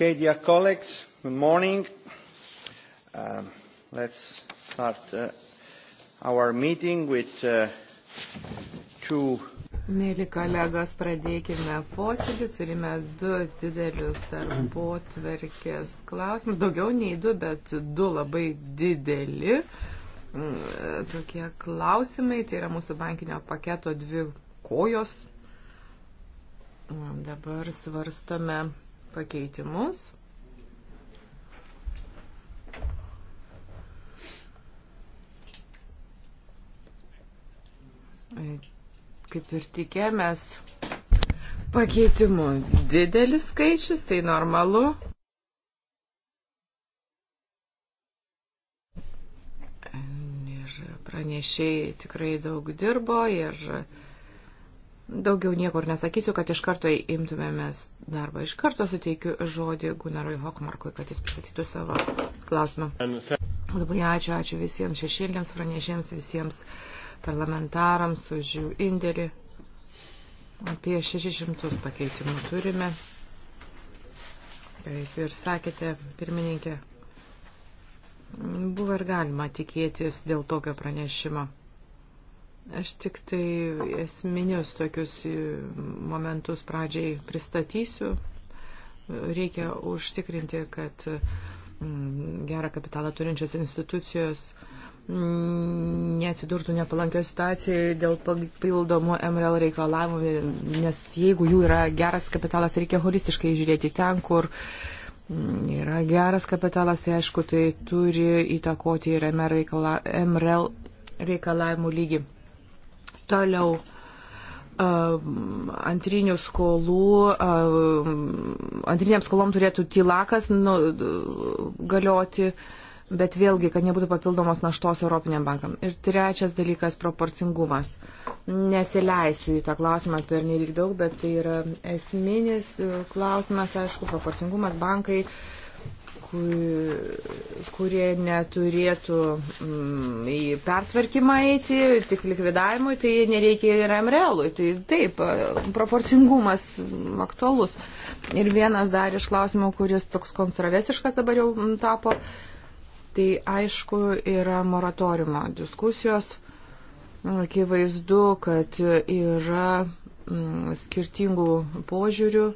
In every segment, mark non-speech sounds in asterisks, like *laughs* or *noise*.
Okay, dear colleagues, good morning. Um, let's start uh, our meeting with uh, two. Mėly kolegos, pradėkime posėdį. Turime du didelius darbo tvarkės klausimus. Daugiau nei du, bet du labai dideli mm, tokie klausimai. Tai yra mūsų bankinio paketo dvi kojos. Mm, dabar svarstome pakeitimus. Kaip ir tikėjomės, pakeitimų didelis skaičius, tai normalu. Ir pranešiai tikrai daug dirbo ir uh, Daugiau niekur nesakysiu, kad iš karto imtumėmės darbą. Iš karto suteikiu žodį Gunarui Hokmarkui, kad jis pristatytų savo klausimą. Labai ačiū, ačiū visiems šešėlėms pranešėms, visiems parlamentarams už jų indėlį. Apie 600 pakeitimų turime. Kaip ir sakėte, pirmininkė, buvo ir galima tikėtis dėl tokio pranešimo. Aš tik tai esminius tokius e, momentus pradžiai pristatysiu. Reikia užtikrinti, kad gerą kapitalą turinčios institucijos neatsidurtų nepalankio situacijoje dėl papildomų MRL reikalavimų, nes jeigu jų yra geras kapitalas, reikia holistiškai žiūrėti ten, kur yra geras kapitalas, tai aišku, tai turi įtakoti ir MRL reikalavimų lygį. Toliau um, antrinių skolų, um, antriniam skolom turėtų tylakas nu, galioti, bet vėlgi, kad nebūtų papildomos naštos Europiniam bankam. Ir trečias dalykas - proporcingumas. Nesileisiu į tą klausimą per nelik daug, bet tai yra esminis e, klausimas, aišku, proporcingumas bankai. Uh, kurie neturėtų mm, į pertvarkymą eiti, tik likvidavimui, tai nereikia ir MRL-ui. Tai taip, proporcingumas aktualus. Ir vienas dar iš klausimų, kuris toks kontroversiškas dabar jau mm, tapo, tai aišku yra moratoriumo diskusijos. Akivaizdu, kad yra mm, skirtingų požiūrių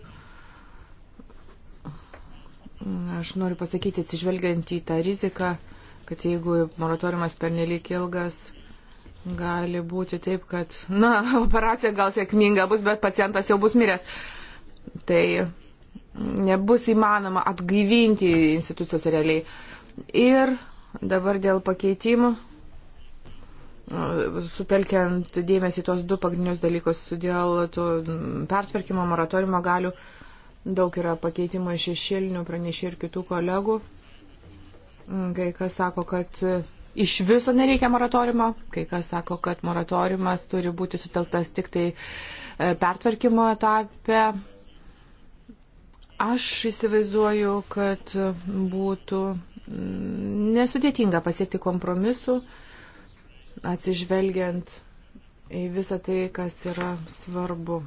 Aš noriu pasakyti, atsižvelgiant į tą riziką, kad jeigu moratoriumas pernelyg ilgas, gali būti taip, kad, na, *laughs* operacija gal sėkminga bus, bet pacientas jau bus miręs. Tai nebus įmanoma atgaivinti institucijos realiai. Ir dabar dėl pakeitimų, sutelkiant dėmesį tos du pagrindinius dalykus, dėl tų pertvarkymo moratoriumo galių. Uh, Daug yra pakeitimų iš šešėlinių pranešė ir kitų kolegų. Kai kas sako, kad iš viso nereikia moratoriumo, kai kas sako, kad moratoriumas turi būti suteltas tik tai e, pertvarkymo etape. Aš įsivaizduoju, kad būtų mm, nesudėtinga pasiekti kompromisu, atsižvelgiant į visą tai, kas yra svarbu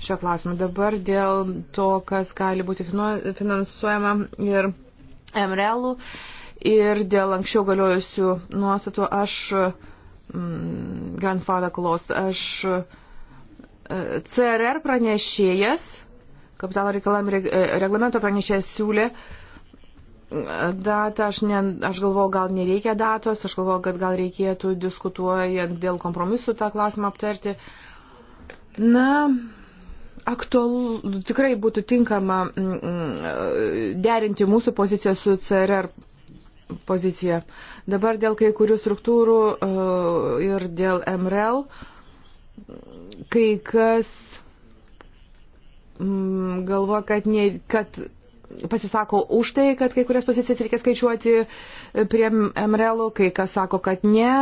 šio klausimo. Dabar dėl to, kas gali būti finansuojama ir MRELų ir dėl anksčiau galiojusių nuostatų aš mm, grandfather clause, aš e, CRR pranešėjas, kapitalo reikalam e, reglamento pranešėjas siūlė e, datą, aš, ne, aš galvojau, gal nereikia datos, aš galvojau, kad gal reikėtų diskutuojant dėl kompromisų tą klausimą aptarti. Na, aktualu, nu, tikrai būtų tinkama mm, mm, derinti mūsų poziciją su CRR pozicija. Dabar dėl kai kurių struktūrų e, ir dėl MRL, kai kas mm, galvoja, kad, ne, kad pasisako už tai, kad kai kurias pozicijas reikia skaičiuoti prie MRL, kai kas sako, kad ne,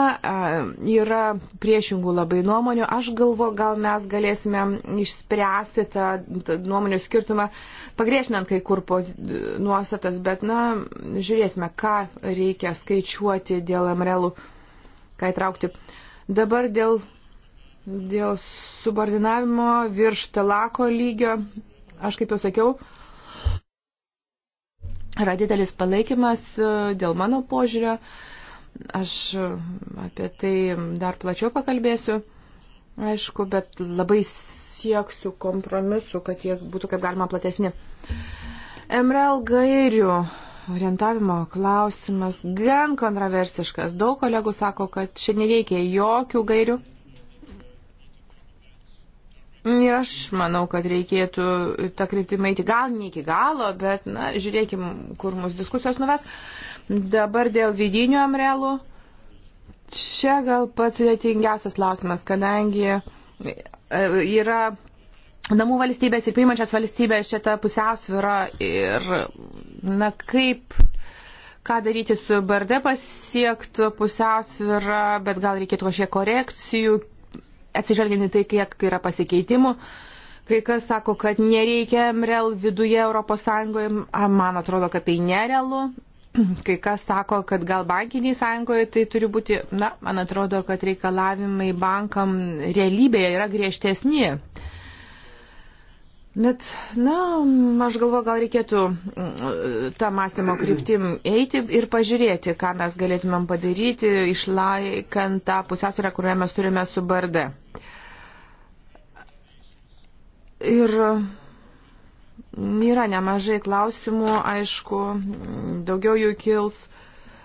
yra priešingų labai nuomonių. Aš galvo, gal mes galėsime išspręsti tą, tą nuomonių skirtumą, pagriešinant kai kur nuostatas, bet, na, žiūrėsime, ką reikia skaičiuoti dėl MRL, ką įtraukti. Dabar dėl, dėl subordinavimo virš telako lygio, aš kaip jau sakiau, yra didelis palaikymas e, dėl mano požiūrio. Aš e, apie tai dar plačiau pakalbėsiu, aišku, bet labai sieksiu kompromisu, kad jie būtų kaip galima platesni. MRL gairių orientavimo klausimas gan kontroversiškas. Daug kolegų sako, kad čia nereikia jokių gairių, Ir aš manau, kad reikėtų tą kryptimą eiti gal ne iki galo, bet, na, žiūrėkim, kur mūsų diskusijos nuves. Dabar dėl vidinių amrelų. Čia gal pats sudėtingiausias klausimas, kadangi e, yra namų valstybės ir priimančias valstybės šita pusiausvyra ir, na, kaip ką daryti su BRD pasiektų pusiausvyrą, bet gal reikėtų kažkiek korekcijų, atsižvelgiant į tai, kiek yra pasikeitimų. Kai kas sako, kad nereikia MREL viduje ES, man atrodo, kad tai nerealu. *clears throat* Kai kas sako, kad gal bankiniai sąjungoje tai turi būti, na, man atrodo, kad reikalavimai bankam realybėje yra griežtesni. Uh, Bet, na, aš galvoju, gal reikėtų mm, tą mąstymo kryptim eiti ir pažiūrėti, ką mes galėtumėm padaryti, išlaikant tą pusiausvyrą, kurią mes turime su barde. Ir yra nemažai klausimų, aišku, daugiau jų kils.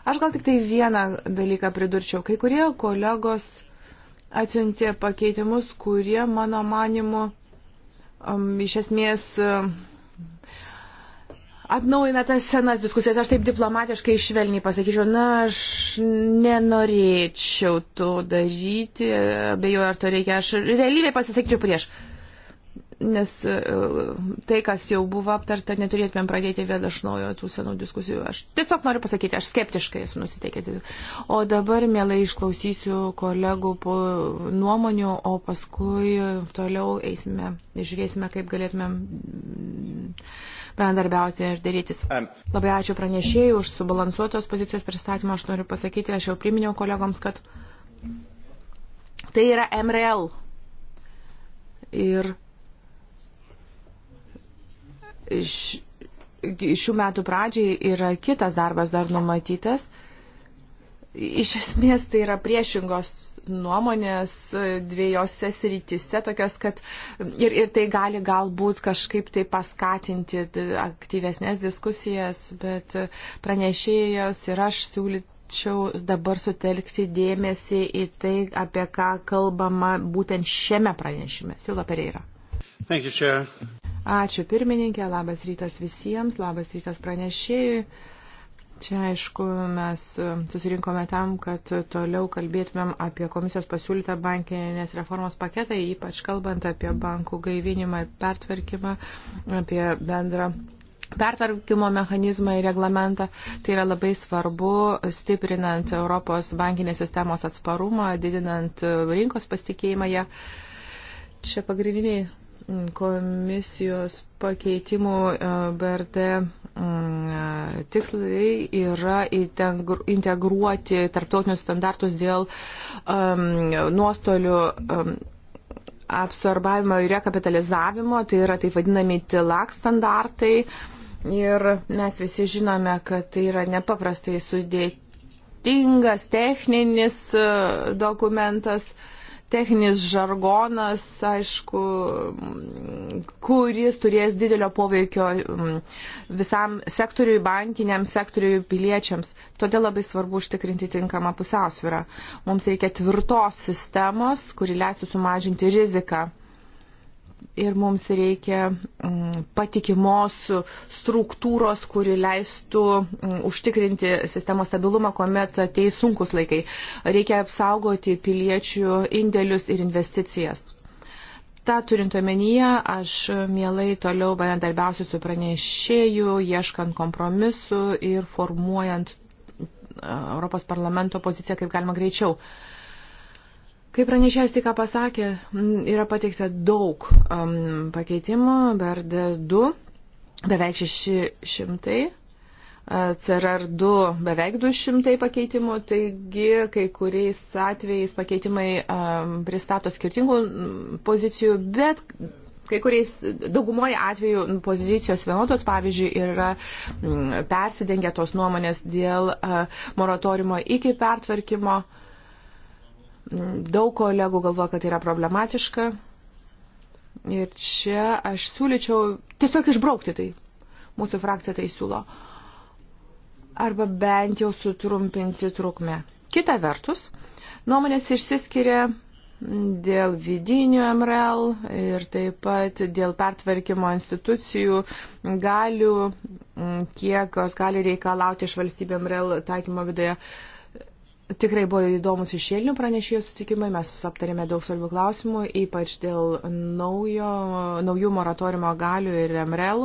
Aš gal tik tai vieną dalyką pridurčiau. Kai kurie kolegos atsiuntė pakeitimus, kurie, mano manimu, iš esmės e, atnaujina tas senas diskusijas. Aš taip diplomatiškai švelniai pasakyčiau, na, aš nenorėčiau to daryti, bejo, ar to reikia. Aš realybėje pasisakyčiau prieš. Uh, nes e, tai, kas jau buvo aptarta, neturėtumėm pradėti vėl iš naujo tų senų diskusijų. Aš tiesiog noriu pasakyti, aš skeptiškai esu nusiteikęs. O dabar mielai išklausysiu kolegų nuomonių, o paskui toliau eisime ir žiūrėsime, kaip galėtumėm bendarbiauti ir darytis. Labai ačiū pranešėjai už subalansuotos pozicijos pristatymą. Aš noriu pasakyti, aš jau priminiau kolegoms, kad tai yra MRL. Ir šių metų pradžiai yra kitas darbas dar numatytas. Iš esmės tai yra priešingos nuomonės dviejose srityse, tokios, kad ir, ir tai gali galbūt kažkaip tai paskatinti aktyvesnės diskusijas, bet pranešėjos ir aš siūlyčiau dabar sutelkti dėmesį į tai, apie ką kalbama būtent šiame pranešime. Silva Pereira. Thank you, Chair. Ačiū pirmininkė, labas rytas visiems, labas rytas pranešėjui. Čia, aišku, mes e, susirinkome tam, kad toliau kalbėtumėm apie komisijos pasiūlytą bankinės reformos paketą, ypač kalbant apie bankų gaivinimą ir pertvarkymą, apie bendrą pertvarkymo mechanizmą ir reglamentą. Tai yra labai svarbu, stiprinant Europos bankinės sistemos atsparumą, didinant rinkos pasitikėjimą ją. Čia pagrindiniai komisijos pakeitimų e, BRD mm, e, tikslai yra integruoti tarptautinius standartus dėl um, nuostolių um, absorbavimo ir rekapitalizavimo, tai yra taip vadinami TILAK standartai. Ir mes visi žinome, kad tai yra nepaprastai sudėtingas techninis e, dokumentas. Uh, techninis žargonas, aišku, kuris turės didelio poveikio mm, visam sektoriui, bankiniam sektoriui, piliečiams. Todėl labai svarbu užtikrinti tinkamą pusiausvyrą. Mums reikia tvirtos sistemos, kuri leistų sumažinti riziką ir mums reikia mm, patikimos struktūros, kuri leistų mm, užtikrinti sistemos stabilumą, kuomet ateis sunkus laikai. Reikia apsaugoti piliečių indėlius ir investicijas. Ta turint omenyje, aš mielai toliau bendarbiausiu su pranešėju, ieškant kompromisu ir formuojant mm, Europos parlamento poziciją kaip galima greičiau. Uh, Kaip pranešėjas tik ką pasakė, yra pateikta daug um, pakeitimų, BRD 2 beveik 600, CRR 2 beveik 200 pakeitimų, taigi kai kuriais atvejais pakeitimai um, pristato skirtingų pozicijų, bet kai kuriais daugumoje atveju pozicijos vienodos, pavyzdžiui, yra persidengę tos nuomonės dėl uh, moratorimo iki pertvarkymo. Uh, Daug kolegų galvoja, kad tai yra problematiška. Ir čia aš siūlyčiau tiesiog išbraukti tai. Mūsų frakcija tai siūlo. Arba bent jau sutrumpinti trukmę. Kita vertus, nuomonės išsiskiria dėl vidinių MRL ir taip pat dėl pertvarkymo institucijų galių, kiek jos gali reikalauti iš valstybė MRL taikymo viduje. Uh, Tikrai buvo įdomus išėlinių pranešėjų sutikimai, mes aptarėme daug svarbių klausimų, ypač dėl naujo, naujų moratoriumo galių ir MRL.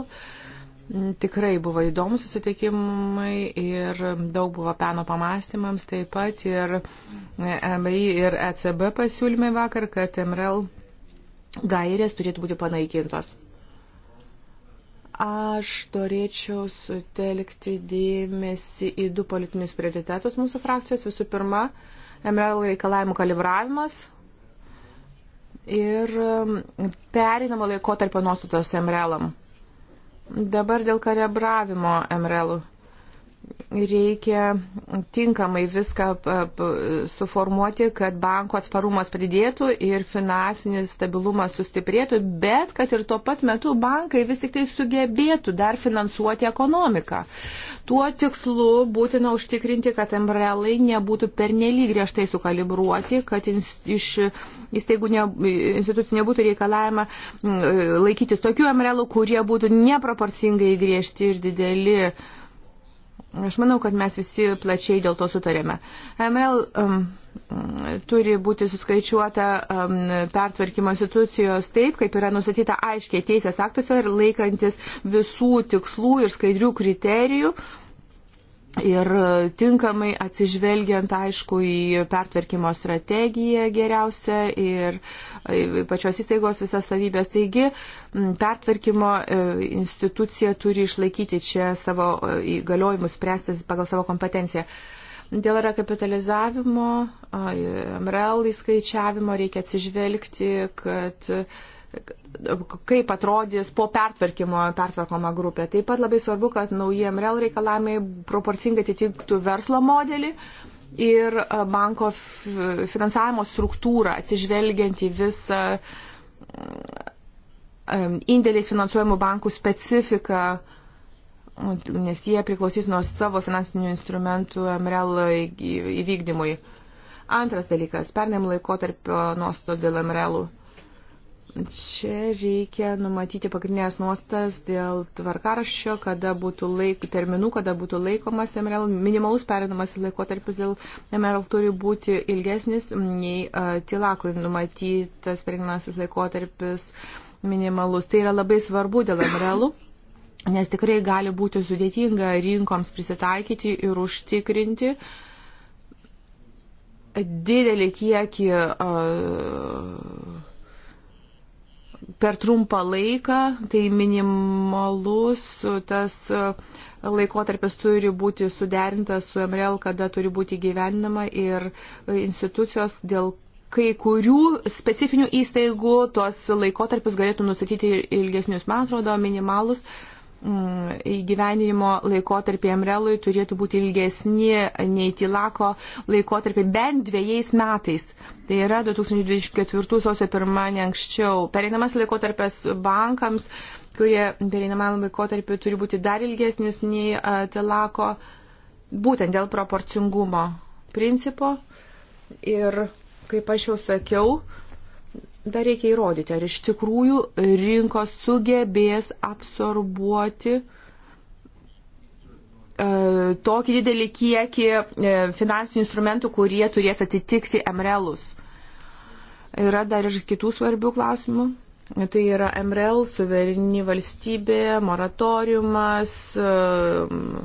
Tikrai buvo įdomus susitikimai ir daug buvo peno pamastymams taip pat ir MRI ir ECB pasiūlymai vakar, kad MRL gairės turėtų būti panaikintos. Aš norėčiau sutelkti dėmesį į du politinius prioritetus mūsų frakcijos. Visų pirma, MRL reikalavimų kalibravimas ir um, perinamo laiko tarp nuostatos MRL. -am. Dabar dėl kalibravimo MRL. -ų reikia tinkamai viską suformuoti, kad banko atsparumas pridėtų ir finansinis stabilumas sustiprėtų, bet kad ir tuo pat metu bankai vis tik tai sugebėtų dar finansuoti ekonomiką. Tuo tikslu būtina užtikrinti, kad MRL-ai nebūtų pernelyg griežtai sukalibruoti, kad iš įstaigų ne, institucijų nebūtų reikalavimą laikytis tokių MRL-ų, kurie būtų neproporcingai griežti ir dideli Aš manau, kad mes visi plačiai dėl to sutarėme. ML um, turi būti suskaičiuota um, pertvarkymo institucijos taip, kaip yra nustatyta aiškiai teisės aktuose ir laikantis visų tikslų ir skaidrių kriterijų. Um, Ir e, tinkamai atsižvelgiant, aišku, į pertvarkymo strategiją geriausią ir e, pačios įstaigos visas savybės. Taigi, pertvarkymo e, institucija turi išlaikyti čia savo įgaliojimus spręstis pagal savo kompetenciją. Dėl rekapitalizavimo, MRL įskaičiavimo reikia atsižvelgti, kad uh, kaip atrodys po pertvarkymo pertvarkoma grupė. Taip pat labai svarbu, kad nauji MREL reikalavimai proporcingai atitiktų verslo modelį ir e, banko finansavimo struktūrą, atsižvelgiant į visą e, indėliais finansuojamų bankų specifiką, nes jie priklausys nuo savo finansinių instrumentų MREL įvykdymui. Antras dalykas - pernėm laikotarpio nuostodėl MRELų. Čia reikia numatyti pagrindinės nuostas dėl tvarkaraščio, kada būtų laik, terminų, kada būtų laikomas MRL. Minimalus perinamas laikotarpis dėl MRL turi būti ilgesnis nei uh, tilakui numatytas perinamas laikotarpis minimalus. Tai yra labai svarbu dėl MRL. -ų nes tikrai gali būti sudėtinga rinkoms prisitaikyti ir užtikrinti didelį kiekį uh, per trumpą laiką, tai minimalus tas e, laikotarpis turi būti suderintas su MRL, kada turi būti gyvenama ir e, institucijos dėl kai kurių specifinių įstaigų tuos laikotarpius galėtų nusatyti ilgesnius, man atrodo, minimalus uh, Mm, įgyvenimo laikotarpiai Emrelui turėtų būti ilgesni nei Tilako laikotarpiai bent dviejais metais. Tai yra 2024 sausio pirmąjį anksčiau. Pereinamas laikotarpis bankams, kurie pereinamam laikotarpiu turi būti dar ilgesnis nei Tilako, būtent dėl proporcingumo principo. Ir kaip aš jau sakiau, dar reikia įrodyti, ar iš tikrųjų rinkos sugebės absorbuoti e, tokį didelį kiekį e, finansinių instrumentų, kurie turės atitikti MRELus. Yra dar ir kitų svarbių klausimų. Tai yra MREL, suvereni valstybė, moratoriumas, e,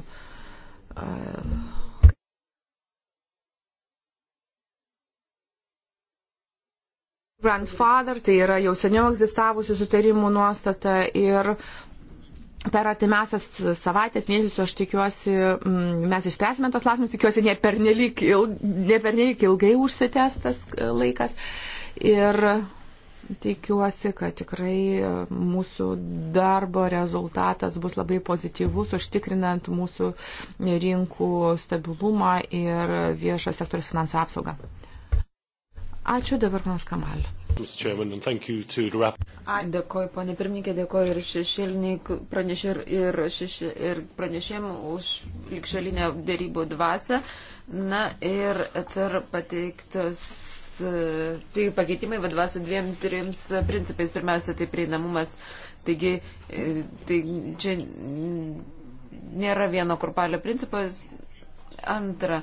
grandfather, tai yra jau seniau egzistavusių sutarimų nuostata ir per artimiausias savaitės, mėnesius, aš tikiuosi, mm, mes išspręsime tos klausimus, tikiuosi, ne pernelyg, il, ne pernelyg ilgai užsitęstas e, laikas. Ir tikiuosi, kad tikrai e, mūsų darbo rezultatas bus labai pozityvus, užtikrinant mūsų rinkų stabilumą ir viešo sektoriaus finansų apsaugą. Ačiū dabar mums Kamal. Dėkoju, ponė pirmininkė, dėkoju ir šešėliniai pranešė ir, ir, šešė, ir pranešėm už likšalinę dėrybų dvasę. Na ir atsar pateiktas tai pakeitimai vadovasi dviem trims principais. Pirmiausia, tai prieinamumas. Taigi, e, tai čia nėra vieno kurpalio principas. Antra,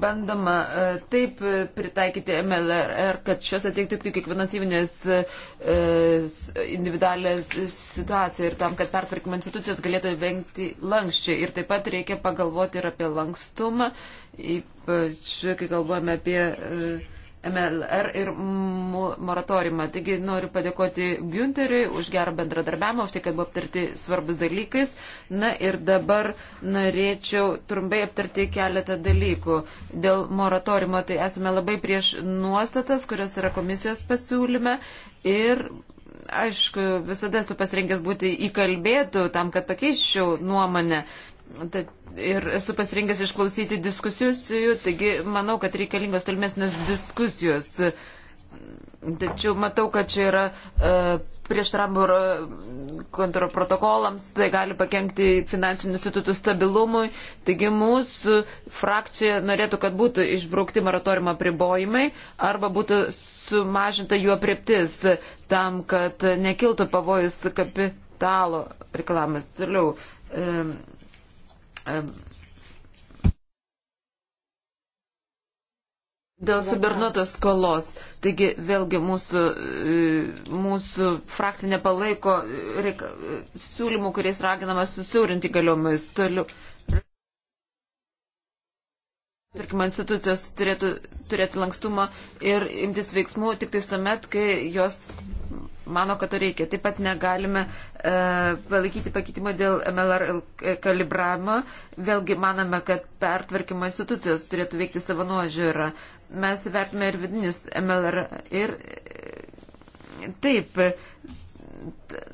bandoma e, taip e, pritaikyti MLRR, kad šios atitiktų tik kiekvienos įmonės e, individualią situaciją ir tam, kad pertvarkymo institucijos galėtų vengti lankščiai. Ir taip pat reikia pagalvoti ir apie lankstumą, ypač kai kalbame apie MLR ir moratoriumą. Taigi noriu padėkoti Günteriui už gerą bendradarbiavimą, už tai, kad buvo aptarti svarbus dalykais. Na ir dabar norėčiau trumpai aptarti keletą dalykų. Dėl moratoriumo tai esame labai prieš nuostatas, kurios yra komisijos pasiūlyme. Ir aišku, visada esu pasirinkęs būti įkalbėtų tam, kad pakeiščiau nuomonę. Tad ir esu pasirinkęs išklausyti diskusijų, taigi manau, kad reikalingos tolimesnės diskusijos. Tačiau matau, kad čia yra e, prieštaramų e, kontraprotokolams, tai gali pakengti finansinių institutų stabilumui. Taigi mūsų frakcija norėtų, kad būtų išbraukti moratoriumo pribojimai arba būtų sumažinta jų apriptis tam, kad nekiltų pavojus kapitalo reklamas. Toliau. E, Dėl subernuotos skolos. Taigi vėlgi mūsų, e, mūsų frakcija nepalaiko e, reik, e, siūlymų, kuriais raginama susiaurinti galiomis. Toliau. Tarkime, institucijos turėtų turėti lankstumą ir imtis veiksmų tik tais tuomet, kai jos mano, kad to reikia. Taip pat negalime e, palaikyti pakeitimo dėl MLR kalibravimo. Vėlgi manome, kad pertvarkymo institucijos turėtų veikti savo nuožiūrą. Mes vertime ir vidinis MLR. Ir e, taip,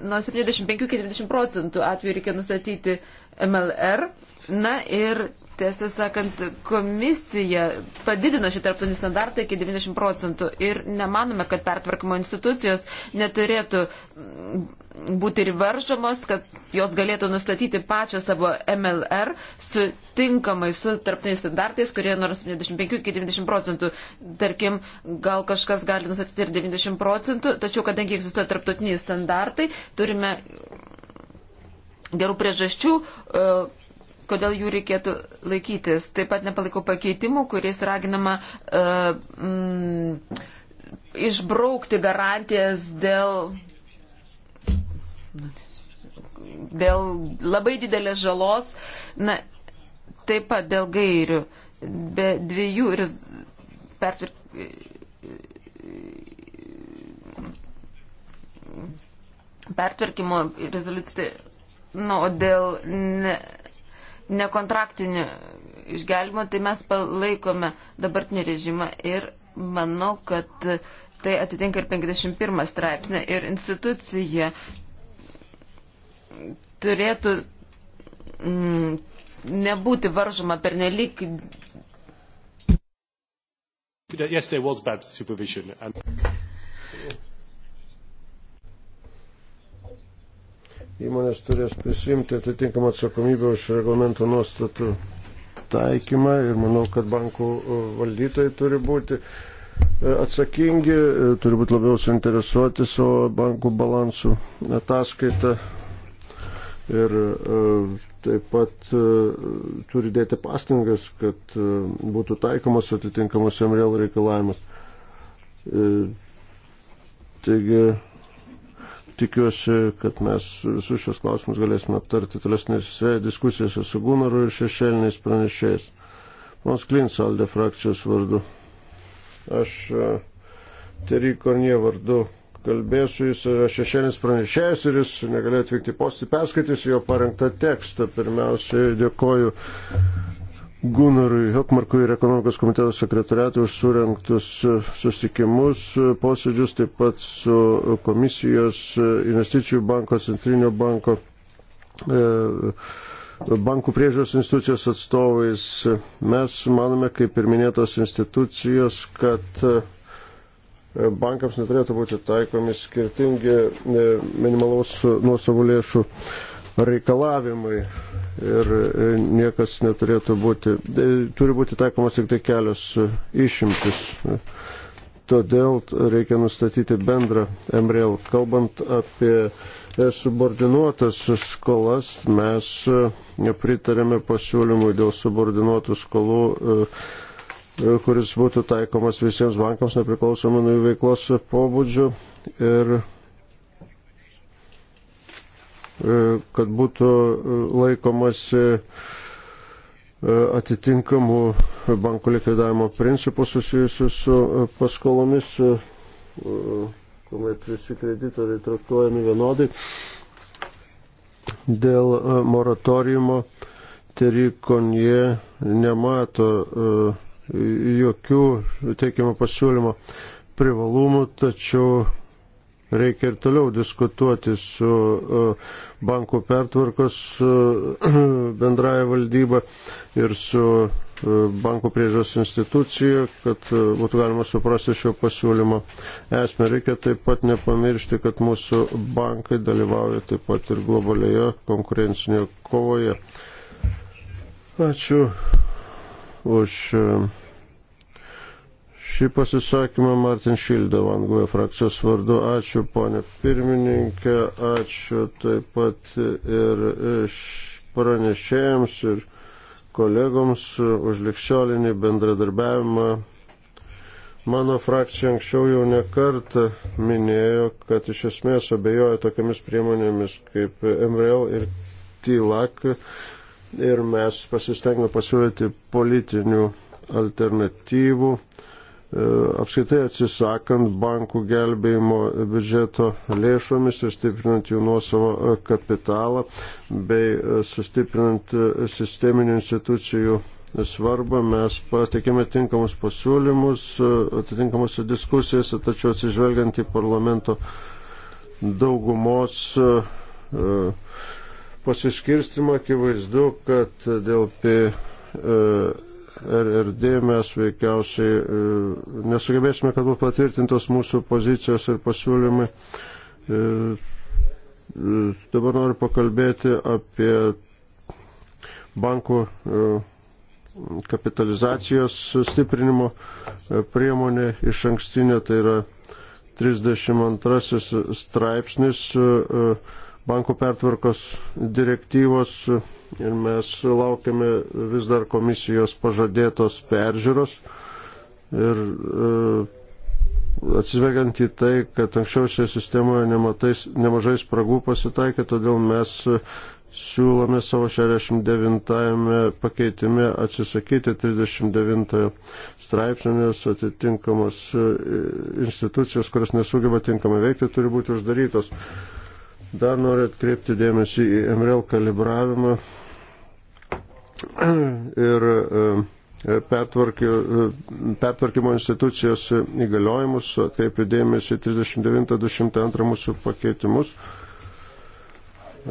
nuo 75 iki 20 procentų atveju reikia nustatyti MLR. Na ir tiesą sakant, komisija padidino šį tarptautinį standartą iki 90 procentų ir nemanome, kad pertvarkymo institucijos neturėtų būti ir varžomos, kad jos galėtų nustatyti pačią savo MLR su tinkamai su tarptautiniais standartais, kurie nors 75 iki 90 procentų, tarkim, gal kažkas gali nustatyti ir 90 procentų, tačiau kadangi egzistuoja tarptautiniai standartai, turime gerų priežasčių, e, kodėl jų reikėtų laikytis. Taip pat nepalaikau pakeitimų, kuriais raginama uh, mm, išbraukti garantijas dėl, dėl labai didelės žalos, na, taip pat dėl gairių, be dviejų ir pertvirk. Pertvarkymo rezoliucija, na, nu, o dėl ne, nekontraktinio išgelbimo, tai mes palaikome dabartinį režimą ir manau, kad tai atitinka ir 51 straipsnį ir institucija turėtų mm, nebūti varžoma per nelik. Yes, there was bad supervision. And... Įmonės turės prisimti atitinkamą atsakomybę už reglamento nuostatų taikymą ir manau, kad bankų e, valdytojai turi būti e, atsakingi, e, turi būti labiau suinteresuoti savo bankų balansų ataskaitą ir taip pat turi dėti pastangas, kad būtų taikomas atitinkamas MRL reikalavimas. Taigi Tikiuosi, kad mes visus šios klausimus galėsime aptarti tolesnėse diskusijose su Gunaru ir šešėliniais pranešėjais. Mons Klins Alde frakcijos vardu. Aš e, Terry Kornie vardu kalbėsiu, jis yra šešėlis pranešėjas ir jis negalėjo atvykti postį, perskaitys jo parengtą tekstą. Pirmiausiai dėkoju Gunarui Hokmarkui ir ekonomikos komiteto sekretariatui už surinktus e, susitikimus, e, posėdžius taip pat su komisijos e, investicijų banko, centrinio banko, bankų priežiūros institucijos atstovais. Mes manome, kaip ir minėtos institucijos, kad bankams neturėtų būti taikomi skirtingi minimalaus nuosavų lėšų reikalavimai ir e, niekas neturėtų būti, e, turi būti taikomas tik tai kelios e, išimtis. Todėl reikia nustatyti bendrą MRL. Kalbant apie subordinuotas skolas, mes pritarėme pasiūlymui dėl subordinuotų skolų kuris būtų taikomas visiems bankams nepriklausomai nuo jų veiklos pobūdžių ir E, kad būtų e, laikomasi e, atitinkamų bankų likvidavimo principų susijusių su paskolomis, kuomet visi kreditoriai traktuojami vienodai. Dėl moratoriumo Terikonje nemato jokių teikiamų pasiūlymo privalumų, tačiau reikia ir toliau diskutuoti su e, bankų pertvarkos e, *clears throat* bendraja valdyba ir su e, bankų priežos institucija, kad būtų galima suprasti šio pasiūlymo esmę. Reikia taip pat nepamiršti, kad mūsų bankai dalyvauja taip pat ir globalioje konkurencinėje kovoje. Ačiū už. Uh šį pasisakymą Martin Šildo Vanguoja frakcijos vardu. Ačiū, ponė pirmininkė, ačiū taip pat ir pranešėjams ir kolegoms už likščiolinį bendradarbiavimą. Mano frakcija anksčiau jau nekartą minėjo, kad iš esmės abejoja tokiamis priemonėmis kaip MRL ir TILAK ir mes pasistengėme pasiūlyti politinių alternatyvų E, apskaitai atsisakant bankų gelbėjimo biudžeto lėšomis ir stiprinant jų nuosavo e, kapitalą bei e, sustiprinant sisteminių institucijų svarbą, mes pateikėme tinkamus pasiūlymus, atitinkamose diskusijose, tačiau atsižvelgiant į parlamento daugumos pasiskirstimą, akivaizdu, kad dėl P RRD mes veikiausiai e, nesugebėsime, kad būtų patvirtintos mūsų pozicijos ir pasiūlymai. E, e, dabar noriu pakalbėti apie bankų kapitalizacijos sustiprinimo priemonė iš ankstinė, tai yra 32 straipsnis bankų pertvarkos direktyvos ir mes laukiame vis dar komisijos pažadėtos peržiūros. Ir e, atsivegiant į tai, kad anksčiau šioje sistemoje nematais, nemažai spragų pasitaikė, todėl mes siūlome savo 69 pakeitime atsisakyti 39 straipsnio, nes atitinkamos e, institucijos, kurios nesugeba tinkamai veikti, turi būti uždarytos. Dar noriu atkreipti dėmesį į MRL kalibravimą ir e, e, pertvarkymo institucijos įgaliojimus, atkreipiu dėmesį 39-202 mūsų pakeitimus. E,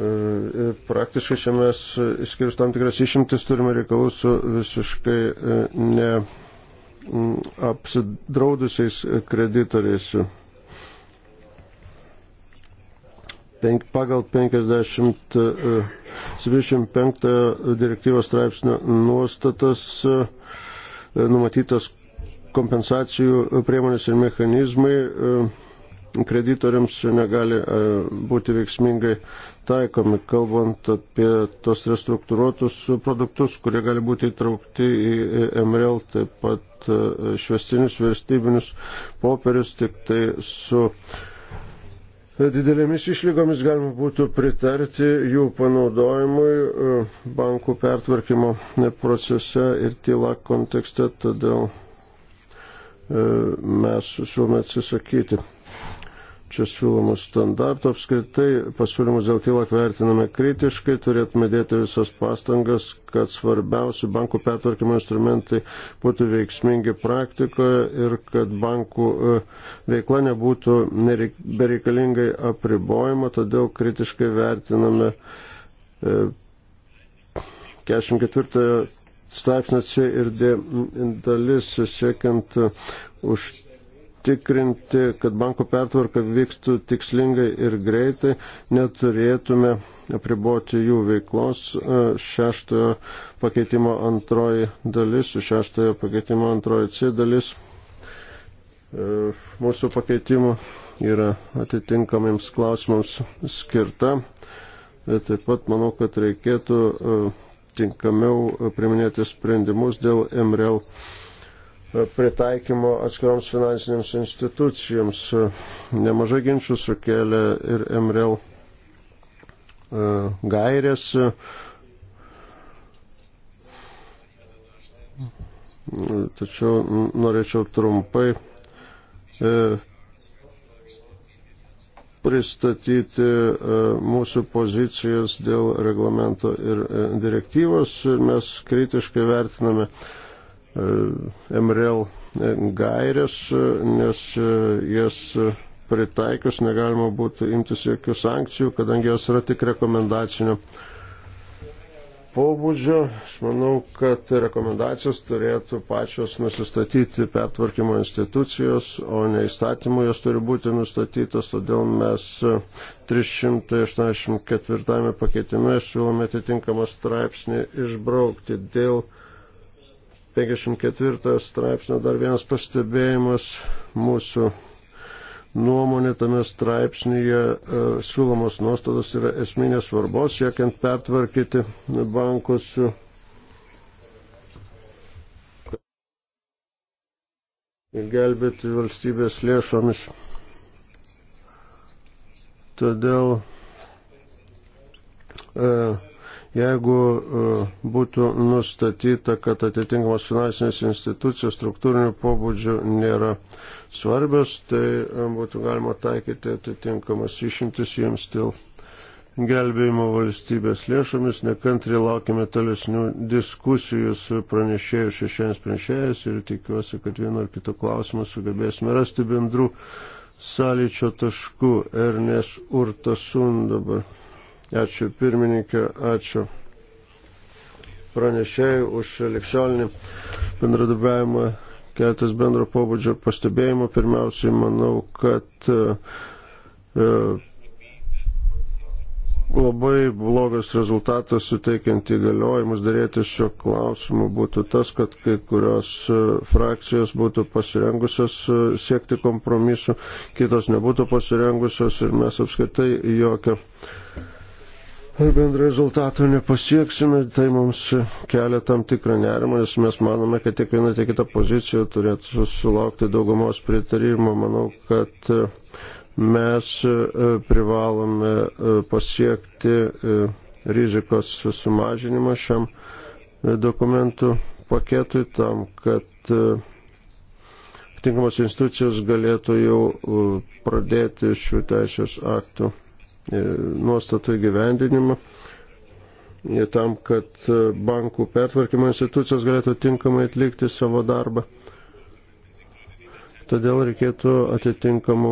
praktiškai čia mes, išskyrus tam tikras išimtis, turime reikalų su visiškai neapsidraudusiais kreditoriais. penk, pagal 55 e, direktyvos straipsnio nuostatas e, numatytas kompensacijų priemonės ir mechanizmai e, kreditoriams negali būti veiksmingai taikomi, kalbant apie tos restruktūruotus produktus, kurie gali būti įtraukti į MRL, taip pat švestinius verstybinius popierius, tik tai su uh, Didelėmis išlygomis galima būtų pritarti jų panaudojimui e, bankų pertvarkymo procese ir tyla kontekste, todėl e, mes siūlome atsisakyti čia siūlomų standartų. Apskritai pasiūlymus dėl tylak vertiname kritiškai, turėtume dėti visas pastangas, kad svarbiausi bankų pertvarkymo instrumentai būtų veiksmingi praktikoje ir kad bankų e, veikla nebūtų bereikalingai apribojama, todėl kritiškai vertiname 44 e, straipsnio C ir D dalis siekiant už užtikrinti, kad banko pertvarka vyktų tikslingai ir greitai, neturėtume apriboti jų veiklos. E, šeštojo pakeitimo antroji dalis, šeštojo pakeitimo antroji C dalis e, mūsų pakeitimų yra atitinkamiems klausimams skirta. E, taip pat manau, kad reikėtų tinkamiau priminėti sprendimus dėl MRL pritaikymo atskiroms finansinėms institucijoms. Nemažai ginčių sukėlė ir MRL e, gairės. Tačiau norėčiau trumpai e, pristatyti e, mūsų pozicijas dėl reglamento ir direktyvos ir mes kritiškai vertiname uh, E, MRL e, gairės, e, nes jas pritaikius negalima būtų imtis jokių sankcijų, kadangi jos yra tik rekomendacinio pobūdžio. Aš manau, kad rekomendacijos turėtų pačios nusistatyti pertvarkymo institucijos, o ne įstatymų jos turi būti nustatytos, todėl mes 384 pakeitime siūlome atitinkamą straipsnį išbraukti dėl 54 straipsnio dar vienas pastebėjimas mūsų nuomonė tame straipsnėje e, siūlomos nuostatos yra esminės svarbos, siekiant pertvarkyti bankus. Ir gelbėti valstybės lėšomis. Todėl e, Jeigu e, būtų nustatyta, kad atitinkamos finansinės institucijos struktūrinių pobūdžių nėra svarbios, tai e, būtų galima taikyti atitinkamas išimtis jiems dėl gelbėjimo valstybės lėšomis. Nekantriai laukime tolesnių diskusijų su pranešėjų šešiems pranešėjais ir tikiuosi, kad vieno ar kito klausimo sugebėsime rasti bendrų sąlyčio taškų Ernės Urtasun dabar. Ačiū pirmininkė, ačiū pranešėjai už likščiolinį bendradarbiavimą. Keletas bendro pobūdžio pastebėjimų. Pirmiausiai, manau, kad e, labai blogas rezultatas suteikiant įgaliojimus dėrėti šio klausimu būtų tas, kad kai kurios e, frakcijos būtų pasirengusios e, siekti kompromisu, kitos nebūtų pasirengusios ir mes apskaitai jokio ir bendro rezultato nepasieksime, tai mums kelia tam tikrą nerimą, nes mes manome, kad tiek viena, tiek kita pozicija turėtų sulaukti daugumos pritarimo. Manau, kad mes e, privalome e, pasiekti e, rizikos sumažinimą šiam dokumentų paketui tam, kad tinkamos institucijos galėtų jau pradėti šių teisės aktų E, nuostatų įgyvendinimą e, tam, kad e, bankų pertvarkymo institucijos galėtų tinkamai atlikti savo darbą. Todėl reikėtų atitinkamų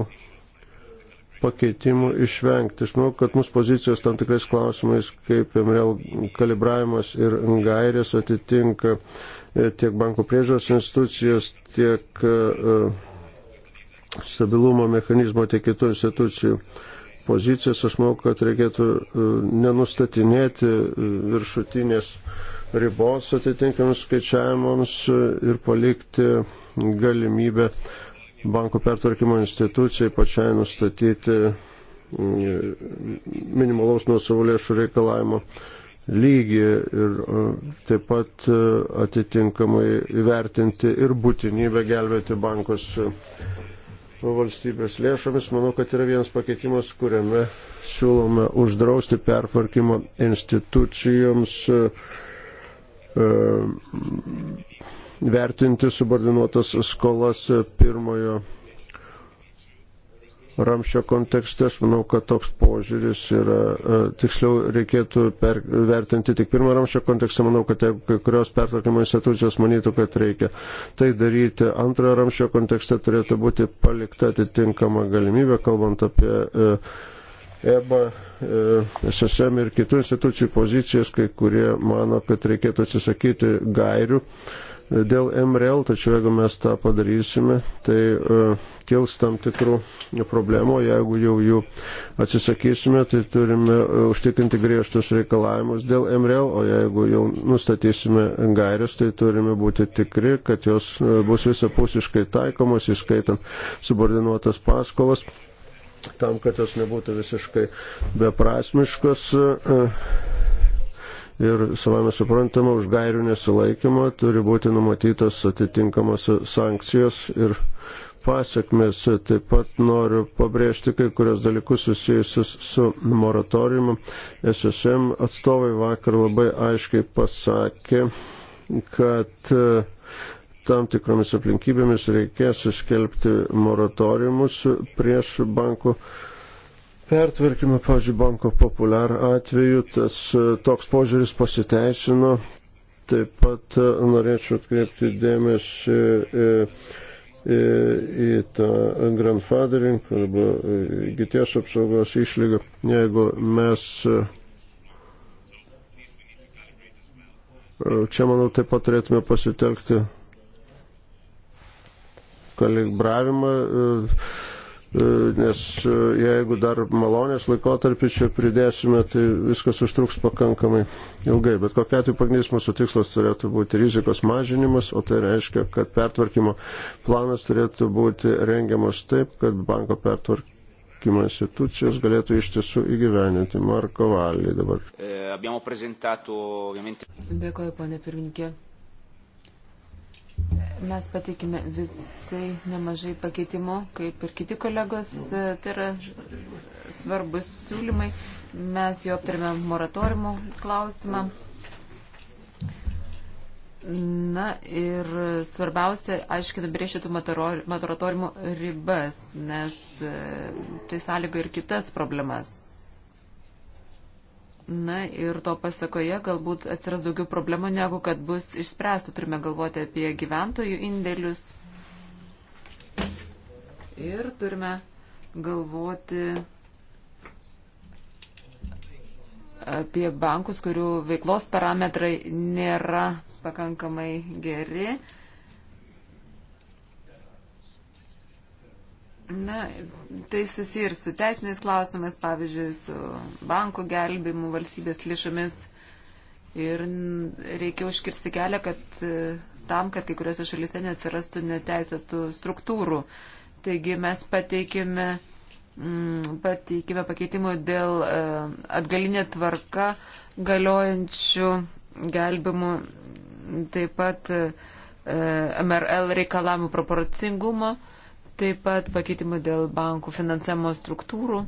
pakeitimų išvengti. Aš manau, kad mūsų pozicijos tam tikrais klausimais, kaip MRL kalibravimas ir gairės atitinka tiek bankų priežiūros institucijos, tiek stabilumo mechanizmo, tiek kitų institucijų pozicijas, aš manau, kad reikėtų e, nenustatinėti e, viršutinės ribos atitinkamams skaičiavimams e, ir palikti galimybę bankų pertvarkymo institucijai pačiai nustatyti mm, minimalaus nuosavų lėšų reikalavimo lygį ir taip pat atitinkamai įvertinti ir būtinybę gelbėti bankus valstybės lėšomis. Manau, kad yra vienas pakeitimas, kuriame siūlome uždrausti pertvarkymo institucijoms e, e, vertinti subordinuotas skolas pirmojo ramščio kontekste. Aš manau, kad toks požiūris yra, e, tiksliau reikėtų per, vertinti tik pirmą ramščio kontekstą. Manau, kad jeigu kai kurios pertvarkymo institucijos manytų, kad reikia tai daryti, antrojo ramščio kontekste turėtų būti palikta atitinkama galimybė, kalbant apie EBA, e e, SSM ir kitų institucijų pozicijas, kai kurie mano, kad reikėtų atsisakyti gairių dėl MRL, tačiau jeigu mes tą padarysime, tai uh, kils tam tikrų problemų, jeigu jau jų atsisakysime, tai turime uh, užtikrinti griežtus reikalavimus dėl MRL, o jeigu jau nustatysime gairias, tai turime būti tikri, kad jos uh, bus visapusiškai taikomos, įskaitant subordinuotas paskolas, tam, kad jos nebūtų visiškai beprasmiškos. Uh, ir savame suprantama už gairių nesilaikymą turi būti numatytas atitinkamos sankcijos ir pasiekmes. Taip pat noriu pabrėžti kai kurios dalykus susijusius su moratoriumu. SSM atstovai vakar labai aiškiai pasakė, kad e, tam tikromis aplinkybėmis reikės skelbti moratoriumus prieš bankų pertvarkymą, pavyzdžiui, banko populiar atveju, tas e, toks požiūris pasiteisino. Taip pat e, norėčiau atkreipti dėmesį į, e, į, į tą grandfathering arba gyties apsaugos išlygą. Jeigu mes Čia, manau, taip pat turėtume pasitelkti kalibravimą. E, E, nes e, jeigu dar malonės laikotarpį čia pridėsime, tai viskas užtruks pakankamai ilgai. Bet kokia atveju pagrindinis mūsų tikslas turėtų būti rizikos mažinimas, o tai reiškia, kad pertvarkymo planas turėtų būti rengiamas taip, kad banko pertvarkymo institucijos galėtų iš tiesų įgyveninti. Marko Valį dabar. E, Dėkoju, ponė pirmininkė. Mes pateikime visai nemažai pakeitimų, kaip ir kiti kolegos, tai yra svarbus siūlymai. Mes jau aptarėme moratoriumo klausimą. Na ir svarbiausia, aiškiai, nubrėžti moratoriumo ribas, nes tai sąlyga ir kitas problemas. Na ir to pasakoje galbūt atsiras daugiau problemų, negu kad bus išspręsta. Turime galvoti apie gyventojų indėlius. Ir turime galvoti apie bankus, kurių veiklos parametrai nėra pakankamai geri. Na, tai susiję ir su teisiniais klausimais, pavyzdžiui, su bankų gelbimu valstybės lėšomis. Ir reikia užkirsti kelią, kad e, tam, kad kai kuriuose šalyse neatsirastų neteisėtų struktūrų. Taigi mes pateikime, mm, pateikime pakeitimų dėl e, atgalinė tvarka galiojančių gelbimų, taip pat e, MRL reikalavimų proporcingumo taip pat pakeitimų dėl bankų finansavimo struktūrų,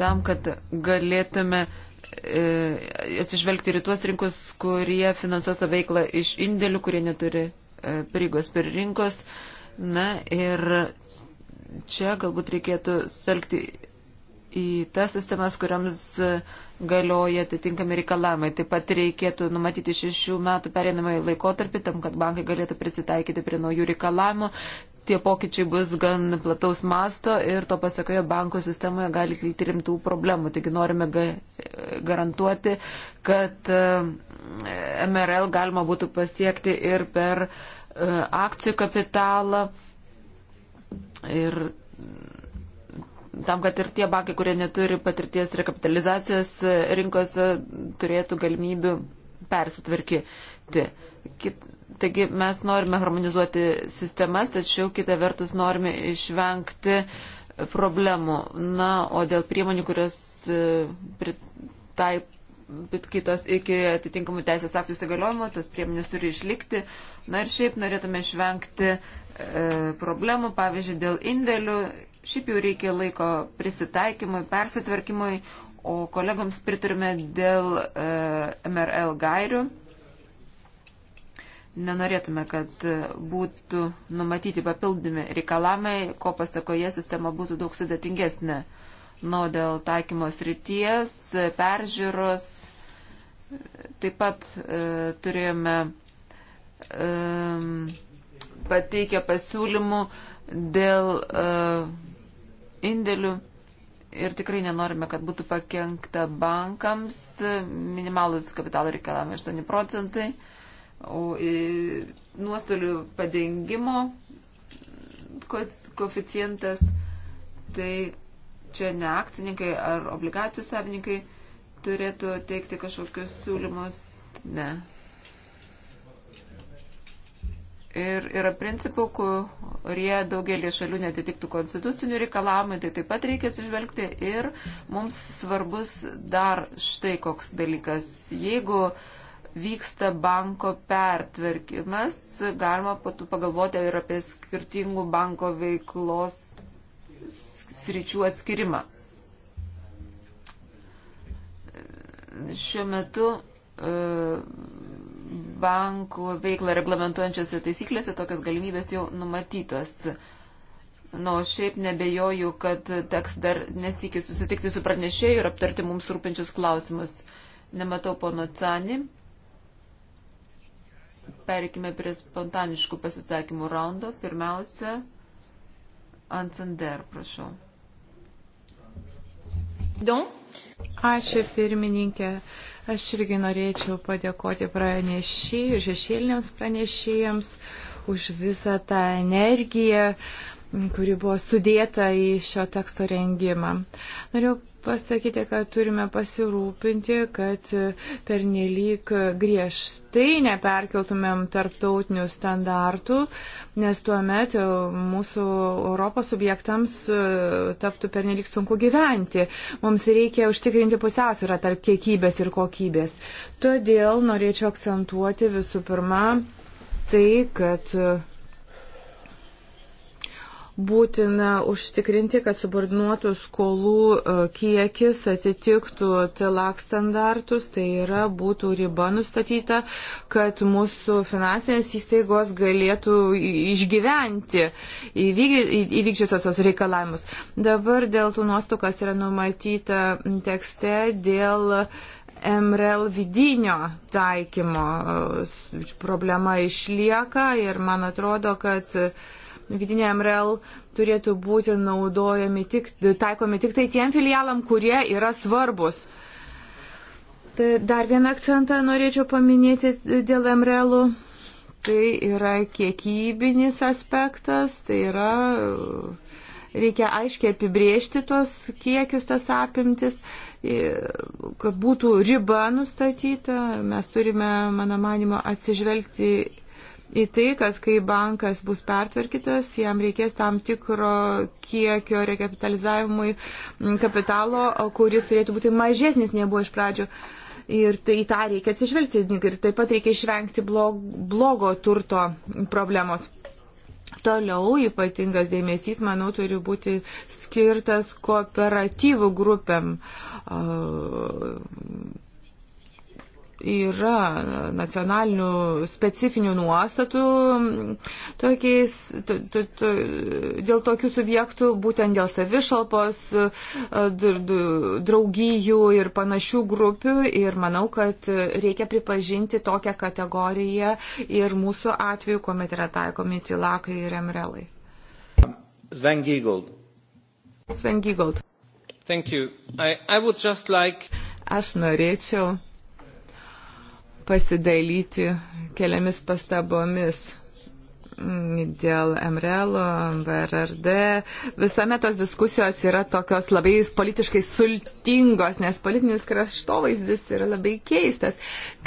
tam, kad galėtume e, atsižvelgti ir tuos rinkus, kurie finansuos savo veiklą iš indėlių, kurie neturi e, prigos per rinkos. Na ir čia galbūt reikėtų selgti į tas sistemas, kuriams e, galioja atitinkami reikalavimai. Taip pat reikėtų numatyti šešių metų perinamąjį laikotarpį tam, kad bankai galėtų prisitaikyti prie naujų reikalavimų tie pokyčiai bus gan plataus masto ir to pasakoje bankų sistemoje gali kilti rimtų problemų. Taigi norime ga garantuoti, kad e, MRL galima būtų pasiekti ir per e, akcijų kapitalą. Ir tam, kad ir tie bankai, kurie neturi patirties rekapitalizacijos rinkose, turėtų galimybių persitvarkyti. Kit, Taigi mes norime harmonizuoti sistemas, tačiau kitą vertus norime išvengti problemų. Na, o dėl priemonių, kurios e, pritaip kitos iki atitinkamų teisės aktų įsigaliojimo, tas priemonės turi išlikti. Na ir šiaip norėtume išvengti e, problemų, pavyzdžiui, dėl indėlių. Šiaip jau reikia laiko prisitaikymui, persitvarkymui, o kolegoms priturime dėl e, MRL gairių. Nenorėtume, kad būtų numatyti papildomi reikalavimai, ko pasakoje sistema būtų daug sudėtingesnė. Nuo dėl taikymo srities, peržiūros, taip pat e, turėjome e, pateikę pasiūlymų dėl e, indėlių ir tikrai nenorime, kad būtų pakengta bankams. Minimalus kapitalo reikalavimai 8 procentai. E, E, nuostolių padengimo koficijantas, tai čia ne akcininkai ar obligacijų savininkai turėtų teikti kažkokius siūlymus, ne. Ir yra principų, kurie daugelį šalių netitiktų konstitucinių reikalavimų, tai taip pat reikia atsižvelgti. Ir mums svarbus dar štai koks dalykas. Jeigu uh, vyksta banko pertvarkymas, galima patų pagalvoti ir apie skirtingų banko veiklos sričių atskirimą. Šiuo metu e, bankų veiklą reglamentuojančiose taisyklėse tokios galimybės jau numatytos. Na, nu, šiaip nebejoju, kad teks dar nesikį susitikti su pranešėju ir aptarti mums rūpinčius klausimus. Nematau pono Cani. Perikime prie spontaniškų pasisakymų raundo. Pirmiausia, Ansander, prašau. Ačiū pirmininkė. Aš irgi norėčiau padėkoti pranešėjų, šešėliniams pranešėjams už visą tą energiją, kuri buvo sudėta į šio teksto rengimą. Noriu pasakyti, kad turime pasirūpinti, kad pernelyg griežtai neperkeltumėm tarptautinių standartų, nes tuomet e, mūsų Europos subjektams e, taptų pernelyg sunku gyventi. Mums reikia užtikrinti pusiausvyrą tarp kiekybės ir kokybės. Todėl norėčiau akcentuoti visų pirma tai, kad būtina užtikrinti, kad subordinuotų skolų e, kiekis atitiktų TELAK standartus, tai yra būtų riba nustatyta, kad mūsų finansinės įstaigos galėtų išgyventi įvykdžiusios tos reikalavimus. Dabar dėl tų nuostokas yra numatyta tekste dėl MRL vidinio taikymo e, problema išlieka ir man atrodo, kad uh, vidiniam REL turėtų būti naudojami tik, taikomi tik tai tiem filialam, kurie yra svarbus. Tai dar vieną akcentą norėčiau paminėti dėl MREL. -ų. Tai yra kiekybinis aspektas, tai yra reikia aiškiai apibriežti tos kiekius, tas apimtis, kad būtų riba nustatyta. Mes turime, mano manimo, atsižvelgti į tai, kad kai bankas bus pertvarkytas, jam reikės tam tikro kiekio rekapitalizavimui mm, kapitalo, kuris turėtų būti mažesnis nebuvo iš pradžių. Ir tai, į tą reikia atsižvelgti ir taip pat reikia išvengti blog, blogo turto problemos. Toliau ypatingas dėmesys, manau, turi būti skirtas kooperatyvų grupėm. Uh, yra nacionalinių specifinių nuostatų tokiais, t, t, t, dėl tokių subjektų, būtent dėl savišalpos, e, draugijų ir panašių grupių. Ir manau, kad reikia pripažinti tokią kategoriją ir mūsų atveju, kuomet yra taikomi tilakai ir emrelai. Sven Giegold. Sven Giegold. Thank you. I, I would just like. Aš norėčiau pasidalyti keliomis pastabomis dėl MRL, BRRD. Visame tos diskusijos yra tokios labai politiškai sultingos, nes politinis kraštovaizdis yra labai keistas.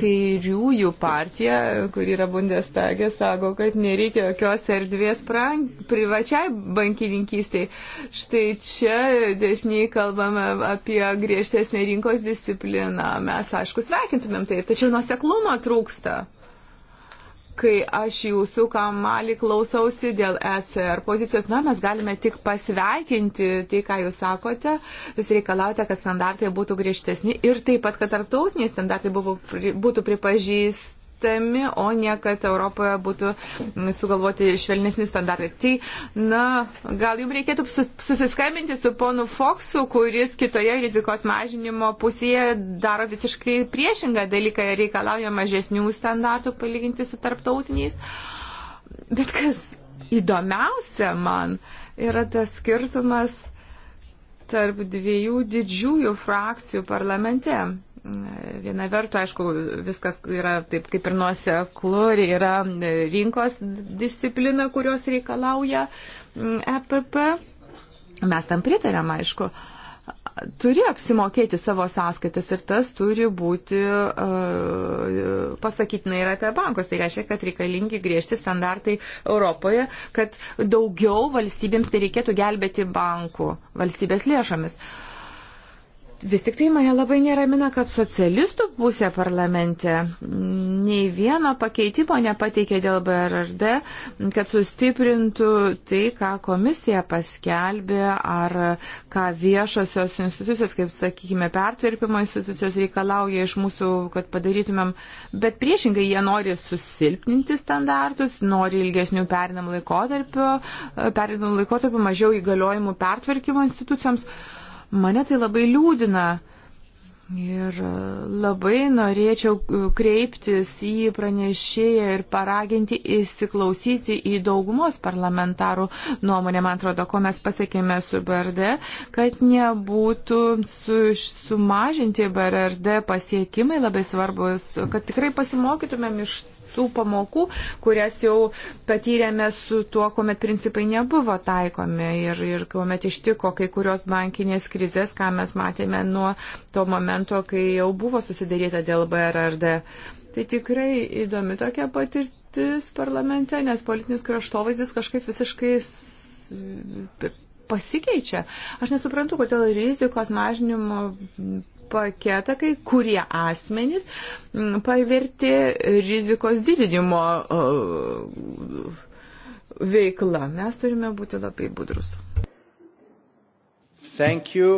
Kairiųjų partija, kuri yra Bundestagė, sako, kad nereikia jokios erdvės prank, privačiai bankininkystiai. Štai čia dešiniai kalbame apie griežtesnę rinkos discipliną. Mes, aišku, sveikintumėm tai, tačiau nuoseklumo trūksta kai aš jūsų kamalį klausausi dėl ECR pozicijos, na, mes galime tik pasveikinti tai, ką jūs sakote. Jūs reikalaujate, kad standartai būtų griežtesni ir taip pat, kad tarptautiniai standartai buvo, būtų pripažįst griežtami, o ne kad Europoje būtų sugalvoti švelnesni standartai. Tai, na, gal jums reikėtų susiskambinti su ponu Foksu, kuris kitoje rizikos mažinimo pusėje daro visiškai priešingą dalyką ir reikalauja mažesnių standartų palyginti su tarptautiniais. Bet kas įdomiausia man yra tas skirtumas tarp dviejų didžiųjų frakcijų parlamente. Viena vertų, aišku, viskas yra taip kaip ir nuoseklu, yra e, rinkos disciplina, kurios reikalauja EPP. Mes tam pritarėm, aišku turi apsimokėti savo sąskaitas ir tas turi būti uh, e, pasakytinai ir apie bankus. Tai reiškia, kad reikalingi griežti standartai Europoje, kad daugiau valstybėms nereikėtų gelbėti bankų valstybės lėšomis. Uh, Vis tik tai mane labai neramina, kad socialistų pusė parlamente nei vieno pakeitimo nepateikė dėl BRRD, kad sustiprintų tai, ką komisija paskelbė ar ką viešosios institucijos, kaip sakykime, pertvirpimo institucijos reikalauja iš mūsų, kad padarytumėm. Bet priešingai jie nori susilpninti standartus, nori ilgesnių perinamų laikotarpių, perinamų laikotarpių mažiau įgaliojimų pertvarkymo institucijoms. Uh, Mane tai labai liūdina. Ir labai norėčiau e, kreiptis į pranešėją ir paraginti įsiklausyti į daugumos parlamentarų nuomonę, man atrodo, ko mes pasiekėme su BRD, kad nebūtų su, sumažinti BRD pasiekimai labai svarbus, kad tikrai pasimokytumėm iš tų pamokų, kurias jau patyrėme su tuo, kuomet principai nebuvo taikomi ir, ir kuomet ištiko kai kurios bankinės krizės, ką mes matėme nuo to momento, kai jau buvo susidaryta dėl BRRD. Tai tikrai įdomi tokia patirtis parlamente, nes politinis kraštovaizdis kažkaip visiškai pasikeičia. Aš nesuprantu, kodėl rizikos mažinimo paketą, kai kurie asmenys pavertė rizikos didinimo veiklą. Mes turime būti labai budrus. Thank you.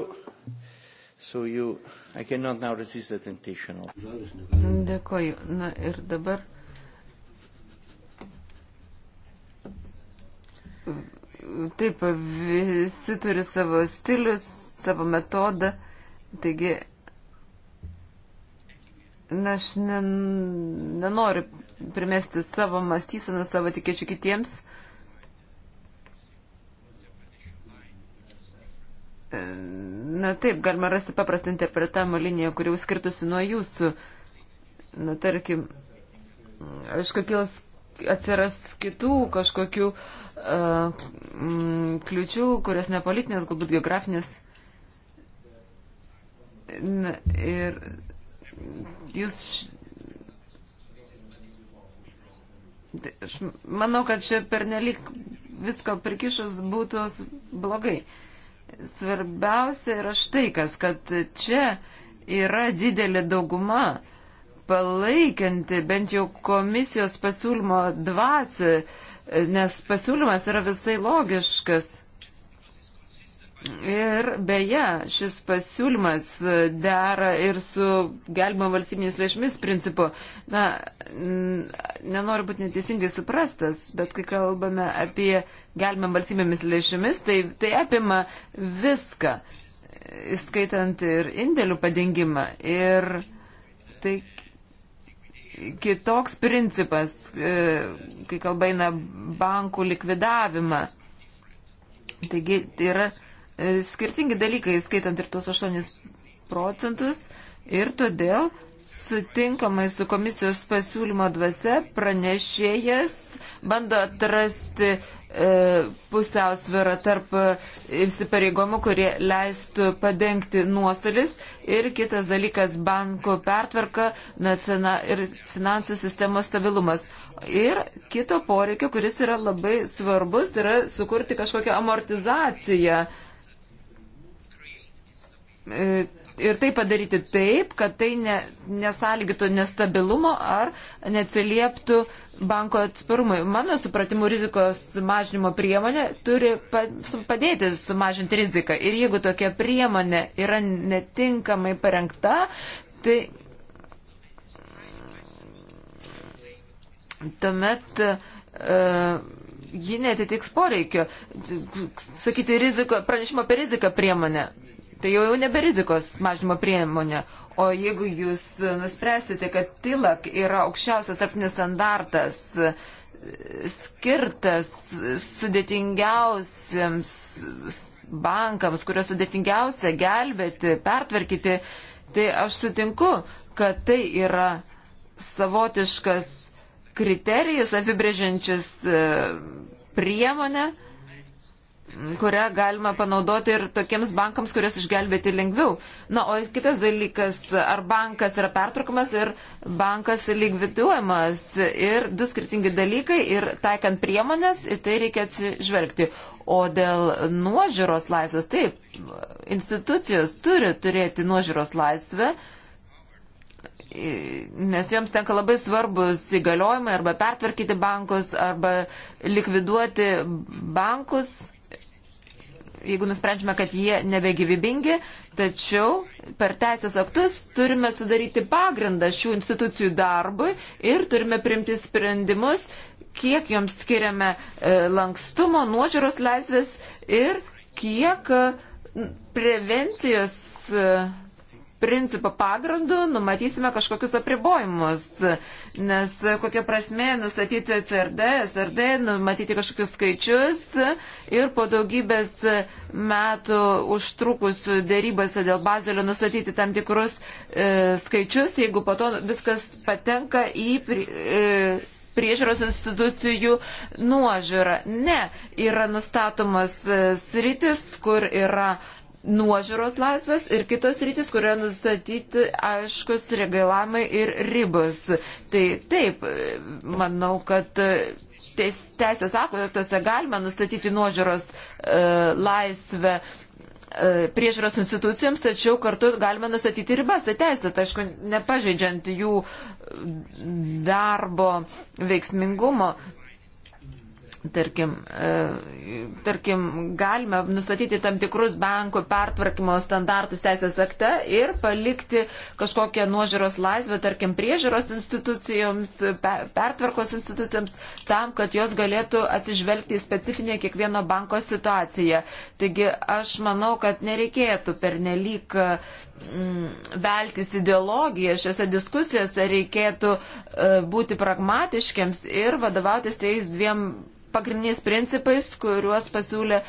So you, I cannot now resist the temptation. Dėkoju. Na ir dabar. Taip, visi turi savo stilius, savo metodą. Taigi Na, aš nen, nenoriu primesti savo mąstyseną, savo tikėčių kitiems. E, na taip, galima rasti paprastą interpretavimo liniją, kuri jau skirtusi nuo jūsų. Na tarkim, iš kokios atsiras kitų kažkokių uh, e, kliučių, kurios ne politinės, galbūt geografinės. Na, ir Jūs. Tai aš manau, kad čia pernelik visko prikišus būtų blogai. Svarbiausia yra štai kas, kad čia yra didelė dauguma palaikianti bent jau komisijos pasiūlymo dvasį, nes pasiūlymas yra visai logiškas. Ir beje, šis pasiūlymas dera ir su gelbimo valstybinės lėšmis principu. Na, nenoriu būti neteisingai suprastas, bet kai kalbame apie gelbimo valstybėmis lėšimis, tai, tai apima viską, skaitant ir indėlių padengimą. Ir tai kitoks principas, e, kai kalba eina bankų likvidavimą. Taigi, tai yra skirtingi dalykai, skaitant ir tuos 8 procentus. Ir todėl sutinkamai su komisijos pasiūlymo dvasia pranešėjas bando atrasti e, pusiausvyrą tarp e, įsipareigomų, kurie leistų padengti nuostolis ir kitas dalykas - bankų pertvarka nacional, ir finansų sistemos stabilumas. Ir kito poreikio, kuris yra labai svarbus, tai yra sukurti kažkokią amortizaciją. E, E, ir tai padaryti taip, kad tai ne, nesąlygytų nestabilumo ar neatsilieptų banko atsparumui. Mano supratimu, rizikos mažinimo priemonė turi padėti sumažinti riziką. Ir jeigu tokia priemonė yra netinkamai parengta, tai tuomet uh, ji netitiks poreikio. Sakyti, riziko, pranešimo apie riziką priemonę Tai jau, jau nebe rizikos mažimo priemonė. O jeigu jūs nuspręsite, kad tilak yra aukščiausias tarptinis standartas, skirtas sudėtingiausiams bankams, kurios sudėtingiausia gelbėti, pertvarkyti, tai aš sutinku, kad tai yra savotiškas kriterijus apibrėžiančias e, priemonę, kurią galima panaudoti ir tokiems bankams, kurias išgelbėti lengviau. Na, o kitas dalykas, ar bankas yra pertraukimas ir bankas likviduojamas. Ir du skirtingi dalykai ir taikant priemonės, į tai reikia atsižvelgti. O dėl nuožiūros laisvės, taip, institucijos turi turėti nuožiūros laisvę nes joms tenka labai svarbus įgaliojimai arba pertvarkyti bankus, arba likviduoti bankus jeigu nusprendžiame, kad jie nebegyvybingi, tačiau per teisės aktus turime sudaryti pagrindą šių institucijų darbui ir turime primti sprendimus, kiek joms skiriame e, lankstumo, nuožiūros laisvės ir kiek prevencijos e, principo pagrindu numatysime kažkokius apribojimus, nes kokia prasme nustatyti CRD, SRD, numatyti kažkokius skaičius ir po daugybės metų užtrukusių dėrybose dėl bazelio nustatyti tam tikrus e, skaičius, jeigu po to viskas patenka į. E, priežiūros institucijų nuožiūra. Ne, yra nustatomas e, sritis, kur yra uh, nuožiūros laisvės ir kitos rytis, kurioje nustatyti aiškus regalavimai ir ribos. Tai taip, manau, kad teisės aktuose galima nustatyti nuožiūros e, laisvę e, priežiūros institucijoms, tačiau kartu galime nustatyti ribas, tai teisė, tai aišku, nepažeidžiant jų darbo veiksmingumo, Tarkim, e, tarkim, galime nustatyti tam tikrus bankų pertvarkymo standartus teisės akte ir palikti kažkokią nuožiūros laisvę, tarkim, priežiūros institucijoms, pertvarkos institucijoms, tam, kad jos galėtų atsižvelgti į specifinę kiekvieno banko situaciją. Taigi aš manau, kad nereikėtų pernelyg mm, veltis ideologiją šiose diskusijose, reikėtų e, būti pragmatiškiams ir vadovautis tais dviem pagrindiniais principais, kuriuos pasiūlė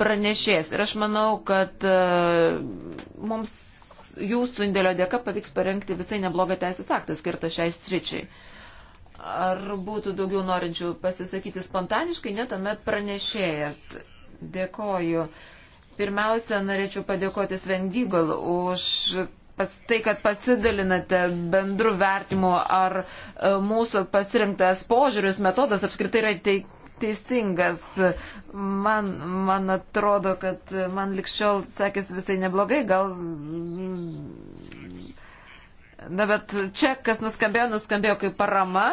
pranešės. Ir aš manau, kad e, mums jūsų indėlio dėka pavyks parengti visai neblogą teisės aktą skirtą šiai sričiai. Ar būtų daugiau norinčių pasisakyti spontaniškai, netamet pranešėjas. Dėkoju. Pirmiausia, norėčiau padėkoti Svendygal už pas, tai, kad pasidalinate bendru vertimu, ar e, mūsų pasirinktas požiūris, metodas apskritai yra teik, teisingas. Man, man atrodo, kad man likščiol sekėsi visai neblogai, gal. Na bet čia, kas nuskambėjo, nuskambėjo kaip parama.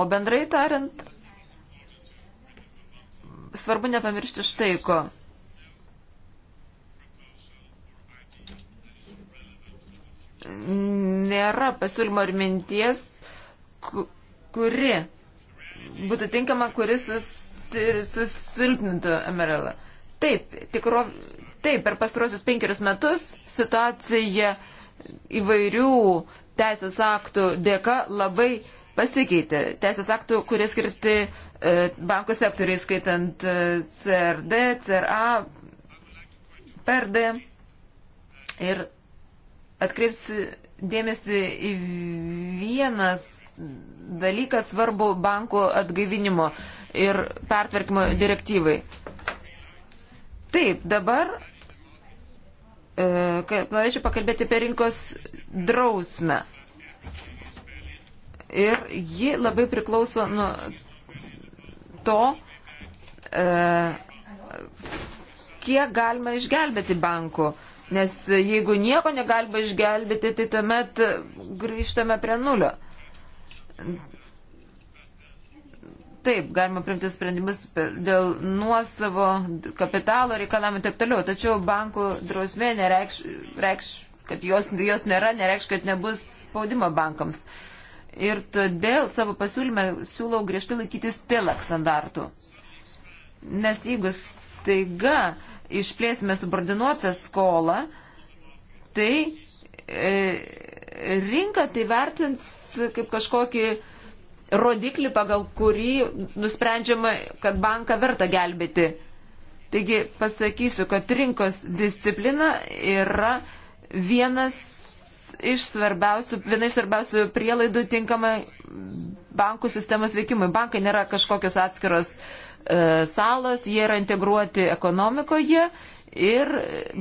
O bendrai tariant, svarbu nepamiršti štai ko. Nėra pasiūlymo ir minties, kuri būtų tinkama, kuris sus, susilpnintų MRL. Taip, tikro, taip, per pastaruosius penkerius metus situacija įvairių teisės aktų dėka labai pasikeitė. Teisės aktų, kurie skirti e, bankų sektoriai, skaitant e, CRD, CRA, PRD. Ir atkreipsiu dėmesį į vienas dalyką svarbu bankų atgaivinimo ir pertvarkymo direktyvai. Taip, dabar e, norėčiau pakalbėti apie rinkos drausmę. Ir ji labai priklauso nuo to, e, kiek galima išgelbėti bankų. Nes jeigu nieko negalima išgelbėti, tai tuomet grįžtame prie nulio. E, Taip, galima primti sprendimus dėl nuosavo kapitalo reikalavimų ir taip toliau, tačiau bankų drausmė nereikš, reikš, kad jos, jos nėra, nereikš, kad nebus spaudimo bankams. Ir todėl savo pasiūlymę siūlau griežtai laikytis tilak e standartų. Nes jeigu staiga išplėsime subordinuotą skolą, tai e, rinka tai vertins kaip kažkokį rodiklį, pagal kurį nusprendžiama, kad banką verta gelbėti. Taigi pasakysiu, kad rinkos disciplina yra vienas iš svarbiausių, viena iš svarbiausių prielaidų tinkamai bankų sistemos veikimui. Bankai nėra kažkokios atskiros e, salos, jie yra integruoti ekonomikoje Ir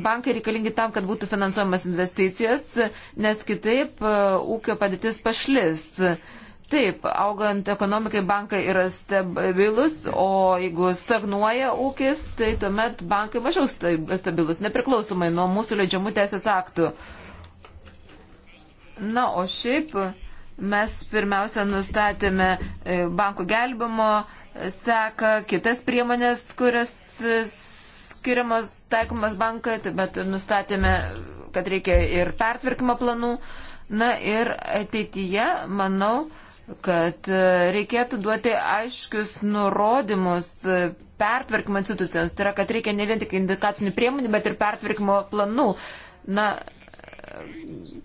bankai reikalingi tam, kad būtų finansuojamas investicijos, nes kitaip e, ūkio padėtis pašlis. Taip, augant ekonomikai bankai yra stabilus, o jeigu stagnuoja ūkis, tai tuomet bankai mažiau stabilus, nepriklausomai nuo mūsų leidžiamų teisės aktų. Na, o šiaip mes pirmiausia nustatėme e, bankų gelbimo seką, kitas priemonės, kurias e, skiriamos taikomas bankai, bet nustatėme, kad reikia ir pertvarkymo planų. Na ir ateityje, manau, kad e, reikėtų duoti aiškius nurodymus e, pertvarkymo institucijoms. Tai yra, kad reikia ne vien tik indikacinių priemonių, bet ir pertvarkymo planų. Na, e,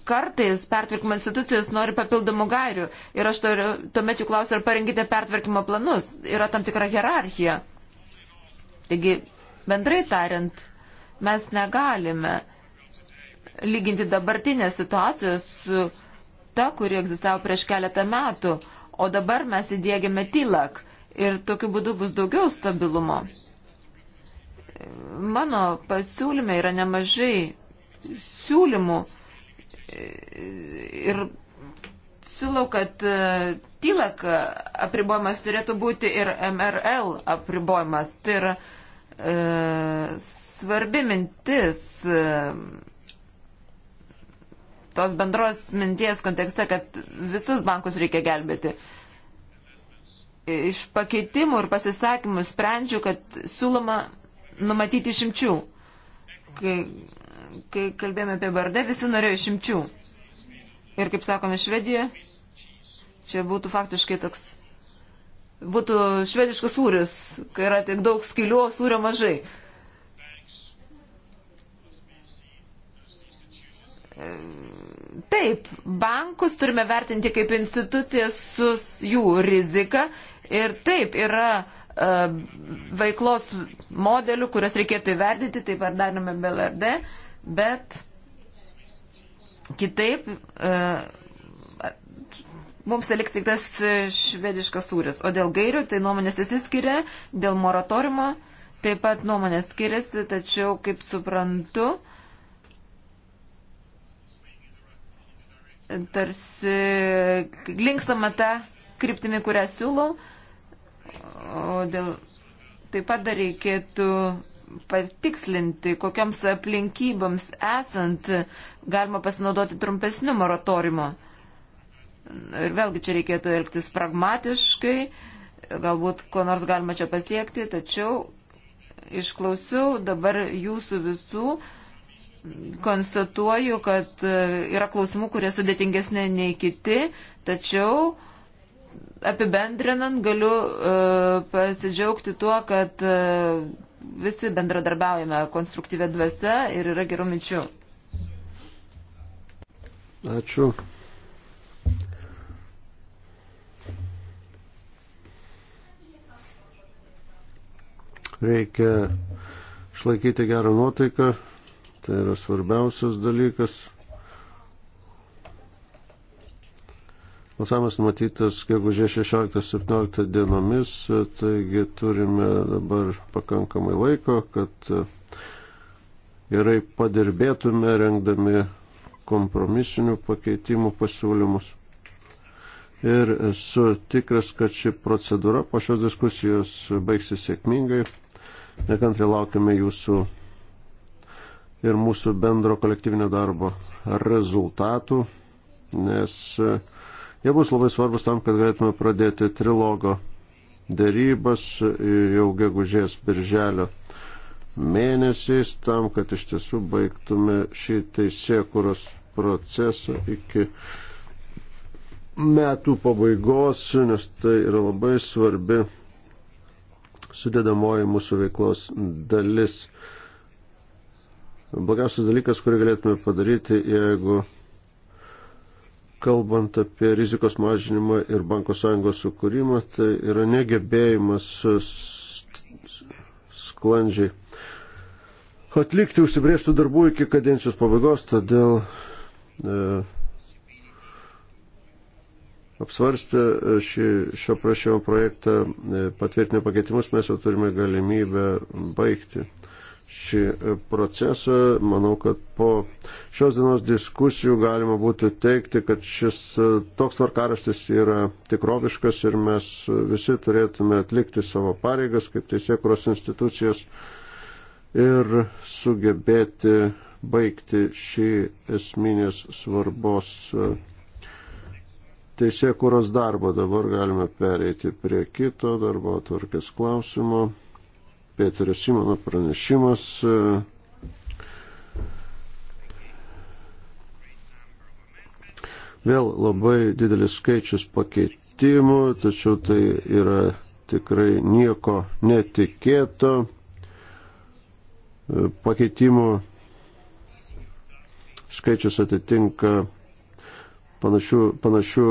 kartais pertvarkymo institucijos nori papildomų gairių. Ir aš turiu, tuomet jų klausiu, ar parengite pertvarkymo planus. Yra tam tikra hierarchija. Taigi, bendrai tariant, Mes negalime lyginti dabartinės situacijos su ta, kuri egzistavo prieš keletą metų, o dabar mes įdėgėme tilak ir tokiu būdu bus daugiau stabilumo. Mano pasiūlyme yra nemažai siūlymų ir siūlau, kad tilak apribojimas turėtų būti ir MRL apribojimas. Tai yra e, svarbi mintis e, tos bendros minties kontekste, kad visus bankus reikia gelbėti. Iš pakeitimų ir pasisakymų sprendžiu, kad siūloma numatyti išimčių. Kai, kai kalbėjome apie bardę, visi norėjo išimčių. Ir kaip sakome Švedijoje, čia būtų faktiškai toks būtų švediškas sūris, kai yra tik daug skilių, o sūrio mažai. Taip, bankus turime vertinti kaip institucijas su jų rizika ir taip yra e, veiklos modelių, kurias reikėtų įverdyti, taip ar darome BLRD, bet kitaip e, mums liks tik tas švediškas sūris. O dėl gairių, tai nuomonės įsiskiria, dėl moratoriumo taip pat nuomonės skiriasi, tačiau, kaip suprantu, uh, tarsi linkstama tą kryptimį, kurią siūlau. O dėl taip pat dar reikėtų patikslinti, kokiams aplinkybams esant galima pasinaudoti trumpesniu moratoriumu. Ir vėlgi čia reikėtų elgtis pragmatiškai, galbūt ko nors galima čia pasiekti, tačiau išklausiau dabar jūsų visų, uh, konstatuoju, kad e, yra klausimų, kurie sudėtingesnė nei kiti, tačiau apibendrinant galiu e, pasidžiaugti tuo, kad e, visi bendradarbiaujame konstruktyvę dvasę ir yra gerų minčių. Ačiū. Reikia išlaikyti gerą nuotaiką, Tai yra svarbiausias dalykas. Balsavimas numatytas gegužė 16-17 dienomis, taigi turime dabar pakankamai laiko, kad e, gerai padirbėtume rengdami kompromisinių pakeitimų pasiūlymus. Ir esu tikras, kad ši procedūra po šios diskusijos baigsis sėkmingai. Nekantri laukime jūsų ir mūsų bendro kolektyvinio darbo rezultatų, nes e, jie bus labai svarbus tam, kad galėtume pradėti trilogo dėrybas e, jau gegužės birželio mėnesiais, tam, kad iš tiesų baigtume šį teisėkuros procesą iki metų pabaigos, nes tai yra labai svarbi sudėdamoji mūsų veiklos dalis. Blogiausias dalykas, kurį galėtume padaryti, jeigu kalbant apie rizikos mažinimą ir bankų sąjungos sukūrimą, tai yra negebėjimas sklandžiai atlikti užsibrėžtų darbų iki kadencijos pabaigos, todėl e, apsvarstę e, šį, šio prašymo projektą, e, patvirtinę pakeitimus, mes jau turime galimybę baigti. E, šį e, procesą. Manau, kad po šios dienos diskusijų galima būtų teikti, kad šis e, toks tvarkaraštis yra tikroviškas ir mes e, visi turėtume atlikti savo pareigas kaip teisėkuros institucijos ir sugebėti baigti šį esminės svarbos teisėkuros darbą. Dabar galime pereiti prie kito darbo atvarkės klausimo. Pėterio Simono pranešimas. E, vėl labai didelis skaičius pakeitimų, tačiau tai yra tikrai nieko netikėto. E, pakeitimų skaičius atitinka panašių, panašių,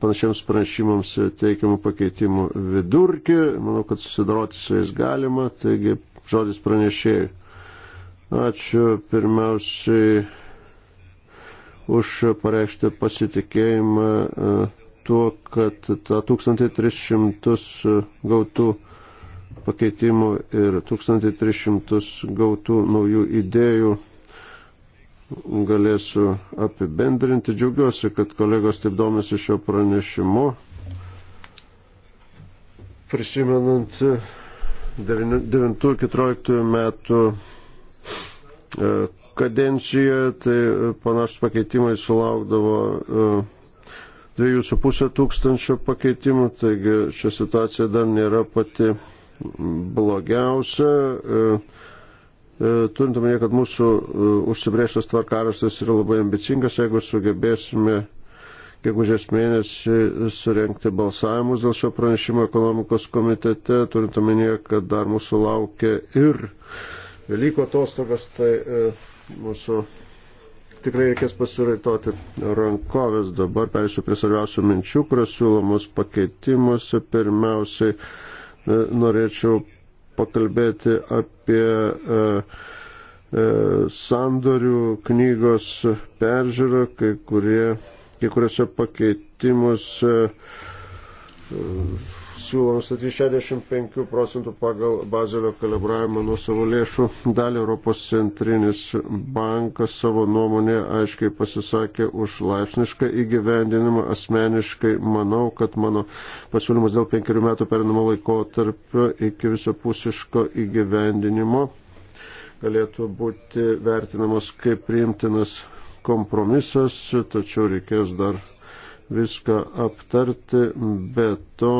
panašiems pranešimams teikiamų pakeitimų vidurkį. Manau, kad susidoroti su jais galima, taigi žodis pranešėjai. Ačiū pirmiausiai už pareikštą pasitikėjimą e, tuo, kad tą 1300 gautų pakeitimų ir 1300 gautų naujų idėjų galėsiu apibendrinti. Džiaugiuosi, kad kolegos taip domisi šio pranešimu. Prisimenant 9-14 metų e, kadencijoje, tai panašus pakeitimai sulaukdavo 2,5 e, tūkstančio pakeitimų, taigi čia situacija dar nėra pati blogiausia. E, E, turint omenyje, kad mūsų e, užsibrėžtas tvarkaraštas yra labai ambicingas, jeigu sugebėsime gegužės mėnesį surenkti balsavimus dėl šio pranešimo ekonomikos komitete, turint omenyje, kad dar mūsų laukia ir Velyko atostogas, tai e, mūsų tikrai reikės pasiraitoti rankovės. Dabar perėsiu prie svarbiausių minčių, kurios siūlomus pakeitimuose. Pirmiausiai e, norėčiau pakalbėti apie e, e, sandorių knygos peržiūrą, kai, kurie, kai kuriuose pakeitimuose e, siūloma statyti 65 procentų pagal bazelio kalibravimą nuo savo lėšų. Dalį Europos centrinis bankas savo nuomonė aiškiai pasisakė už laipsnišką įgyvendinimą. Asmeniškai manau, kad mano pasiūlymas dėl penkerių metų perinamo laiko tarp iki visapusiško įgyvendinimo galėtų būti vertinamas kaip priimtinas kompromisas, tačiau reikės dar viską aptarti, bet to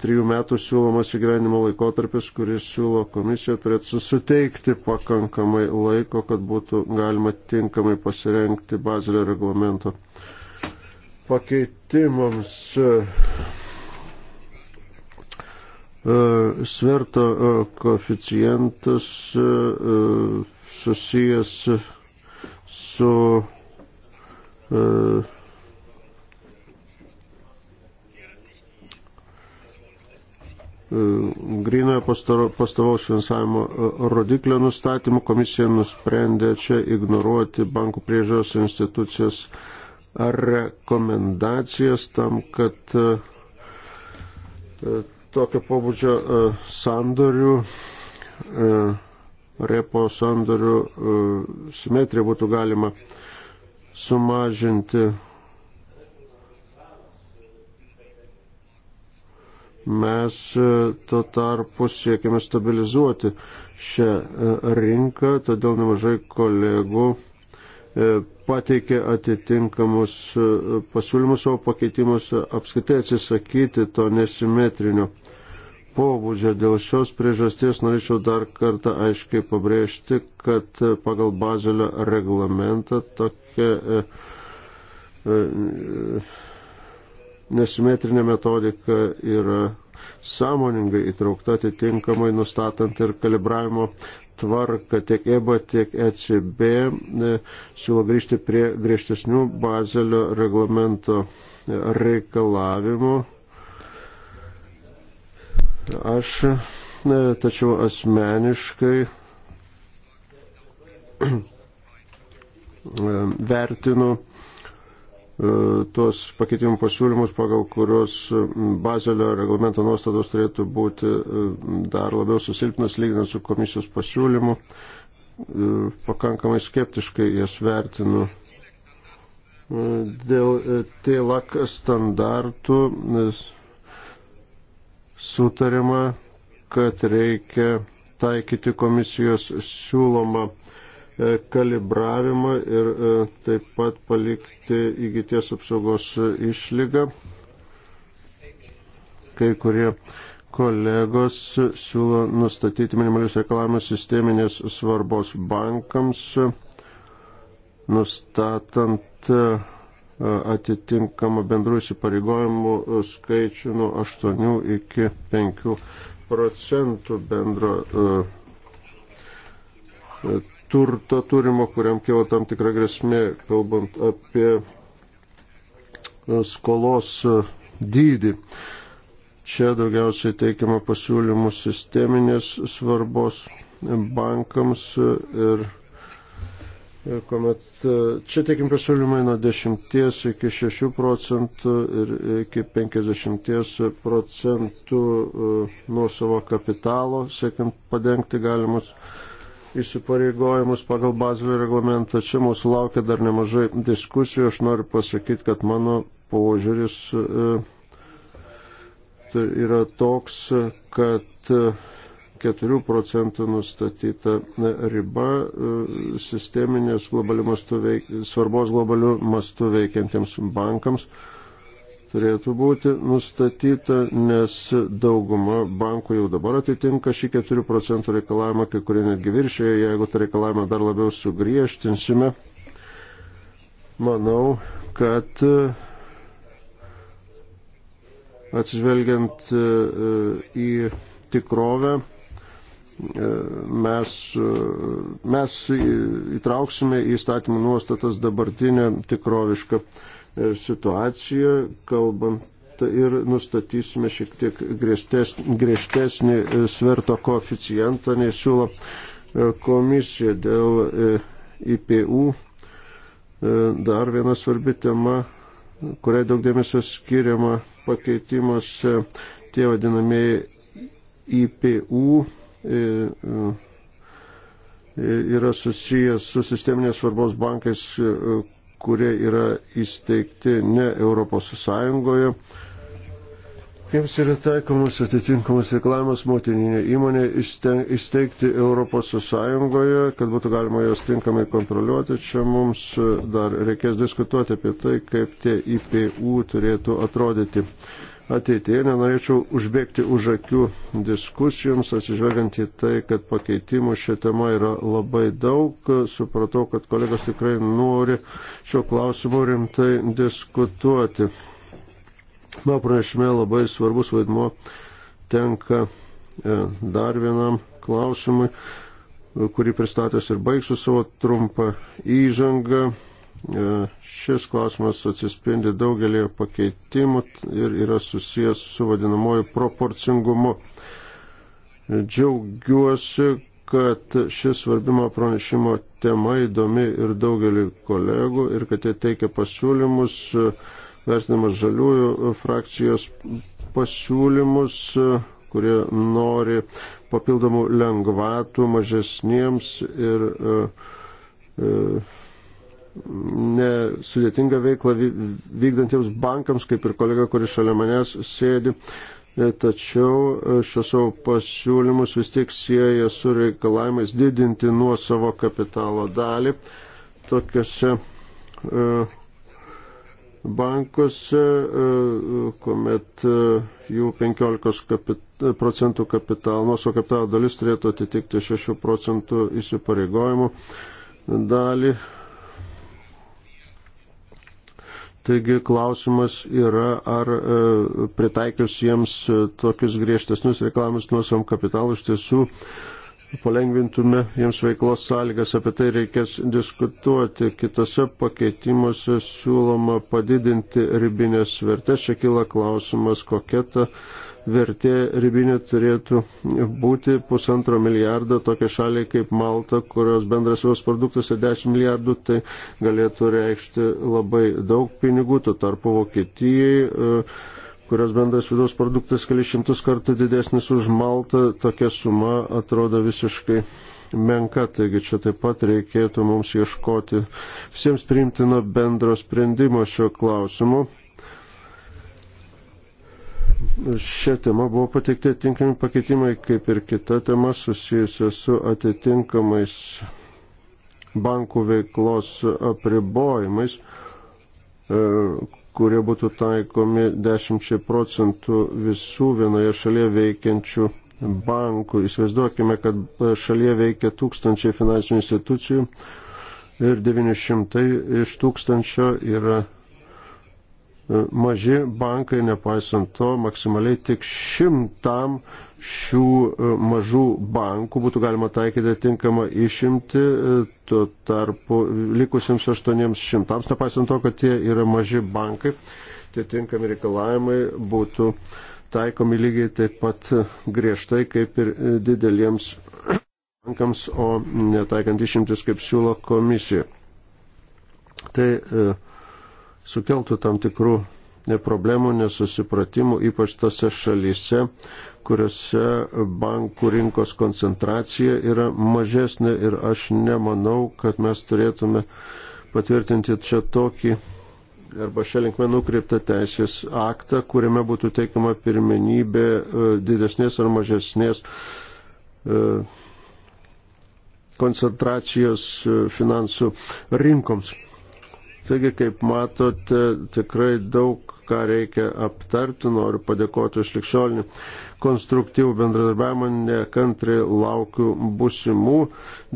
trijų metų siūlomas įgyvenimo laikotarpis, kuris siūlo komisija turėtų suteikti pakankamai laiko, kad būtų galima tinkamai pasirenkti bazilio reglamento pakeitimams. E, sverto e, koficijantas e, susijęs su uh, finansuojamojo pastovaus finansavimo e, rodiklio nustatymu komisija nusprendė čia ignoruoti bankų priežiūros institucijos rekomendacijas tam, kad e, e, tokio pobūdžio sandorių, repo sandorių simetriją būtų galima sumažinti Mes e, tuo tarpu siekime stabilizuoti šią e, rinką, todėl nemažai kolegų e, pateikė atitinkamus pasiūlymus savo pakeitimus apskaitai atsisakyti to nesimetrinio pobūdžio. Dėl šios priežasties norėčiau dar kartą aiškiai pabrėžti, kad pagal bazelio reglamentą tokia nesimetrinė metodika yra sąmoningai įtraukta atitinkamai nustatant ir kalibravimo tvarką tiek EBA, tiek ECB e, siūlo grįžti prie griežtesnių bazelio reglamento reikalavimų. Aš e, tačiau asmeniškai e, vertinu E, tuos pakeitimų pasiūlymus, pagal kurios e, bazelio reglamento nuostatos turėtų būti e, dar labiau susilpnas lyginant su komisijos pasiūlymu. Pakankamai skeptiškai jas vertinu. Dėl TELAK standartų sutarima, kad reikia taikyti komisijos siūlomą E, kalibravimą ir e, taip pat palikti įgyties apsaugos išlygą. Kai kurie kolegos siūlo nustatyti minimalius reikalavimus sisteminės svarbos bankams, nustatant e, atitinkamą bendrų įsipareigojimų skaičių nuo 8 iki 5 procentų bendro turto turimo, kuriam kilo tam tikra grėsmė, kalbant apie e, skolos e, dydį. Čia daugiausiai teikiama pasiūlymų sisteminės svarbos bankams e, ir kuomet čia teikim pasiūlymai nuo 10 iki 6 procentų ir iki 50 procentų nuo savo kapitalo, siekiant padengti galimus įsipareigojimus pagal bazilio reglamentą. Čia mūsų laukia dar nemažai diskusijų. Aš noriu pasakyti, kad mano požiūris e, tai yra toks, kad 4 e, procentų nustatyta e, riba sisteminės globalių mastų veik, svarbos globalių mastų veikiantiems bankams turėtų būti nustatyta, nes dauguma bankų jau dabar atitinka šį 4 procentų reikalavimą, kai kurie netgi viršėjo, jeigu tą reikalavimą dar labiau sugriežtinsime. Manau, kad e, atsižvelgiant e, e, į tikrovę, mes, mes įtrauksime į statymų nuostatas dabartinę tikrovišką E, situaciją, kalbant ir nustatysime šiek tiek griežtesnį e, sverto koeficientą, nei siūlo e, komisija dėl IPU. Dar viena svarbi tema, kuriai daug dėmesio skiriama pakeitimuose, tie vadinamieji IPU yra susijęs su sisteminės svarbos bankais, kurie yra įsteigti ne Europos Sąjungoje. Jiems yra taikomas atitinkamas reklamas motininė įmonė įsteigti Europos Sąjungoje, kad būtų galima jos tinkamai kontroliuoti. Čia mums dar reikės diskutuoti apie tai, kaip tie IPU turėtų atrodyti ateityje nenorėčiau užbėgti už akių diskusijoms, atsižvelgiant į tai, kad pakeitimų šią temą yra labai daug. Supratau, kad kolegos tikrai nori šio klausimu rimtai diskutuoti. Mano pranešime labai svarbus vaidmo tenka e, dar vienam klausimui, kurį pristatęs ir baigsiu savo trumpą įžangą. E, šis klausimas atsispindi daugelį pakeitimų ir yra susijęs su vadinamoju proporcingumu. Džiaugiuosi, kad šis svarbimo pranešimo tema įdomi ir daugelį kolegų ir kad jie teikia pasiūlymus, vertinamas žaliųjų frakcijos pasiūlymus, kurie nori papildomų lengvatų mažesniems ir uh, uh, sudėtingą veiklą vykdantiems bankams, kaip ir kolega, kuris šalia manęs sėdi. E, tačiau e, šios savo pasiūlymus vis tiek sieja su reikalavimais didinti nuo savo kapitalo dalį tokiuose e, bankuose, kuomet jų 15 kapit procentų kapitalo, nuosavo kapitalo dalis turėtų atitikti 6 procentų įsipareigojimų dalį Taigi klausimas yra, ar e, pritaikius jiems e, tokius griežtesnius reikalavimus nuosavam kapitalui iš tiesų palengvintume jiems veiklos sąlygas, apie tai reikės diskutuoti. Kitose pakeitimuose siūloma padidinti ribinės vertės. Čia kyla klausimas, kokia ta vertė ribinė turėtų būti pusantro milijardo tokia šaliai kaip Malta, kurios bendras jos produktas yra 10 milijardų, tai galėtų reikšti labai daug pinigų, tuo tarpu Vokietijai e, kurios bendras vidaus produktas keli šimtus kartų didesnis už Maltą, tokia suma atrodo visiškai menka, taigi čia taip pat reikėtų mums ieškoti visiems priimtino bendro sprendimo šiuo klausimu šią temą buvo pateikti atitinkami pakeitimai, kaip ir kita tema susijusia su atitinkamais bankų veiklos apribojimais, e, kurie būtų taikomi 10 procentų visų vienoje šalyje veikiančių bankų. Įsivaizduokime, kad šalyje veikia tūkstančiai finansinių institucijų ir 900 iš tūkstančio yra E, maži bankai, nepaisant to, maksimaliai tik šimtam šių e, mažų bankų būtų galima taikyti tinkamą išimti, e, tuo tarpu likusiems 800, nepaisant to, kad tie yra maži bankai, tie tinkami reikalavimai būtų taikomi lygiai taip pat griežtai kaip ir dideliems *clears throat* bankams, o netaikant išimtis, kaip siūlo komisija. Tai e, sukeltų tam tikrų problemų, nesusipratimų, ypač tose šalyse, kuriuose bankų rinkos koncentracija yra mažesnė ir aš nemanau, kad mes turėtume patvirtinti čia tokį arba šią linkmę nukreiptą teisės aktą, kuriame būtų teikiama pirmenybė e, didesnės ar mažesnės e, koncentracijos e, finansų rinkoms. Taigi, kaip matote, tikrai daug ką reikia aptarti. Noriu padėkoti už likščiolinį konstruktyvų bendradarbiavimą. Nekantri laukiu busimų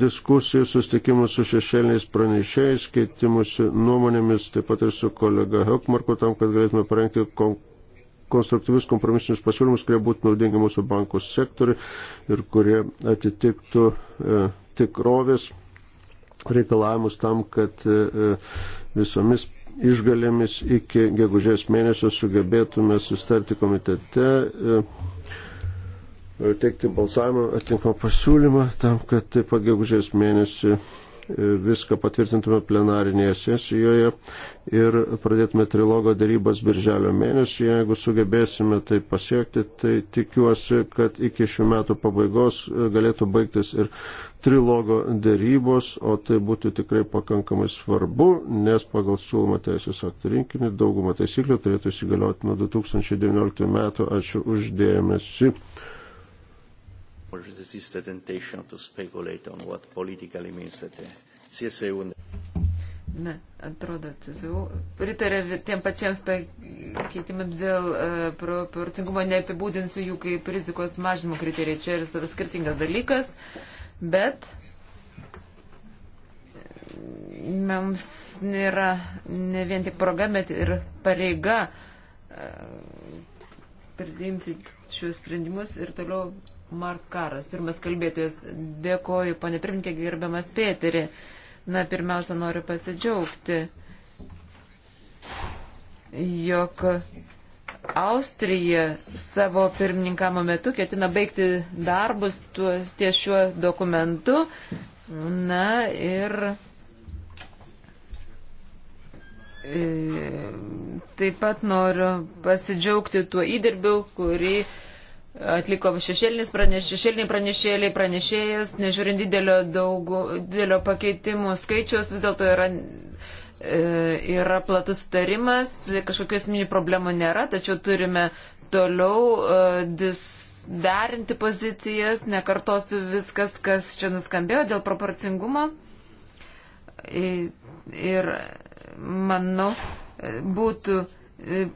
diskusijų, sustikimų su šešėliniais pranešėjais, keitimusi nuomonėmis, taip pat ir su kolega Hekmarku, tam, kad galėtume parengti konkursą konstruktyvius kompromisinius pasiūlymus, kurie būtų naudingi mūsų bankų sektoriui ir kurie atitiktų e, tikrovės reikalavimus tam, kad e, e, visomis išgalėmis iki gegužės mėnesio sugebėtume sustarti komitete, e, teikti balsavimą atitinkamą pasiūlymą tam, kad taip pat gegužės mėnesį viską patvirtintume plenarinėje sesijoje ir pradėtume trilogo darybas birželio mėnesį. Jeigu sugebėsime tai pasiekti, tai tikiuosi, kad iki šių metų pabaigos galėtų baigtis ir trilogo darybos, o tai būtų tikrai pakankamai svarbu, nes pagal siūlomą teisės aktų rinkinį daugumą taisyklių turėtų įsigalioti nuo 2019 metų. Ačiū uždėmesi resist the temptation to speculate on what politically means that CSU and Na, atrodo, CSU pritarė tiem patiems pakeitimams dėl uh, proporcingumo, neapibūdinsiu jų kaip rizikos mažinimo kriterijai. Čia yra skirtingas dalykas, bet e, mums nėra ne vien tik proga, bet ir pareiga uh, priimti šiuos sprendimus ir toliau Markaras. Pirmas kalbėtojas, dėkoju, ponė pirmininkė, gerbiamas Pėterį. Na, pirmiausia, noriu pasidžiaugti, jog Austrija savo pirmininkamo metu ketina baigti darbus tuos, ties šiuo dokumentu. Na ir e, Taip pat noriu pasidžiaugti tuo įdirbiu, kurį atliko šešėlinis praneš, šešėliniai pranešėliai, pranešėjas, nežiūrint didelio, daug, didelio pakeitimų skaičiaus, vis dėlto yra, e, yra platus tarimas, kažkokių esminių problemų nėra, tačiau turime toliau e, dis, derinti pozicijas, nekartosiu viskas, kas čia nuskambėjo dėl proporcingumo. E, ir manau, e, būtų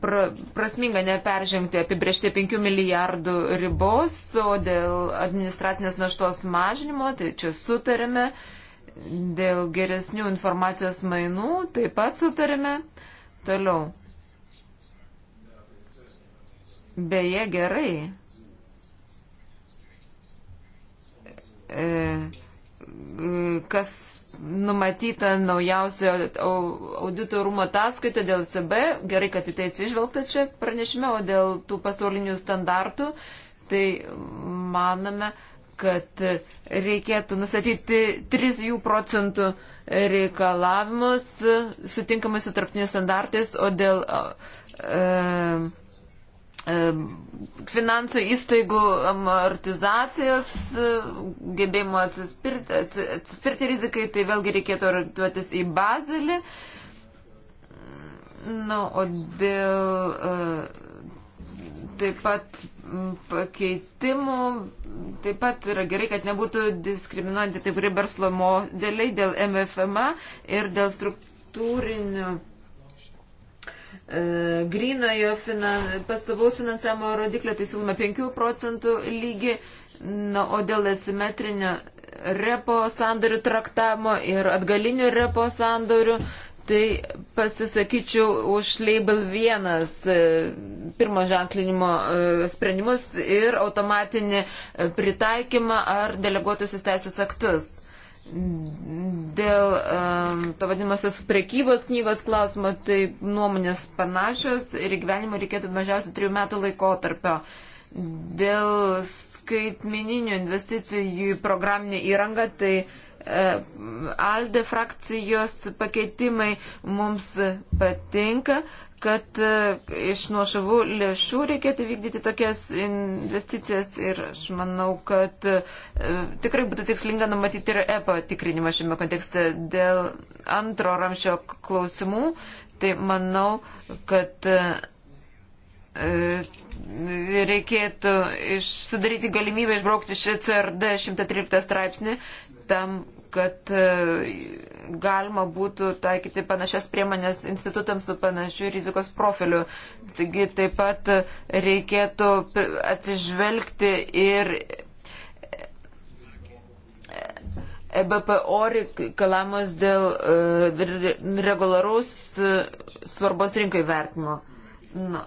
pra, prasminga neperžengti apibriežti 5 milijardų ribos, o dėl administracinės naštos mažinimo, tai čia sutarėme, dėl geresnių informacijos mainų taip pat sutarėme. Toliau. Beje, gerai. E, e kas numatyta naujausia audito rūmo ataskaita dėl CB, gerai, kad į tai atsižvelgta čia pranešime, o dėl tų pasaulinių standartų, tai manome, kad reikėtų nusatyti 3 procentų reikalavimus sutinkamai su tarptinės standartais, o dėl e, E, finansų įstaigų amortizacijos e, gebėjimo atsispirti, atsispirti rizikai, tai vėlgi reikėtų orientuotis į bazelį. Nu, o dėl e, taip pat pakeitimų, taip pat yra gerai, kad nebūtų diskriminuojanti taip ir verslo modeliai dėl MFMA ir dėl struktūrinių E, grinojo finan, pastovaus finansavimo rodiklio, tai siūlome 5 procentų lygį, na, o dėl asimetrinio repo sandorių traktavimo ir atgalinių repo sandorių, tai pasisakyčiau už label 1 e, pirmo ženklinimo e, sprendimus ir automatinį pritaikymą ar deleguotusius teisės aktus. Dėl um, to vadinamosios prekybos knygos klausimo, tai nuomonės panašios ir gyvenimo reikėtų mažiausiai trijų metų laikotarpio. Dėl skaitmeninių investicijų į programinę įrangą, tai uh, ALDE frakcijos pakeitimai mums patinka. Uh, kad e, iš nuošavų lėšų reikėtų vykdyti tokias investicijas ir aš manau, kad e, tikrai būtų tikslinga numatyti ir EPA tikrinimą šiame kontekste dėl antro ramšio klausimų. Tai manau, kad e, reikėtų sudaryti galimybę išbraukti šį CRD 113 straipsnį tam, kad e, galima būtų taikyti panašias priemonės institutams su panašiu rizikos profiliu. Taigi taip pat reikėtų atsižvelgti ir EBPO reikalavimas dėl e, regularaus e, svarbos rinkai vertimo. Na,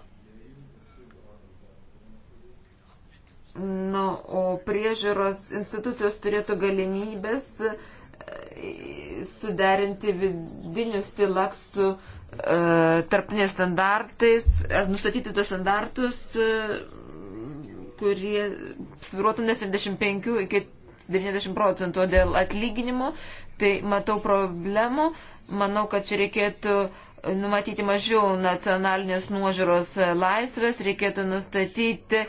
Nu, o priežiūros institucijos turėtų galimybės e, suderinti vidinius tilaks su e, tarptinės standartais, ar e, nustatyti tos standartus, e, kurie sviruotų nuo 75 iki 90 procentų dėl atlyginimo, tai matau problemų, manau, kad čia reikėtų e, numatyti mažiau nacionalinės nuožiūros laisvės, reikėtų nustatyti e,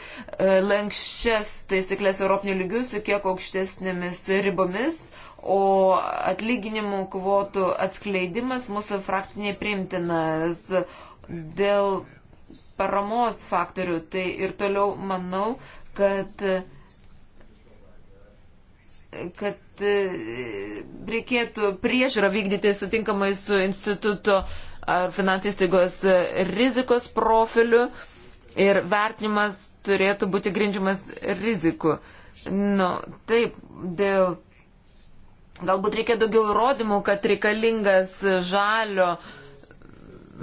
lankščias taisyklės Europinių lygių su kiek aukštesnėmis ribomis, o atlyginimų kvotų atskleidimas mūsų frakcinė primtinas dėl paramos faktorių. Tai ir toliau manau, kad kad e, reikėtų priežiūrą vykdyti sutinkamai su instituto uh, ar finansų įstaigos rizikos profiliu ir vertinimas turėtų būti grindžiamas riziku. Nu, taip, dėl. Galbūt reikia daugiau įrodymų, kad reikalingas žalio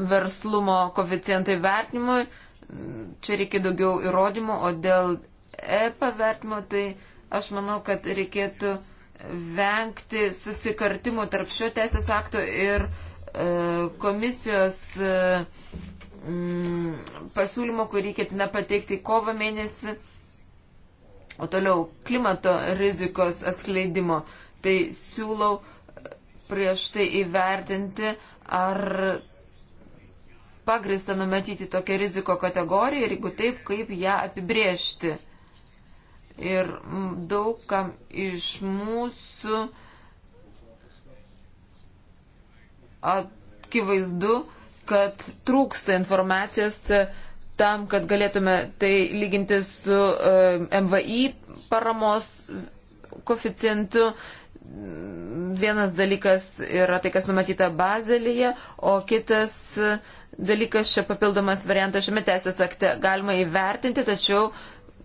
verslumo koficijantai vertinimui. Čia reikia daugiau įrodymų, o dėl EPA vertinimo, tai aš manau, kad reikėtų vengti susikartimų tarp šio teisės akto ir uh, E, komisijos e, mm, pasiūlymo, kurį ketina pateikti kovo mėnesį, o toliau klimato rizikos atskleidimo. Tai siūlau prieš tai įvertinti, ar pagrįsta numatyti tokią riziko kategoriją ir jeigu taip, kaip ją apibriežti. Ir daug kam iš mūsų akivaizdu, kad trūksta informacijos e, tam, kad galėtume tai lyginti su uh, e, MVI paramos koficientu. Vienas dalykas yra tai, kas numatyta bazelyje, o kitas e, dalykas čia papildomas variantas šiame teisės akte galima įvertinti, tačiau uh,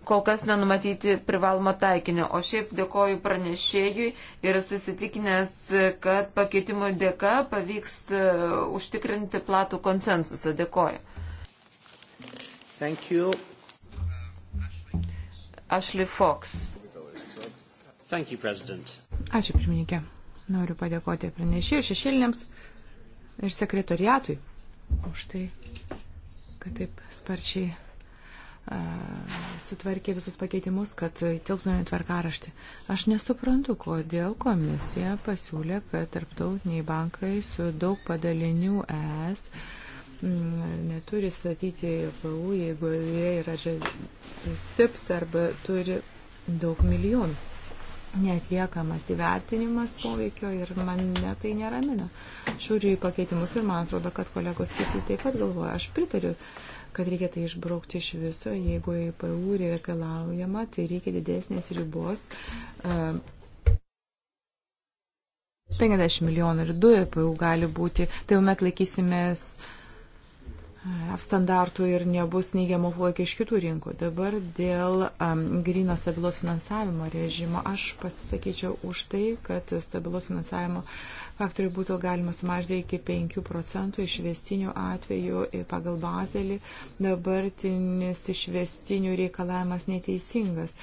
kol kas nenumatyti privalomo taikinio. O šiaip dėkoju pranešėjui ir susitikinęs, kad pakeitimų dėka pavyks e, užtikrinti platų konsensusą. Dėkoju. Ashley Fox. Thank you, President. Ačiū, pirmininkė. Noriu padėkoti pranešėjų šešėlinėms ir sekretoriatui už tai, kad taip sparčiai sutvarkė visus pakeitimus, kad tilptumėm tvarkaraštį. Aš nesuprantu, kodėl komisija pasiūlė, kad tarptautiniai bankai su daug padalinių ES mm, neturi statyti PAU, jeigu jie yra SIPS arba turi daug milijonų. Neatliekamas įvertinimas poveikio ir mane tai neramina. Šiūriu į pakeitimus ir man atrodo, kad kolegos kiti taip pat galvoja. Aš pritariu uh, kad reikia tai išbraukti iš viso. Jeigu IPU reikalaujama, tai reikia didesnės ribos. 50 e, milijonų ir 2 IPU gali būti. Tai jau met laikysimės e, standartų ir nebus neigiamo poveikio iš kitų rinkų. Dabar dėl um, e, grino stabilos finansavimo režimo aš pasisakyčiau už tai, kad stabilos finansavimo uh, faktorių būtų galima sumažinti iki 5 procentų išvestinių atvejų pagal bazelį. Dabartinis išvestinių reikalavimas neteisingas.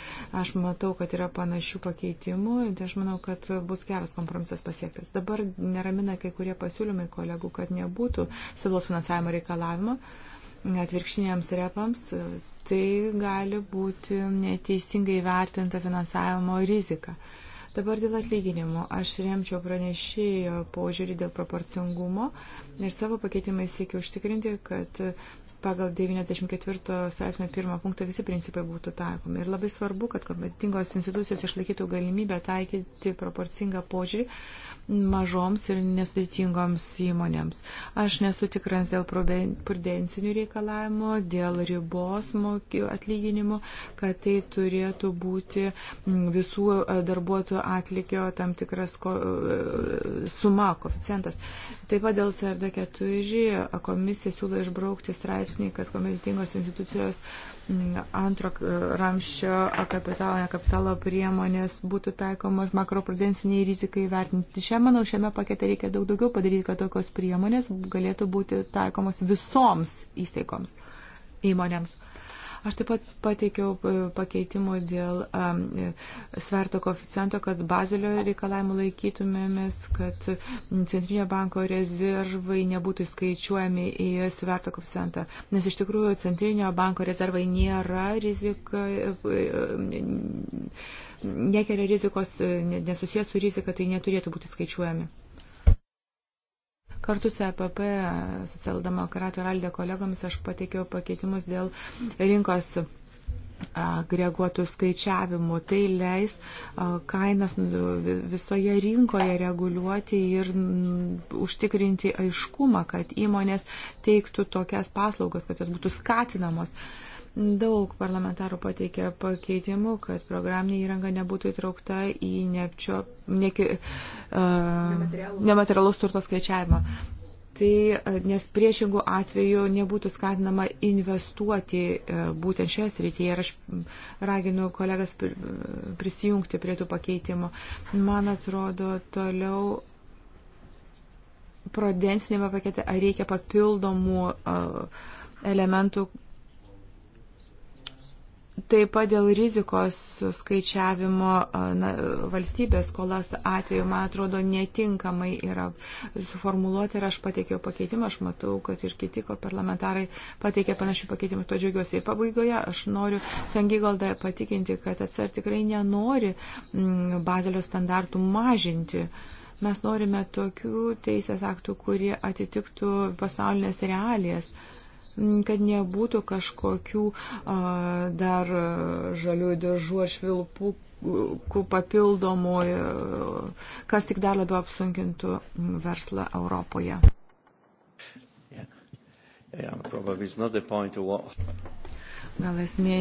Aš matau, kad yra panašių pakeitimų, tai aš manau, kad bus geras kompromisas pasiektas. Dabar neramina kai kurie pasiūlymai kolegų, kad nebūtų civilos finansavimo reikalavimo atvirkštiniams repams, tai gali būti neteisingai vertinta finansavimo rizika. Uh, Dabar dėl atlyginimo. Aš remčiau pranešėjo požiūrį dėl proporcingumo ir savo pakeitimai siekiu užtikrinti, kad pagal 94 straipsnio pirmą punktą visi principai būtų taikomi. Ir labai svarbu, kad kompetingos institucijos išlaikytų galimybę taikyti proporcingą požiūrį, mažoms ir nesudėtingoms įmonėms. Aš nesu tikras dėl prudencinių reikalavimų, dėl ribos atlyginimų, kad tai turėtų būti visų e, darbuotojų atlikio tam tikras ko, e, suma, koficijantas. Taip pat dėl CRD4 komisija siūlo išbraukti straipsnį, kad kompetentingos institucijos uh, antro ramščio kapitalo, kapitalo priemonės būtų taikomos makroprudenciniai rizikai vertinti. Šią, manau, šiame pakete reikia daug daugiau padaryti, kad tokios priemonės galėtų būti taikomos visoms įstaigoms, įmonėms. Uh, Aš taip pat pateikiau e, pakeitimų dėl um, sverto koficijento, kad bazilio reikalavimų laikytumėmės, kad centrinio banko rezervai nebūtų skaičiuojami į sverto koficijantą. Nes iš tikrųjų centrinio banko rezervai nėra rizika. E, nekelia rizikos, nesusijęs su rizika, tai neturėtų būti skaičiuojami. Kartu su EPP, socialdemokratų ir aldė kolegomis, aš pateikiau pakeitimus dėl rinkos agreguotų skaičiavimų. Tai leis kainas nu, visoje rinkoje reguliuoti ir užtikrinti aiškumą, kad įmonės teiktų tokias paslaugas, kad jos būtų skatinamos. Uh, Daug parlamentarų pateikė pakeitimų, kad programinė įranga nebūtų įtraukta į neapčio, neki, uh, nematerialus turto skaičiavimą. Tai nes priešingų atveju nebūtų skatinama investuoti būtent šioje srityje ir aš raginu kolegas prisijungti prie tų pakeitimų. Man atrodo, toliau prudensinėme pakete ar reikia papildomų elementų, Taip pat dėl rizikos skaičiavimo na, valstybės skolas atveju, man atrodo, netinkamai yra suformuoluoti ir aš pateikiau pakeitimą, aš matau, kad ir kiti parlamentarai pateikė panašių pakeitimų, to džiaugiuosi. Ir pabaigoje aš noriu Sangygaldą patikinti, kad atsar tikrai nenori m, mm, bazelio standartų mažinti. Mes norime tokių teisės aktų, kurie atitiktų pasaulinės realijas. Uh, kad nebūtų kažkokių dar žaliųjų diržų ar švilpų papildomų, kas tik dar labiau apsunkintų verslą Europoje. Yeah. Yeah, Gal esmė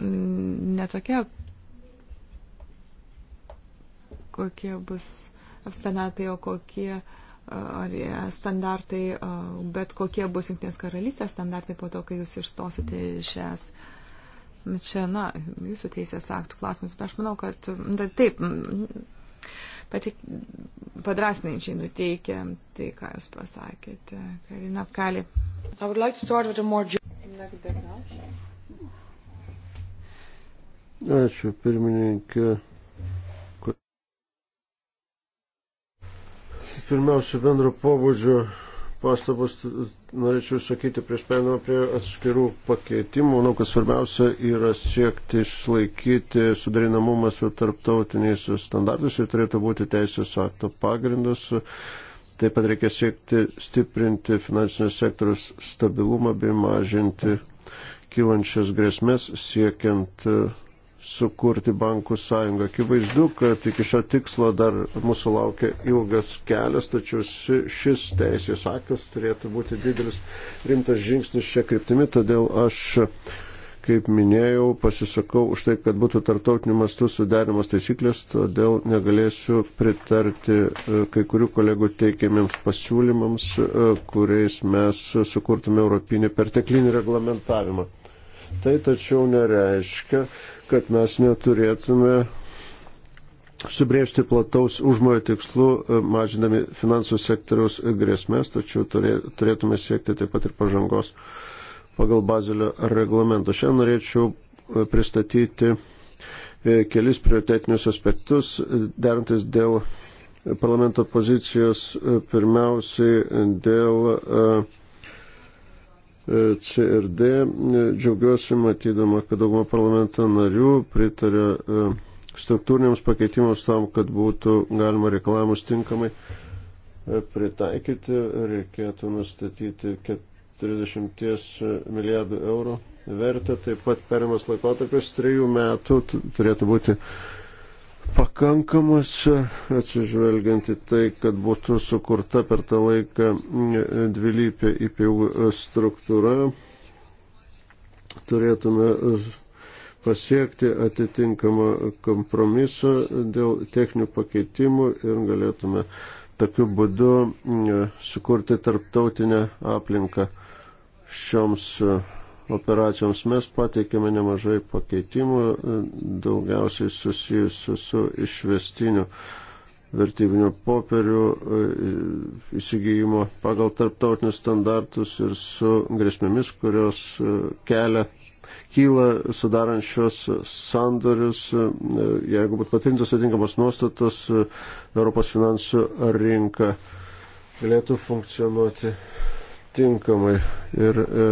mm, netokia, kokie bus apstanatai, o kokie uh, ar standartai, bet kokie bus Junktinės karalystės standartai po to, kai jūs išstosite iš es. Čia, na, jūsų teisės aktų klausimas, bet aš manau, kad da, taip, patik, padrasnaičiai nuteikia tai, ką jūs pasakėte. Karina Apkali. Ačiū, pirmininkė. pirmiausia bendro pobūdžio pastabas norėčiau sakyti prieš perėmą prie atskirų pakeitimų. Manau, kad svarbiausia yra siekti išlaikyti sudarinamumą su tarptautiniais standartais ir turėtų būti teisės akto pagrindas. Taip pat reikia siekti stiprinti finansinio sektoriaus stabilumą bei mažinti kylančias grėsmės siekiant uh, sukurti bankų sąjungą. Akivaizdu, kad iki šio tikslo dar mūsų laukia ilgas kelias, tačiau šis teisės aktas turėtų būti didelis rimtas žingsnis šią kryptimį, todėl aš, kaip minėjau, pasisakau už tai, kad būtų tartautiniu mastu suderimas taisyklės, todėl negalėsiu pritarti e, kai kurių kolegų teikiamiems pasiūlymams, e, kuriais mes sukurtume europinį perteklinį reglamentavimą. Tai tačiau nereiškia, kad mes neturėtume subriežti plataus užmojo tikslų, e, mažinami finansų sektoriaus grėsmės, tačiau turėtume siekti taip pat ir pažangos pagal bazelio reglamentą. Šiandien norėčiau e, pristatyti e, kelis prioritetinius aspektus, derantis dėl parlamento pozicijos, pirmiausiai dėl uh, E, CRD. E, džiaugiuosi matydama, kad dauguma parlamento narių pritarė e, struktūriniams pakeitimams tam, kad būtų galima reklamus tinkamai pritaikyti. Reikėtų nustatyti 40 milijardų eurų vertę. Taip pat perimas laikotarpis 3 metų turėtų būti pakankamas, atsižvelgiant į tai, kad būtų sukurta per tą laiką dvilypė įpėvų struktūra, turėtume pasiekti atitinkamą kompromisą dėl techninių pakeitimų ir galėtume tokiu būdu e, sukurti tarptautinę aplinką šioms e, operacijoms. Mes pateikėme nemažai pakeitimų, e, daugiausiai susijusių su išvestiniu vertybinių popierių e, įsigijimo pagal tarptautinius standartus ir su grėsmėmis, kurios e, kelia, kyla sudarančios sandorius, jeigu būtų patvirtintos atinkamos nuostatos, Europos finansų rinka galėtų funkcionuoti tinkamai. Ir, e,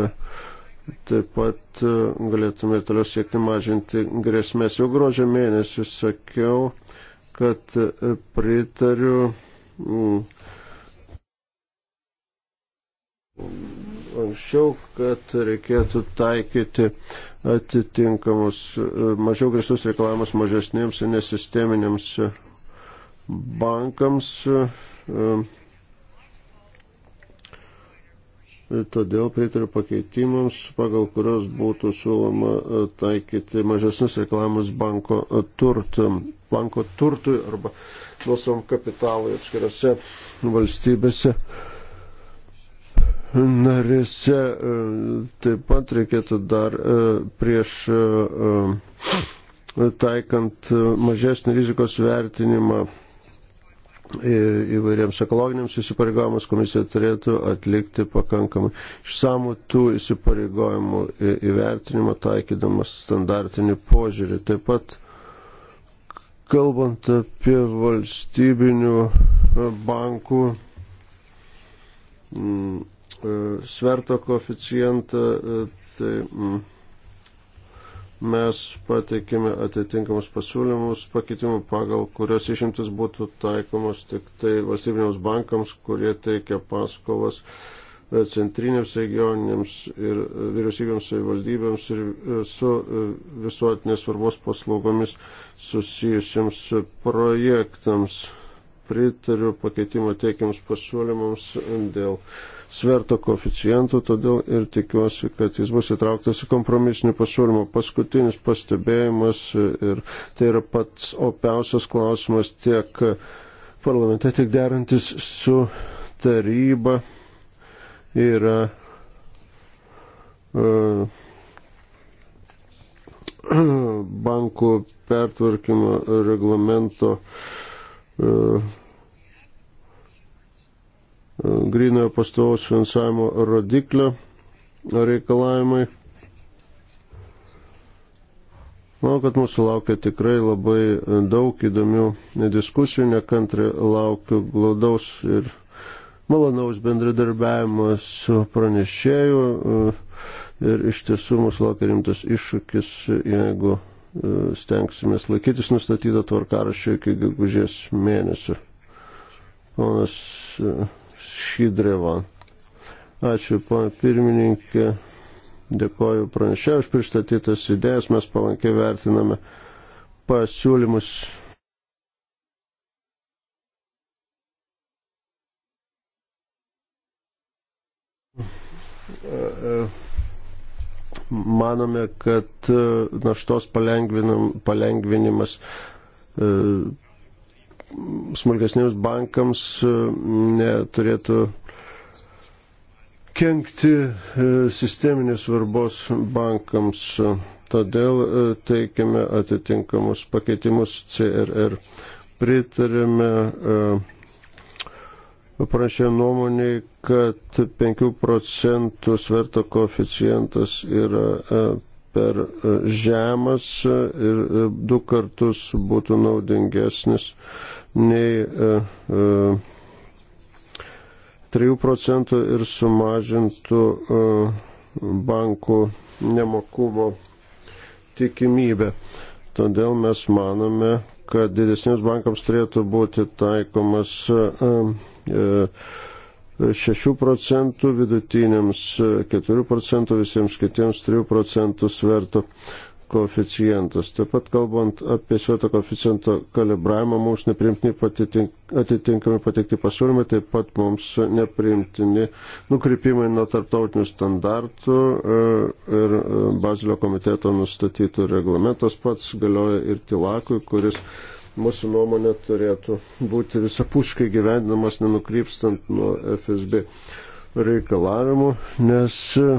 Taip pat e, galėtume ir toliau siekti mažinti grėsmės. Jau gruodžio mėnesį sakiau, kad e, pritariu anksčiau, kad reikėtų taikyti atitinkamus e, mažiau grįstus reikalavimus mažesniems ir nesisteminiams bankams. E, todėl pritariu pakeitimams, pagal kurios būtų siūloma e, taikyti mažesnius reklamus banko, e, turtų, banko turtui arba nuosavam kapitalui atskirose valstybėse. Narėse e, taip pat reikėtų dar prieš taikant mažesnį rizikos vertinimą įvairiems ekologiniams įsipareigojimams komisija turėtų atlikti pakankamai išsamų tų įsipareigojimų įvertinimą, taikydamas standartinį požiūrį. Taip pat, kalbant apie valstybinių e, bankų mm, e, sverto koficijantą, e, tai. Mm, mes pateikėme atitinkamus pasiūlymus pakeitimų, pagal kurios išimtis būtų taikomos tik tai valstybinėms bankams, kurie teikia paskolas e, centriniams regioniniams ir e, vyriausybėms savivaldybėms ir e, su visuotinės svarbos paslaugomis susijusiems projektams. Pritariu pakeitimo teikiams pasiūlymams dėl sverto koficijantų, todėl ir tikiuosi, kad jis bus įtrauktas į kompromisinį pasiūlymą. Paskutinis pastebėjimas ir tai yra pats opiausias klausimas tiek parlamente, tiek derantis su taryba yra. Uh, bankų pertvarkymo reglamento uh, grinojo pastovaus finansavimo rodiklio reikalavimai. Manau, kad mūsų laukia tikrai labai daug įdomių diskusijų, nekantri laukiu glaudaus ir malonaus bendradarbiavimo su pranešėju ir iš tiesų mūsų laukia rimtas iššūkis, jeigu e, stengsimės laikytis nustatyto tvarkaraščio iki gegužės mėnesio. Ponas e, Šydreva. Ačiū, pana pirmininkė. Dėkoju pranešėjai už pristatytas idėjas. Mes palankiai vertiname pasiūlymus. Manome, kad naštos palengvinimas e, smulkesniems bankams e, neturėtų kenkti e, sisteminės svarbos bankams. Todėl e, teikiame atitinkamus pakeitimus CRR. Pritarėme parašė nuomonį, kad 5 procentų sverto koeficientas yra per žemas ir du kartus būtų naudingesnis nei 3 e, e, procentų ir sumažintų e, bankų nemokumo tikimybę. Todėl mes manome, kad didesniems bankams turėtų būti taikomas 6 procentų, vidutiniams 4 procentų, visiems kitiems 3 procentų svertų koeficientas. Taip pat kalbant apie svieto koeficiento kalibravimą, mums neprimtini atitinkami pateikti pasiūlymai, taip pat mums neprimtini nukrypimai nuo tarptautinių standartų e, ir e, Bazilio komiteto nustatytų reglamentas pats galioja ir Tilakui, kuris mūsų nuomonė turėtų būti visapuškai gyvendinamas, nenukrypstant nuo FSB reikalavimų, nes e,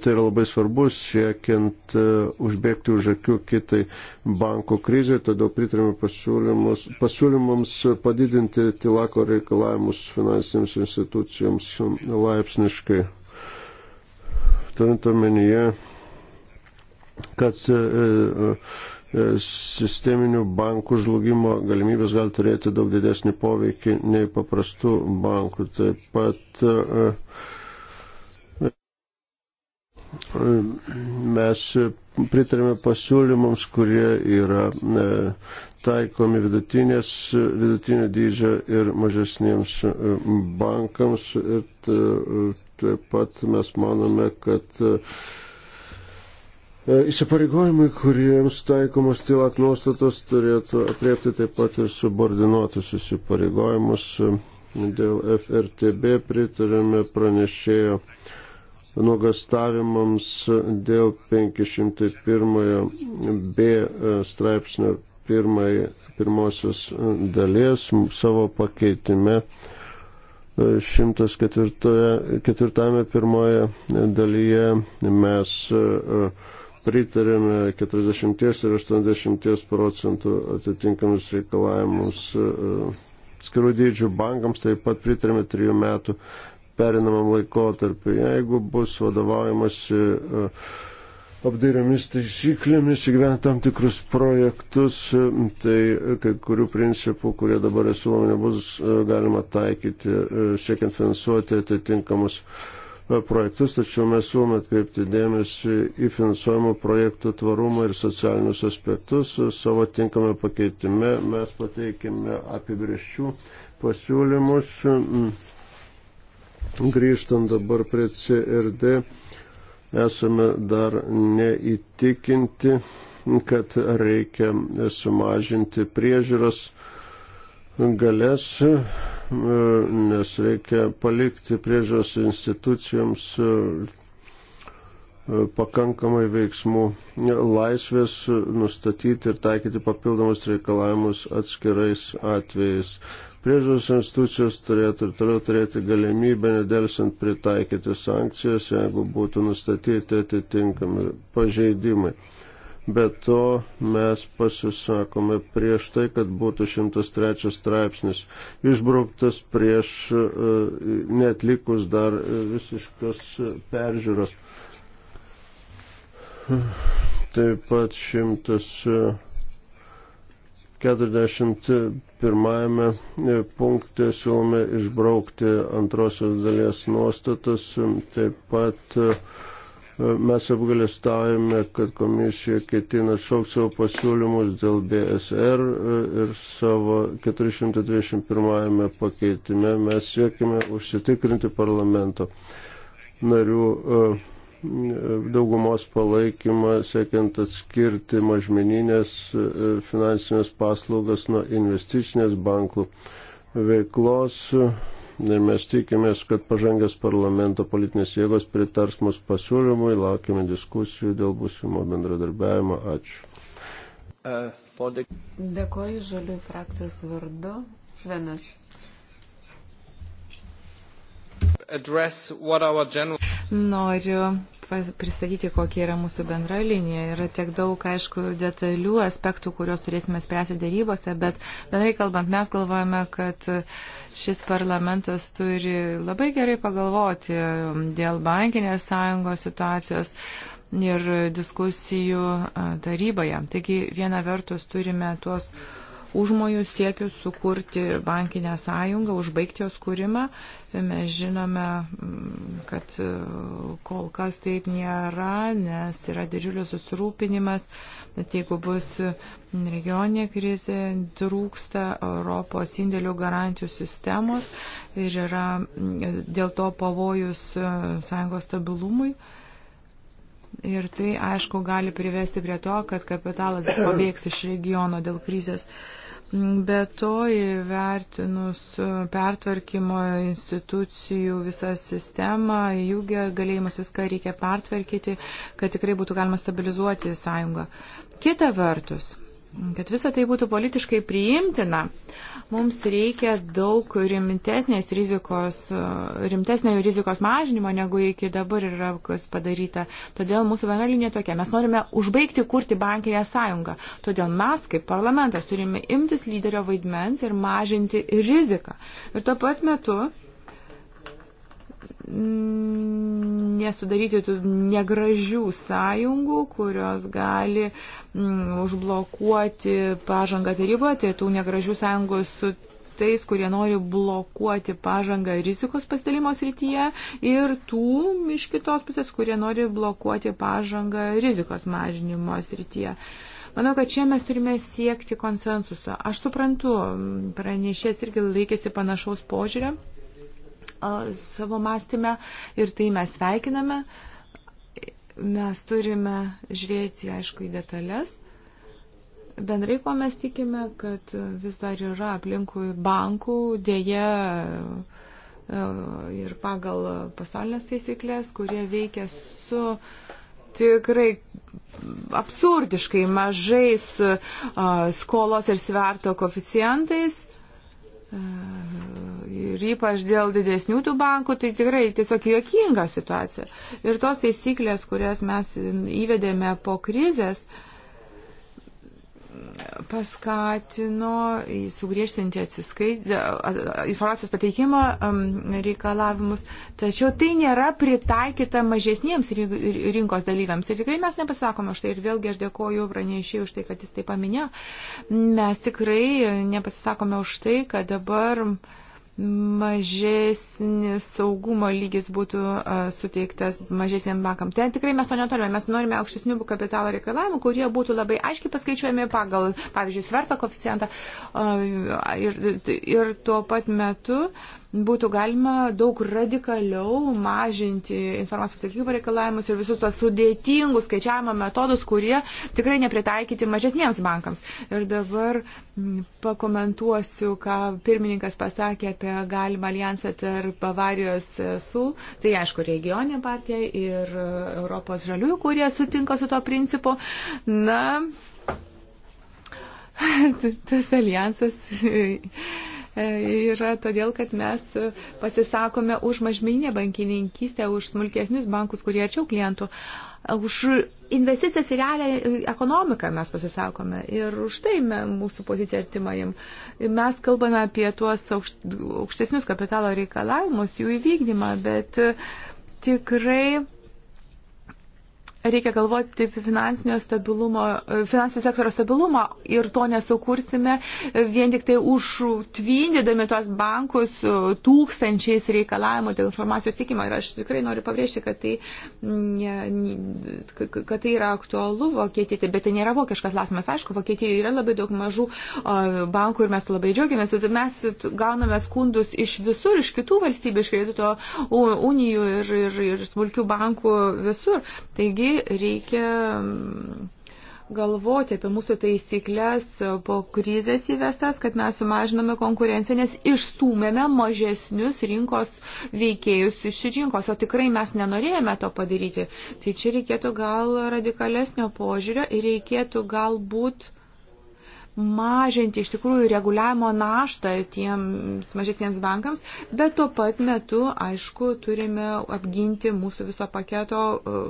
tai yra labai svarbu siekiant e, užbėgti už akių kitai banko krizai, todėl pritarėme pasiūlymams padidinti tilako reikalavimus finansinėms institucijoms laipsniškai. Turint omenyje, kad e, E, sisteminių bankų žlugimo galimybės gali turėti daug didesnį poveikį nei paprastų bankų. Taip pat e, e, mes pritarėme pasiūlymams, kurie yra taikomi vidutinės, vidutinio dydžio ir mažesniems bankams. Ir taip pat mes manome, kad E, įsipareigojimai, kuriems taikomos tylat nuostatos, turėtų apriepti taip pat ir subordinuotus įsipareigojimus. Dėl FRTB pritarėme pranešėjo nuogastavimams dėl 501 B e, straipsnio pirmai, pirmosios dalies savo pakeitime. 104 e, pirmoje dalyje mes uh, pritarėme 40 ir 80 procentų atitinkamus reikalavimus e, skirų dydžių bankams, taip pat pritarėme 3 metų perinamam laikotarpiu. Jeigu bus vadovaujamasi e, apdairiomis taisyklėmis įgyventi tam tikrus projektus, e, tai kai kurių principų, kurie dabar siūlomi, nebus galima taikyti, siekiant finansuoti atitinkamus projektus E, projektus, tačiau mes siūlome atkreipti dėmesį į finansuojamų projektų tvarumą ir socialinius aspektus. E, savo tinkamą pakeitime mes pateikėme apibrieščių pasiūlymus. Mm. Grįžtant dabar prie CRD, esame dar neįtikinti, kad reikia sumažinti priežiūros galės nes reikia palikti priežos institucijoms e, pakankamai veiksmų laisvės nustatyti ir taikyti papildomus reikalavimus atskirais atvejais. Priežiūros institucijos turėtų ir toliau turėti galimybę nedelsiant pritaikyti sankcijas, jeigu būtų nustatyti atitinkami pažeidimai. Bet to mes pasisakome prieš tai, kad būtų 103 straipsnis išbrauktas prieš e, netlikus dar e, visiškas e, peržiūros. Taip pat 141 punkte siūlome išbraukti antrosios dalies nuostatas. Taip pat Mes apgalėstavome, kad komisija ketina atšaukti savo pasiūlymus dėl BSR e, ir savo 421 pakeitime mes siekime užsitikrinti parlamento narių e, daugumos palaikymą, siekiant atskirti mažmeninės e, finansinės paslaugas nuo investicinės bankų veiklos. Ir mes tikimės, kad pažangęs parlamento politinės jėgos pritars mūsų pasiūlymui, laukime diskusijų dėl būsimo bendradarbiavimo. Ačiū. Dėkoju Žalių frakcijos vardu. Svenas. Noriu pristatyti, kokia yra mūsų bendra linija. Yra tiek daug, aišku, detalių aspektų, kuriuos turėsime spręsti darybose, bet bendrai kalbant, mes galvojame, kad šis parlamentas turi labai gerai pagalvoti dėl bankinės sąjungos situacijos ir diskusijų taryboje. Taigi, viena vertus turime tuos užmojų siekių sukurti bankinę sąjungą, užbaigti jos kūrimą. Mes žinome, mm, kad e, kol kas taip nėra, nes yra didžiulis susirūpinimas, bet jeigu bus regioninė krizė, trūksta Europos indėlių garantijų sistemos ir yra mm, dėl to pavojus e, sąjungos stabilumui. Ir tai, aišku, gali privesti prie to, kad kapitalas pabėgs iš regiono dėl krizės. Uh, Be to įvertinus pertvarkymo institucijų visą sistemą, jų galėjimus viską reikia pertvarkyti, kad tikrai būtų galima stabilizuoti sąjungą. Kita vertus, kad visa tai būtų politiškai priimtina, uh, Mums reikia daug rimtesnės rizikos, e, rimtesnio rizikos mažinimo, negu iki dabar yra kas padaryta. Todėl mūsų viena linija tokia. Mes norime užbaigti kurti bankinę sąjungą. Todėl mes, kaip parlamentas, turime imtis lyderio vaidmens ir mažinti riziką. Ir tuo pat metu nesudaryti tų negražių sąjungų, kurios gali mm, užblokuoti pažangą taryboje, tai tų negražių sąjungų su tais, kurie nori blokuoti pažangą rizikos pasidalimo srityje ir tų iš kitos pusės, kurie nori blokuoti pažangą rizikos mažinimo srityje. Manau, kad čia mes turime siekti konsensuso. Aš suprantu, pranešės irgi laikėsi panašaus požiūrio savo mąstymę ir tai mes sveikiname. Mes turime žiūrėti, aišku, į detalės. Bendrai, ko mes tikime, kad vis dar yra aplinkui bankų, dėje e, ir pagal pasaulinės taisyklės, kurie veikia su tikrai absurdiškai mažais e, skolos ir sverto koficijantais. E, ir ypač dėl didesnių tų bankų, tai tikrai tiesiog juokinga situacija. Ir tos taisyklės, kurias mes įvedėme po krizės, paskatino sugriežtinti informacijos pateikimo um, reikalavimus, tačiau tai nėra pritaikyta mažesniems rinkos dalyviams. Ir tikrai mes nepasakome už tai. Ir vėlgi aš dėkoju pranešėjui už tai, kad jis tai paminėjo. Mes tikrai nepasisakome už tai, kad dabar. Uh, mažesnis saugumo lygis būtų suteiktas mažesniam bankam. Ten tikrai mes to neturime. Mes norime aukštesnių kapitalo reikalavimų, kurie būtų labai aiškiai paskaičiuojami pagal, pavyzdžiui, sverto koficijantą ir, ir tuo pat metu būtų galima daug radikaliau mažinti informacijos tekybų reikalavimus ir visus tos sudėtingus skaičiavimo metodus, kurie tikrai nepritaikyti mažesniems bankams. Ir dabar pakomentuosiu, ką pirmininkas pasakė apie galimą alijansą tarp Bavarijos su, tai aišku, regioninė partija ir Europos žaliųjų, kurie sutinka su to principu. Na, *laughs* tas alijansas E, yra todėl, kad mes pasisakome už mažmeninę bankininkystę, už smulkesnius bankus, kurie arčiau klientų. Už investicijas į realią ekonomiką mes pasisakome ir už tai mūsų pozicija artima jam. Mes kalbame apie tuos aukštesnius kapitalo reikalavimus, jų įvykdymą, bet tikrai reikia galvoti apie finansinio stabilumo, e, finansinio sektorio stabilumą ir to nesukursime vien tik tai užtvindydami tuos bankus e, tūkstančiais reikalavimų dėl informacijos tikimo. Ir aš tikrai noriu pabrėžti, kad tai, ne, kad tai yra aktualu Vokietijoje, tai bet tai nėra vokiškas klausimas. Aišku, Vokietijoje yra labai daug mažų e, bankų ir mes labai džiaugiamės, bet mes gauname skundus iš visur, iš kitų valstybių, iš kredito unijų ir, ir, ir smulkių bankų visur. Taigi, tikrai reikia mm, galvoti apie mūsų taisyklės po krizės įvestas, kad mes sumažiname konkurenciją, nes išstūmėme mažesnius rinkos veikėjus iš rinkos, o tikrai mes nenorėjome to padaryti. Tai čia reikėtų gal radikalesnio požiūrio ir reikėtų galbūt mažinti iš tikrųjų reguliavimo naštą tiems mažesniems bankams, bet tuo pat metu, aišku, turime apginti mūsų viso paketo e,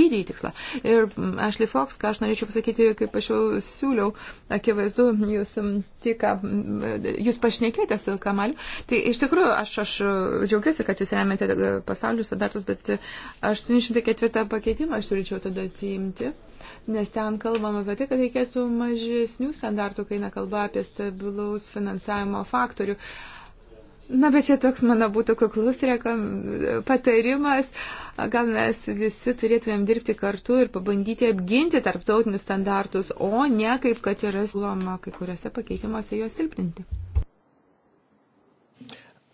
didįjį tikslą. Ir Ashley Fox, ką aš norėčiau pasakyti, kaip aš jau siūliau, akivaizdu, jūs tik, jūs pašnekėjote su Kamaliu, tai iš tikrųjų aš, aš džiaugiuosi, kad jūs remiate e, pasaulio standartus, bet 804 pakeitimą aš turėčiau tada atsiimti nes ten kalbam apie tai, kad reikėtų mažesnių standartų, kai nekalba apie stabilaus finansavimo faktorių. Na, bet čia toks mano būtų kuklus rekam, patarimas. Gal mes visi turėtumėm dirbti kartu ir pabandyti apginti tarptautinius standartus, o ne kaip kad yra siūloma kai kuriuose pakeitimuose juos silpninti.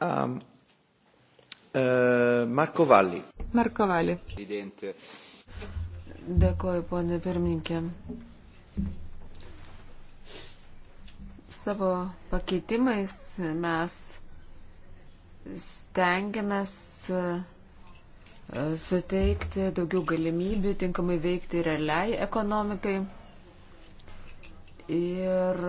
Um, uh, Marko Valli. Marko Valli. Dėkoju, ponė pirmininkė. Savo pakeitimais mes stengiamės e, suteikti daugiau galimybių tinkamai veikti realiai ekonomikai. Ir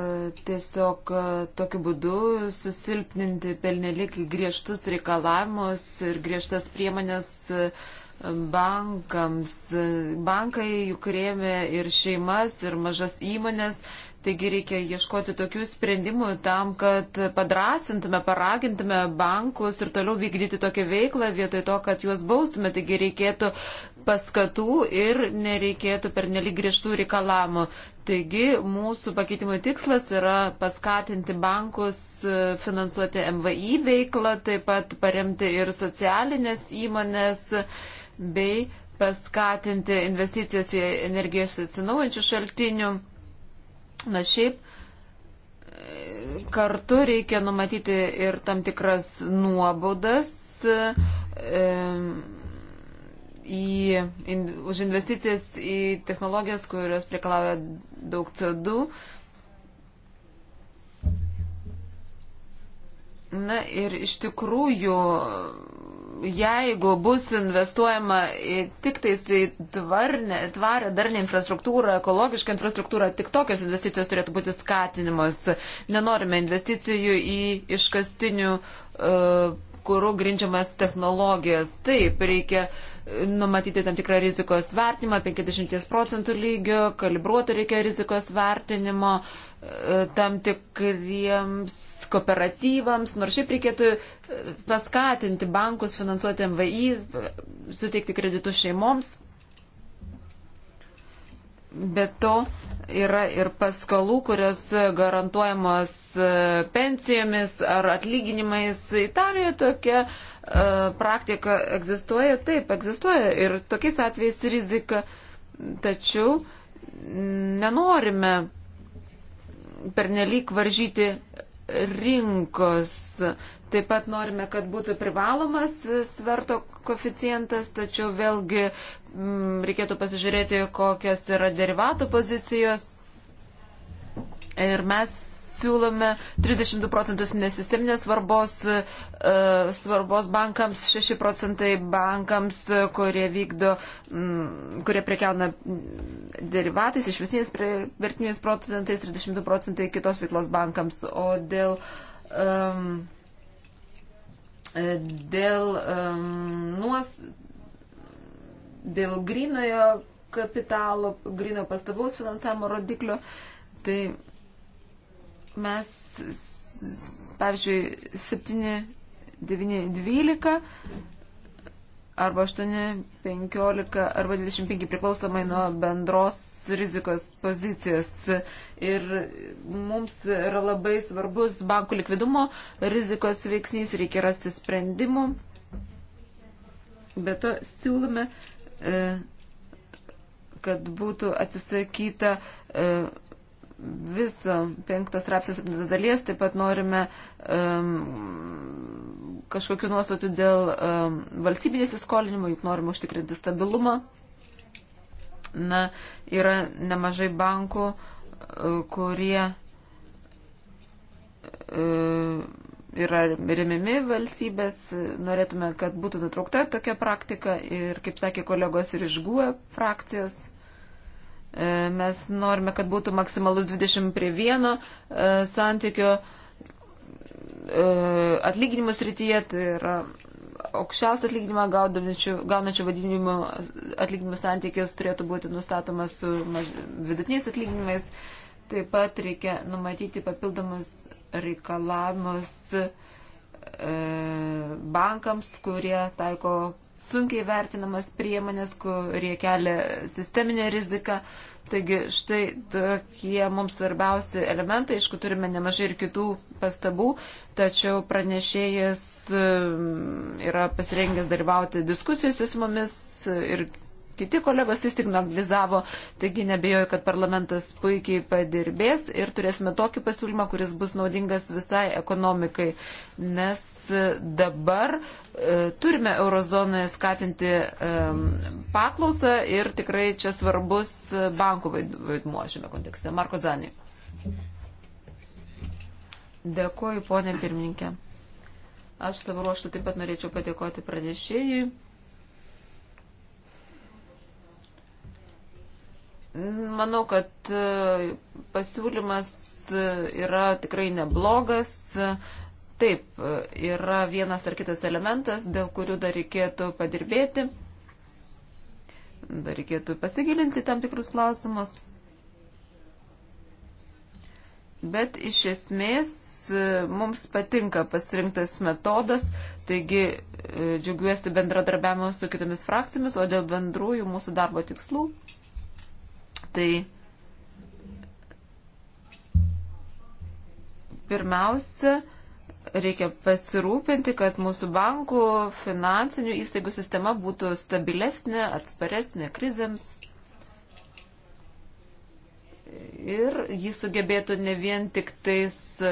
tiesiog e, tokiu būdu susilpninti pelnelik griežtus reikalavimus ir griežtas priemonės uh, bankams. Bankai juk rėmė ir šeimas, ir mažas įmonės. Taigi reikia ieškoti tokių sprendimų tam, kad padrasintume, paragintume bankus ir toliau vykdyti tokią veiklą vietoj to, kad juos baustume. Taigi reikėtų paskatų ir nereikėtų per nelik griežtų reikalavimų. Taigi mūsų pakeitimų tikslas yra paskatinti bankus finansuoti MVI veiklą, taip pat paremti ir socialinės įmonės bei paskatinti investicijas į energijas atsinaujančių šaltinių. Na šiaip, e, kartu reikia numatyti ir tam tikras nuobodas e, į, in, už investicijas į technologijas, kurios prikalauja daug CO2. Na ir iš tikrųjų jeigu bus investuojama į, tik tais į tvarnę, tvarę, darnę infrastruktūrą, ekologišką infrastruktūrą, tik tokios investicijos turėtų būti skatinimos. Nenorime investicijų į iškastinių uh, kurų grindžiamas technologijas. Taip, reikia numatyti tam tikrą rizikos vertinimą, 50 procentų lygio, kalibruoto reikia rizikos vertinimo. Uh, tam tikriems kooperatyvams, nors šiaip reikėtų e, paskatinti bankus finansuoti MVI, suteikti kreditus šeimoms. Be to yra ir paskalų, kurios garantuojamos e, pensijomis ar atlyginimais. Italijoje tokia uh, praktika egzistuoja, taip, egzistuoja ir tokiais atvejais rizika. Tačiau nenorime pernelyg varžyti rinkos. Taip pat norime, kad būtų privalomas sverto koficijantas, tačiau vėlgi m, mm, reikėtų pasižiūrėti, kokios yra derivato pozicijos. Ir mes siūlome 32 procentus nesisteminės svarbos, e, svarbos bankams, 6 procentai bankams, e, kurie vykdo, mm, kurie prekiauna mm, derivatais, iš visinės vertinės procentais, 32 procentai kitos veiklos bankams. O dėl. Um, Dėl, um, nuos, dėl grinojo kapitalo, grino pastabaus finansavimo rodiklio, tai mes, pavyzdžiui, 7, 9, 12 arba 8, 15 arba 25 priklausomai nuo bendros rizikos pozicijos. Ir mums yra labai svarbus bankų likvidumo rizikos veiksnys, reikia rasti sprendimų. Be to siūlome, e, kad būtų atsisakyta e, viso penktos straipsnio septintos dalies, taip pat norime um, kažkokiu nuostatu dėl um, valstybinės įskolinimo, juk norime užtikrinti stabilumą. Na, yra nemažai bankų, e, kurie um, yra remiami valstybės, norėtume, kad būtų nutraukta tokia praktika ir, kaip sakė kolegos ir iš GUE frakcijos, E, mes norime, kad būtų maksimalus 20 prie 1 e, santykio e, atlyginimus rytyje, tai yra aukščiausią atlyginimą gaunančių vadinimų atlyginimų santykis turėtų būti nustatomas su maž... vidutiniais atlyginimais. Taip pat reikia numatyti papildomus reikalavimus e, bankams, kurie taiko sunkiai vertinamas priemonės, kurie kelia sisteminę riziką. Taigi štai tokie mums svarbiausi elementai, aišku, turime nemažai ir kitų pastabų, tačiau pranešėjas mm, yra pasirengęs dalyvauti diskusijose su mumis ir kiti kolegos vis tik naglizavo, taigi nebejoju, kad parlamentas puikiai padirbės ir turėsime tokį pasiūlymą, kuris bus naudingas visai ekonomikai, nes dabar e, turime eurozonoje skatinti e, paklausą ir tikrai čia svarbus e, bankų vaidmuo šiame kontekste. Marko Zanį. Dėkuoju, ponė pirmininkė. Aš savo ruoštų taip pat norėčiau padėkoti pranešėjui. Manau, kad pasiūlymas yra tikrai neblogas. Taip, yra vienas ar kitas elementas, dėl kurių dar reikėtų padirbėti, dar reikėtų pasigilinti tam tikrus klausimus. Bet iš esmės e, mums patinka pasirinktas metodas, taigi e, džiugiuosi bendradarbiavimo su kitomis frakcijomis, o dėl bendrųjų mūsų darbo tikslų, tai pirmiausia, reikia pasirūpinti, kad mūsų bankų finansinių įstaigų sistema būtų stabilesnė, atsparesnė krizėms. Ir jis sugebėtų ne vien tik tais e,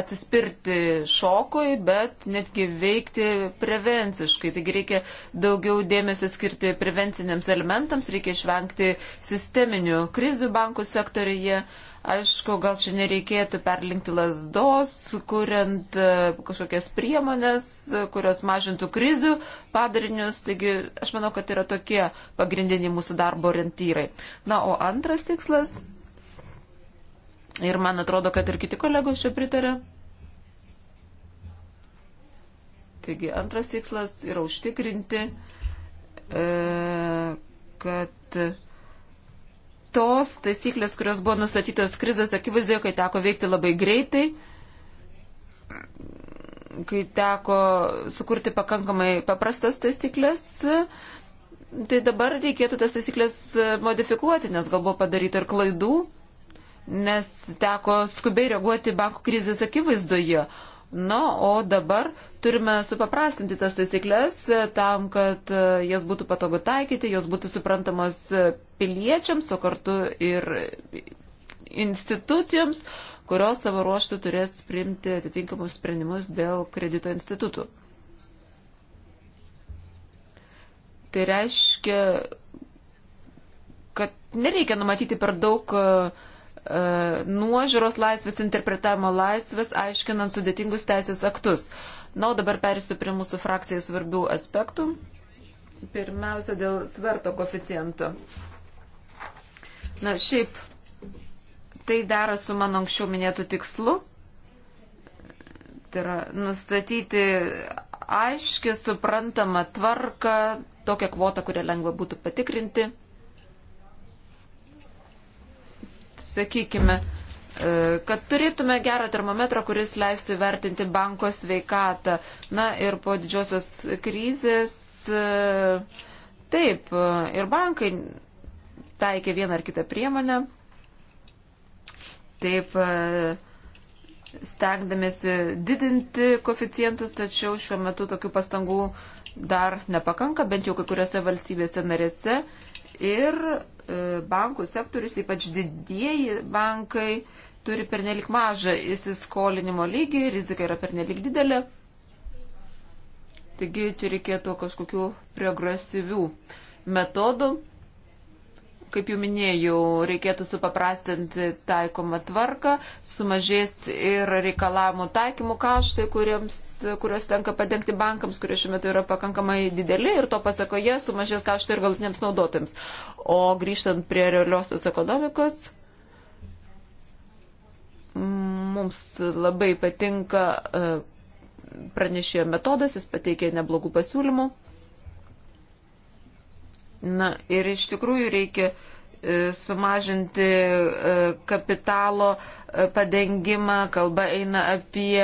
atsispirti šokui, bet netgi veikti prevenciškai. Taigi reikia daugiau dėmesio skirti prevenciniams elementams, reikia išvengti sisteminių krizių bankų sektorijoje. Aišku, gal čia nereikėtų perlinkti lasdos, kuriant e, kažkokias priemonės, e, kurios mažintų krizių padarinius. Taigi, aš manau, kad yra tokie pagrindiniai mūsų darbo orientyrai. Na, o antras tikslas, ir man atrodo, kad ir kiti kolegos čia pritarė. Taigi, antras tikslas yra užtikrinti, e, kad tos taisyklės, kurios buvo nustatytos krizės akivaizdoje, kai teko veikti labai greitai, kai teko sukurti pakankamai paprastas taisyklės. Tai dabar reikėtų tas taisyklės modifikuoti, nes gal buvo padaryta ir klaidų, nes teko skubiai reaguoti bankų krizės akivaizdoje. Na, o dabar turime supaprastinti tas taisyklės e, tam, kad e, jas būtų patogu taikyti, jos būtų suprantamos e, piliečiams, o kartu ir institucijoms, kurios savo ruoštų turės priimti atitinkamus sprendimus dėl kredito institutų. Tai reiškia, kad nereikia numatyti per daug uh, nuožiūros laisvės, interpretavimo laisvės, aiškinant sudėtingus teisės aktus. Na, o dabar perėsiu prie mūsų frakcijai svarbių aspektų. Pirmiausia, dėl sverto koficijanto. Na, šiaip, tai dera su mano anksčiau minėtų tikslu. Tai yra nustatyti aiškiai suprantamą tvarką, tokią kvotą, kurią lengva būtų patikrinti. sakykime, e, kad turėtume gerą termometrą, kuris leistų įvertinti banko sveikatą. Na ir po didžiosios krizės, e, taip, e, ir bankai taikė vieną ar kitą priemonę. Taip, stengdamėsi didinti koficientus, tačiau šiuo metu tokių pastangų dar nepakanka, bent jau kai kuriuose valstybėse narėse. Ir E, bankų sektorius, ypač didieji bankai, turi pernelik mažą įsiskolinimo lygį, rizika yra pernelik didelė. Taigi čia reikėtų kažkokių progresyvių metodų kaip jau minėjau, reikėtų supaprastinti taikomą tvarką, sumažės ir reikalavimų taikymų kaštai, kuriems, kurios tenka padengti bankams, kurie šiuo metu yra pakankamai dideli ir to pasakoje sumažės kaštai ir galutiniams naudotojams. O grįžtant prie realiosios ekonomikos, mums labai patinka e, pranešėjo metodas, jis pateikė neblogų pasiūlymų. Na ir iš tikrųjų reikia e, sumažinti e, kapitalo e, padengimą, kalba eina apie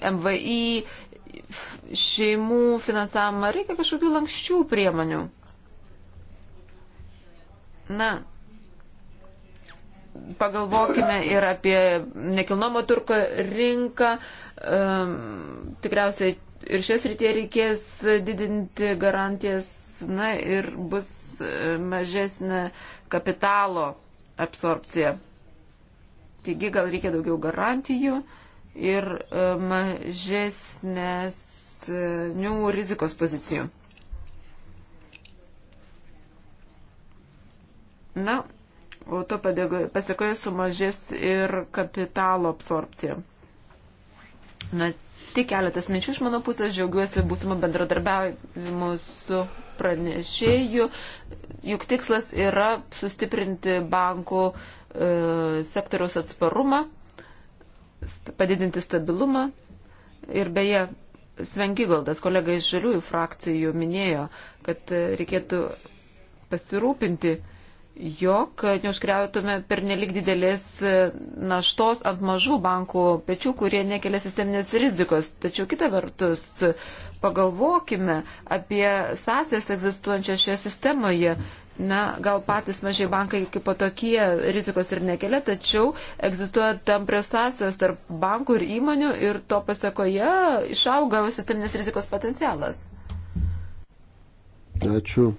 MVI, šeimų finansavimą, reikia kažkokių lankščių priemonių. Na, pagalvokime ir apie nekilnomo turko rinką, tikriausiai ir šios rytie reikės didinti garantijas na ir bus e, mažesnė kapitalo absorpcija. Taigi gal reikia daugiau garantijų ir e, mažesnėsnių rizikos pozicijų. Na, o to pasiekoje sumažės ir kapitalo absorpcija. Na, tik keletas minčių iš mano pusės, džiaugiuosi būsimo bendradarbiavimu su pranešėjų, juk tikslas yra sustiprinti bankų e, sektoriaus atsparumą, padidinti stabilumą. Ir beje, Svengigoldas, kolega iš žaliųjų frakcijų, minėjo, kad e, reikėtų pasirūpinti, jog neužkreutume per nelik didelės e, naštos ant mažų bankų pečių, kurie nekelia sisteminės rizikos. Tačiau kita vertus, pagalvokime apie sąsės egzistuojančią šioje sistemoje. Na, gal patys mažiai bankai kaip tokie rizikos ir nekelia, tačiau egzistuoja tamprios sąsajos tarp bankų ir įmonių ir to pasakoje išauga sisteminės rizikos potencialas. Ačiū.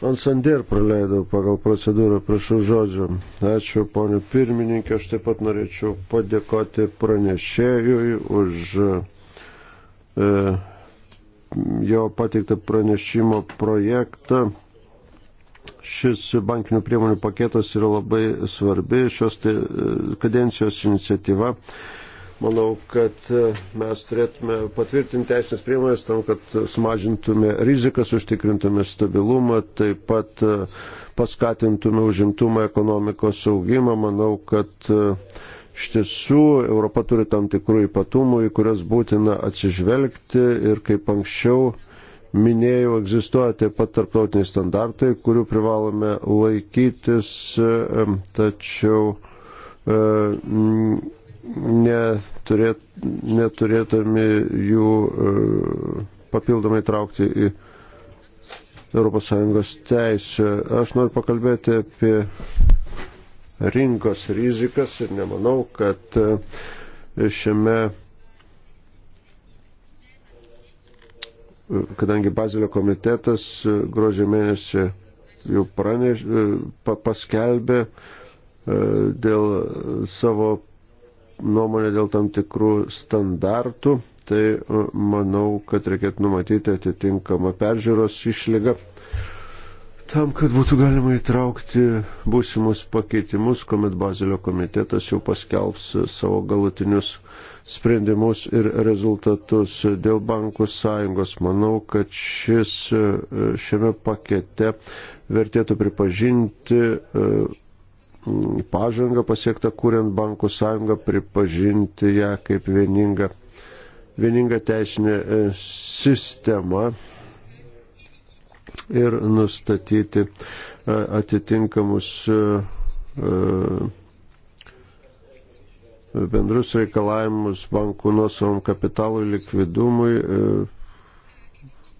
Ansander praleidau pagal procedūrą, prašau žodžio. Ačiū, ponio pirmininkė, aš taip pat norėčiau padėkoti pranešėjui už e, jo pateiktą pranešimo projektą. Šis bankinių priemonių paketas yra labai svarbi šios kadencijos iniciatyva. E, Manau, kad e, mes turėtume patvirtinti teisinės priemonės tam, kad sumažintume rizikas, užtikrintume stabilumą, taip pat e, paskatintume užimtumą ekonomikos augimą. Manau, kad e, iš tiesų Europa turi tam tikrų ypatumų, į kurias būtina atsižvelgti ir kaip anksčiau minėjau, egzistuoja taip pat tarptautiniai standartai, kurių privalome laikytis, tačiau neturėt, neturėtami jų e, papildomai traukti į ES teisę. Aš noriu pakalbėti apie rinkos rizikas ir nemanau, kad e, šiame, e, kadangi Bazilio komitetas gruodžio mėnesį jau praneš, paskelbė dėl savo nuomonę dėl tam tikrų standartų, tai e, manau, kad reikėtų numatyti atitinkamą peržiūros išlygą. Tam, kad būtų galima įtraukti būsimus pakeitimus, kuomet Bazilio komitetas jau paskelbs savo galutinius sprendimus ir rezultatus dėl bankų sąjungos, manau, kad šis, e, šiame pakete vertėtų pripažinti e, pažangą pasiektą kuriant bankų sąjungą, pripažinti ją kaip vieningą, vieningą teisinę e, sistemą ir nustatyti e, atitinkamus e, bendrus reikalavimus bankų nuosavam kapitalui likvidumui,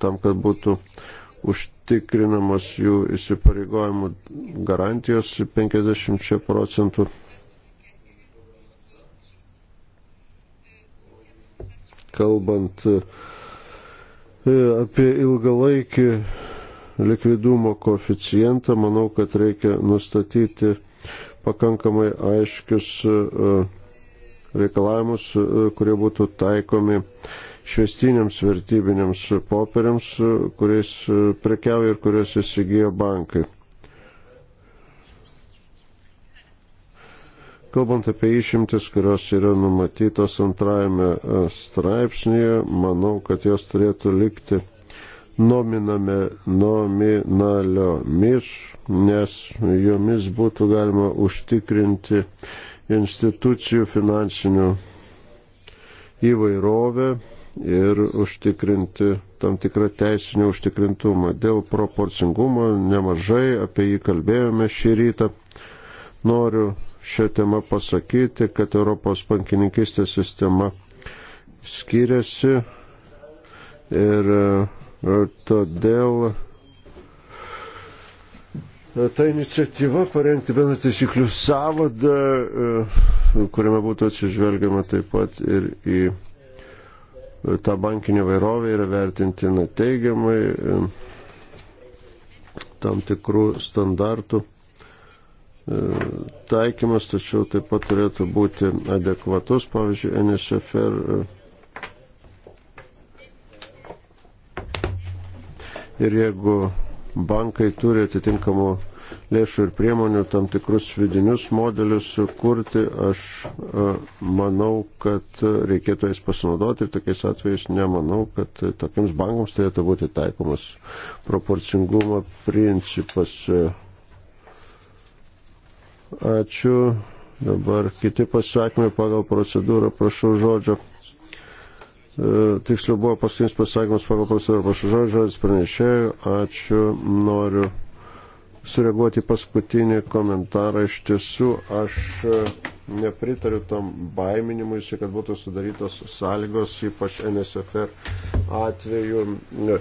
tam, kad būtų uh, užtikrinamos jų įsipareigojimų garantijos 50 procentų. Kalbant e, apie ilgalaikį likvidumo koeficientą, manau, kad reikia nustatyti pakankamai aiškius e, reikalavimus, e, kurie būtų taikomi uh, švestiniams vertybiniams popieriams, kuriais prekiauja ir kuriuos įsigijo bankai. Kalbant apie išimtis, kurios yra numatytos antrajame e, straipsnėje, manau, kad jos turėtų likti nominame nominaliomis, nes jomis būtų galima užtikrinti institucijų finansinių įvairovę ir užtikrinti tam tikrą teisinį užtikrintumą. Dėl proporcingumo nemažai apie jį kalbėjome šį rytą. Noriu šią temą pasakyti, kad Europos bankininkistės sistema skiriasi ir e, todėl e, ta iniciatyva parengti bendrą taisyklių savadą, e, kuriame būtų atsižvelgiama taip pat ir į ta bankinė vairovė yra vertintina teigiamai e, tam tikrų standartų e, taikymas, tačiau taip pat turėtų būti adekvatus, pavyzdžiui, NSFR e. ir jeigu bankai turi atitinkamų lėšų ir priemonių, tam tikrus vidinius modelius kurti, aš e, manau, kad e, reikėtų jais pasinaudoti ir tokiais atvejais nemanau, kad e, tokiams bankams turėtų būti taikomas proporcingumo principas. Ačiū. Dabar kiti pasakymai pagal procedūrą, prašau žodžio tiksliau buvo paskutinis pasakymas pagal pasvarą pašužo žodis pranešėjų. Ačiū, noriu sureaguoti paskutinį komentarą. Iš tiesų, aš e, nepritariu tam baiminimui, kad būtų sudarytos sąlygos, ypač NSFR atveju, e,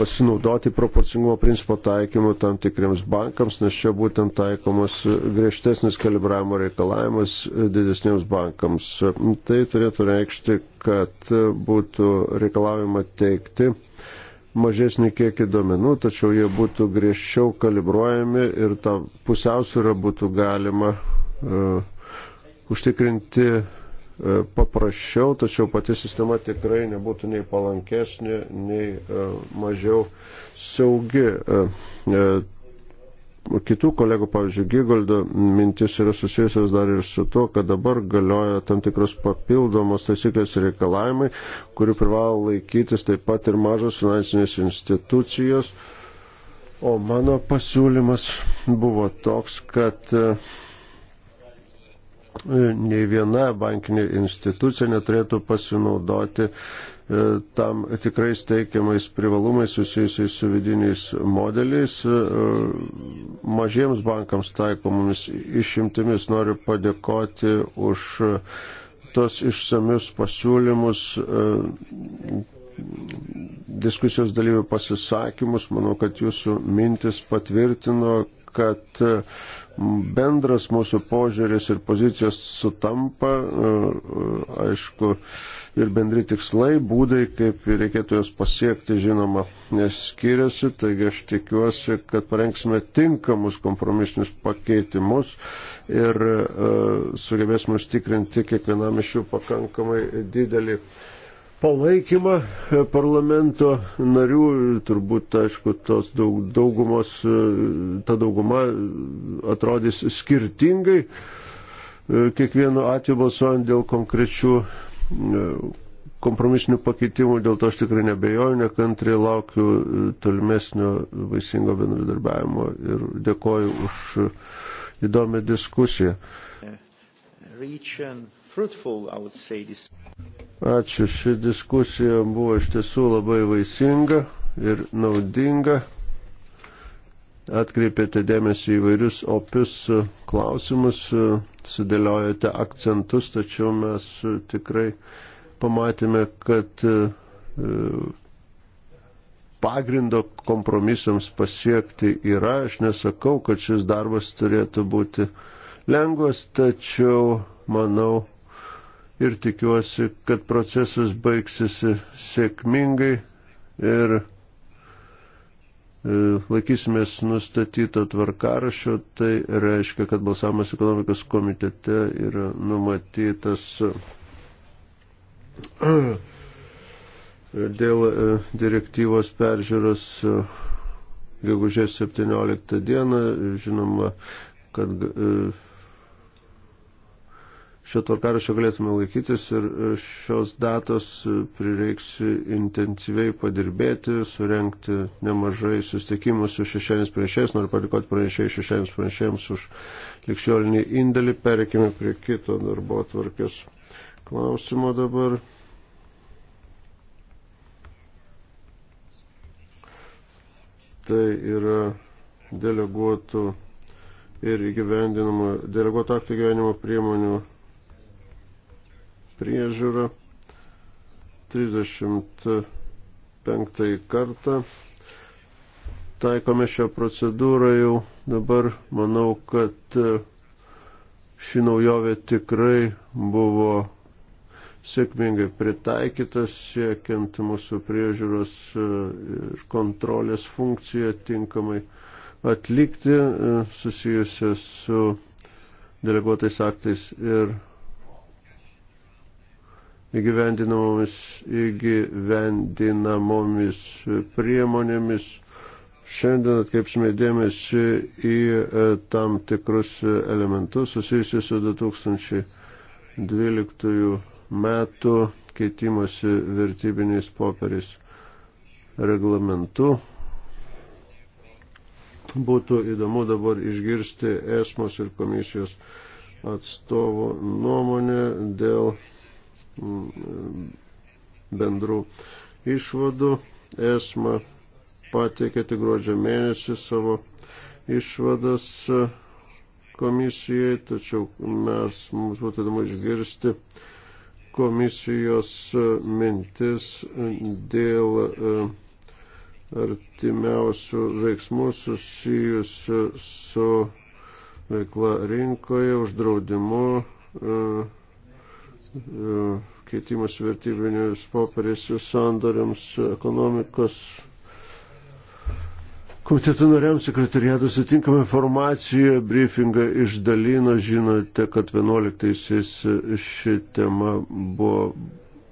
pasinaudoti proporcingumo principo taikymu tam tikriems bankams, nes čia būtent taikomas griežtesnis kalibravimo reikalavimas e, didesniems bankams. Tai turėtų reikšti, kad būtų reikalavima teikti mažesnį kiekį duomenų, tačiau jie būtų griežčiau kalibruojami ir tą pusiausvyrą būtų galima uh, užtikrinti uh, paprasčiau, tačiau pati sistema tikrai nebūtų nei palankesnė, nei uh, mažiau saugi. Uh, uh, kitų kolegų, pavyzdžiui, Gigoldo mintis yra susijusios dar ir su to, kad dabar galioja tam tikros papildomos taisyklės ir reikalavimai, kurių privalo laikytis taip pat ir mažos finansinės institucijos. O mano pasiūlymas buvo toks, kad e, nei viena bankinė institucija neturėtų pasinaudoti E, tam tikrais teikiamais privalumais susijusiais su vidiniais modeliais, e, mažiems bankams taikomomis išimtimis noriu padėkoti už tos išsamius pasiūlymus e, diskusijos dalyvių pasisakymus. Manau, kad jūsų mintis patvirtino, kad e, bendras mūsų požiūris ir pozicijos sutampa, e, e, aišku, ir bendri tikslai, būdai, kaip reikėtų jos pasiekti, žinoma, skiriasi. Taigi aš tikiuosi, kad parengsime tinkamus kompromisinius pakeitimus ir sugebėsime užtikrinti kiekvienam iš jų pakankamai didelį palaikymą parlamento narių ir turbūt, aišku, tos daug, daugumos, e, ta dauguma atrodys skirtingai, e, kiekvienu atveju balsuojant dėl konkrečių e, kompromisinių pakeitimų, dėl to aš tikrai nebejoju, nekantriai laukiu tolimesnio vaisingo bendradarbiavimo ir dėkoju už įdomią diskusiją. Region fruitful, I would say, this. Ačiū, ši diskusija buvo iš tiesų labai vaisinga ir naudinga. Atkreipėte dėmesį į vairius opius klausimus, sudėliojate akcentus, tačiau mes tikrai pamatėme, kad e, pagrindo kompromisams pasiekti yra. Aš nesakau, kad šis darbas turėtų būti lengvas, tačiau manau, ir tikiuosi, kad procesas baigsis sėkmingai ir e, laikysimės nustatyto tvarkarašio, tai reiškia, kad balsavimas ekonomikos komitete yra numatytas *clears throat* dėl e, direktyvos peržiūros e, gegužės 17 dieną, žinoma, kad šio tvarkarašio galėtume laikytis ir e, šios datos e, prireiks intensyviai padirbėti, surenkti nemažai susitikimų su šešėnės pranešėjais. Noriu padėkoti pranešėjai šešėnės pranešėjams už likščiolinį indėlį. Pereikime prie kito darbo atvarkės klausimo dabar. Tai yra deleguotų ir įgyvendinamų deleguotų aktų gyvenimo priemonių priežiūrą 35 kartą. Taikome šią procedūrą jau dabar. Manau, kad e, ši naujovė tikrai buvo sėkmingai pritaikytas, siekiant mūsų priežiūros e, ir kontrolės funkciją tinkamai atlikti e, susijusią su deleguotais aktais ir įgyvendinamomis, įgyvendinamomis priemonėmis. Šiandien atkreipsime dėmesį į e, tam tikrus elementus susijusius su 2012 metų keitimosi vertybiniais popieriais reglamentu. Būtų įdomu dabar išgirsti esmos ir komisijos atstovų nuomonę dėl Mm, bendrų išvadų. ESMA pateikė tik gruodžio mėnesį savo išvadas komisijai, tačiau mes, mums būtų įdomu išgirsti komisijos mintis dėl e, artimiausių veiksmų susijusių su veikla rinkoje, uždraudimu e, keitimas vertybinius popieriais sandoriams ekonomikos komiteto nariams sekretariatas atitinkamą informaciją, briefingą išdalino, žinote, kad 11-aisiais ši tema buvo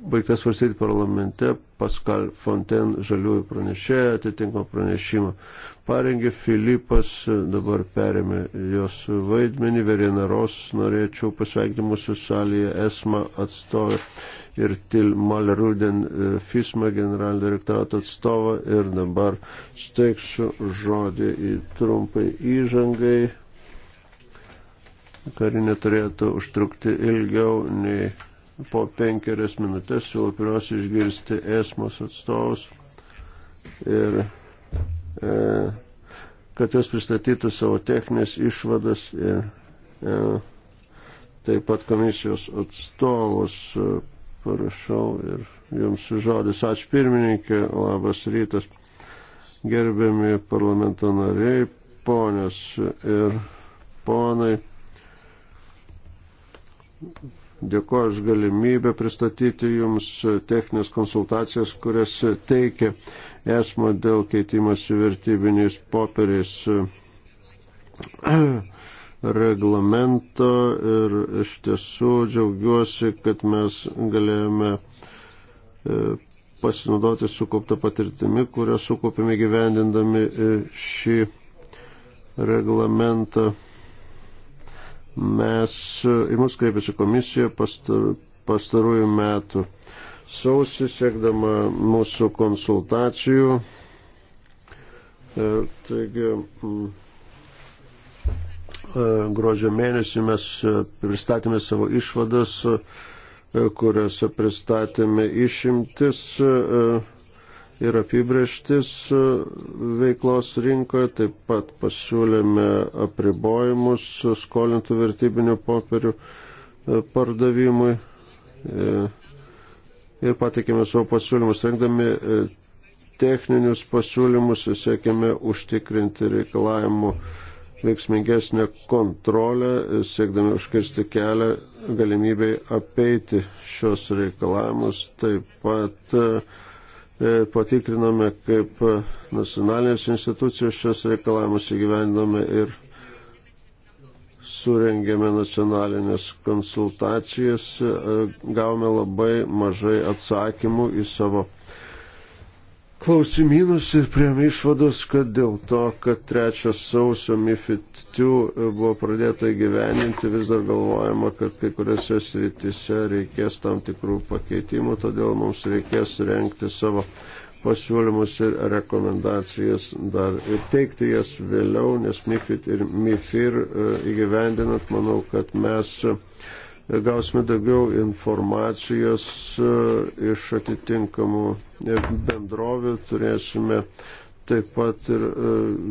baigtas svarstyti parlamente, Pascal Fonten žaliųjų pranešėjo, atitinkamą pranešimą parengė, Filipas dabar perėmė jos vaidmenį, Verienaros norėčiau pasveikinti mūsų salėje ESMA atstovę ir Til Maleruden e, FISMA generalinio direktorato atstovą ir dabar steiksiu žodį į trumpai įžangai kuri neturėtų užtrukti ilgiau nei po penkerias minutės siūlau pirmiausia išgirsti esmos atstovus ir e, kad jos pristatytų savo techninės išvadas ir e, taip pat komisijos atstovus e, parašau ir jums žodis. Ačiū pirmininkė, labas rytas, gerbiami parlamento nariai, ponios ir ponai. Dėkuoju už galimybę pristatyti Jums techninės konsultacijas, kurias teikia esmo dėl keitimasi vertybiniais popieriais *clears throat* reglamento ir iš tiesų džiaugiuosi, kad mes galėjome e, pasinaudoti sukauptą patirtimi, kurią sukaupėme gyvendindami e, šį reglamentą. Mes į mus kreipėsi komisija pastar, pastarųjų metų sausį, siekdama mūsų konsultacijų. Taigi, mm, e, gruodžio mėnesį mes pristatėme savo išvadas, e, kuriuose pristatėme išimtis e, ir apibrieštis e, veiklos rinkoje, taip pat pasiūlėme apribojimus skolintų vertybinių popierių e, pardavimui e, ir patikėme savo pasiūlymus, rengdami techninius pasiūlymus, siekėme užtikrinti reikalavimų veiksmingesnę kontrolę, siekdami užkirsti kelią galimybėj apeiti šios reikalavimus. Taip pat uh, E, patikrinome, kaip nacionalinės institucijos šios reikalavimus įgyvendinome ir surengėme nacionalinės konsultacijas, e, gavome labai mažai atsakymų į savo klausimynus ir prieėmė išvados, kad dėl to, kad 3 sausio MIFID 2 e, buvo pradėta gyveninti, vis dar galvojama, kad kai kuriuose srityse reikės tam tikrų pakeitimų, todėl mums reikės renkti savo pasiūlymus ir rekomendacijas dar ir teikti jas vėliau, nes MIFID ir MIFIR e, įgyvendinant, manau, kad mes gausime daugiau informacijos e, iš atitinkamų bendrovių, turėsime taip pat ir e,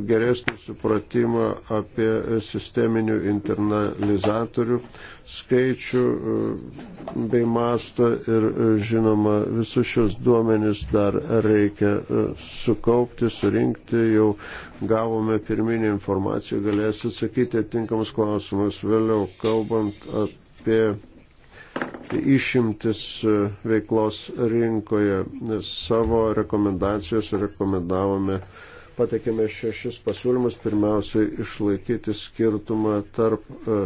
geresnį supratimą apie sisteminių internalizatorių skaičių e, bei mastą ir žinoma visus šios duomenys dar reikia sukaupti, surinkti, jau gavome pirminį informaciją, galėsiu atsakyti atinkamus klausimus vėliau, kalbant apie apie išimtis e, veiklos rinkoje. Nes savo rekomendacijose rekomendavome, patekėme šešis pasiūlymus, pirmiausiai išlaikyti skirtumą tarp e,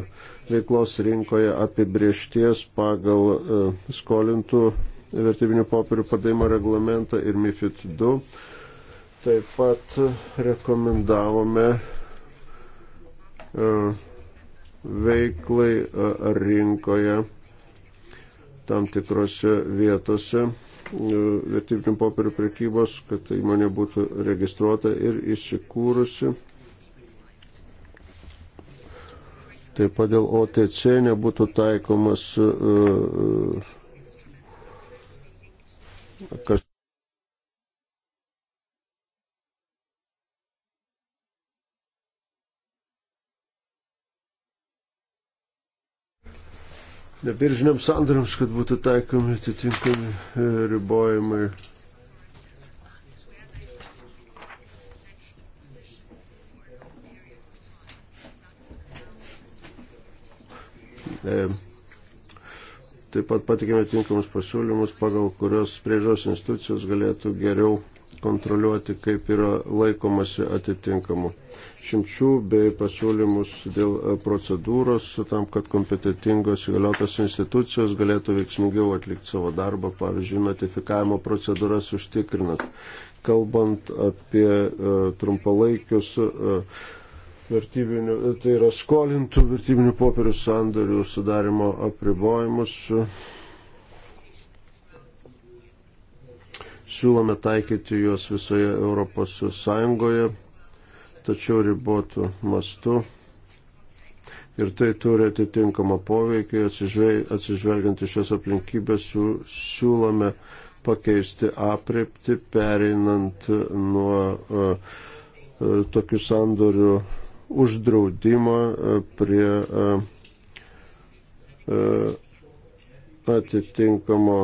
veiklos rinkoje apibriešties pagal e, skolintų vertybinių popierių pardavimo reglamentą ir MIFID 2. Taip pat rekomendavome uh, veiklai rinkoje tam tikrose vietose vertybinių popierių prekybos, kad įmonė būtų registruota ir įsikūrusi. Taip pat dėl OTC nebūtų taikomas, kas nebiržiniams sandariams, kad būtų taikomi atitinkami e, ribojimai. E, taip pat patikėme tinkamus pasiūlymus, pagal kurios priežos institucijos galėtų geriau kontroliuoti, kaip yra laikomasi atitinkamų šimčių bei pasiūlymus dėl e, procedūros, tam, kad kompetitingos įgaliotos institucijos galėtų veiksmingiau atlikti savo darbą, pavyzdžiui, notifikavimo procedūras užtikrinant. Kalbant apie uh, trumpalaikius uh, vertybinių, tai yra skolintų vertybinių popierių sandorių sudarimo apribojimus. Siūlome taikyti juos visoje Europos Sąjungoje tačiau ribotų mastų. Ir tai turi atitinkamą poveikį, atsižvelgiant iš šios aplinkybės, siūlome pakeisti apriepti, pereinant nuo uh, tokių sandorių uždraudimo e, prie atitinkamo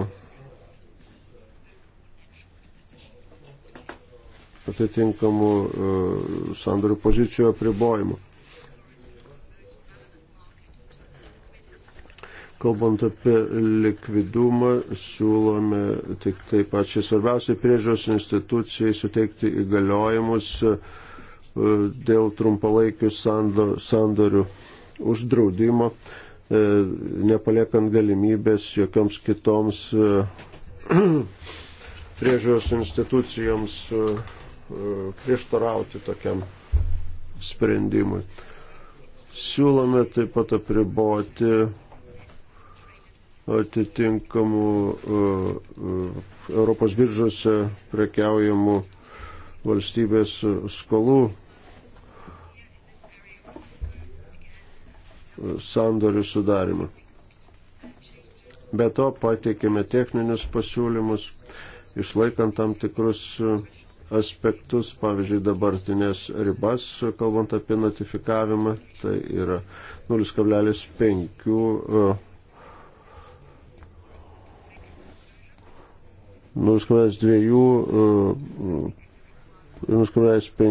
atitinkamų e, sandorių pozicijų apribojimų. Kalbant apie likvidumą, siūlome tik tai pačiai svarbiausiai priežiūros institucijai suteikti įgaliojimus e, dėl trumpalaikių sandorių uždraudimo, e, nepaliekant galimybės jokioms kitoms *clears throat* priežiūros institucijoms E, prieštarauti tokiam sprendimui. Siūlome taip pat apriboti atitinkamų e, e, Europos biržose prekiaujamų valstybės skolų sandorių sudarimą. Be to pateikėme techninius pasiūlymus, išlaikant tam tikrus aspektus, pavyzdžiui, dabartinės ribas, kalbant apie notifikavimą, tai yra 0,5 0,2 e, e,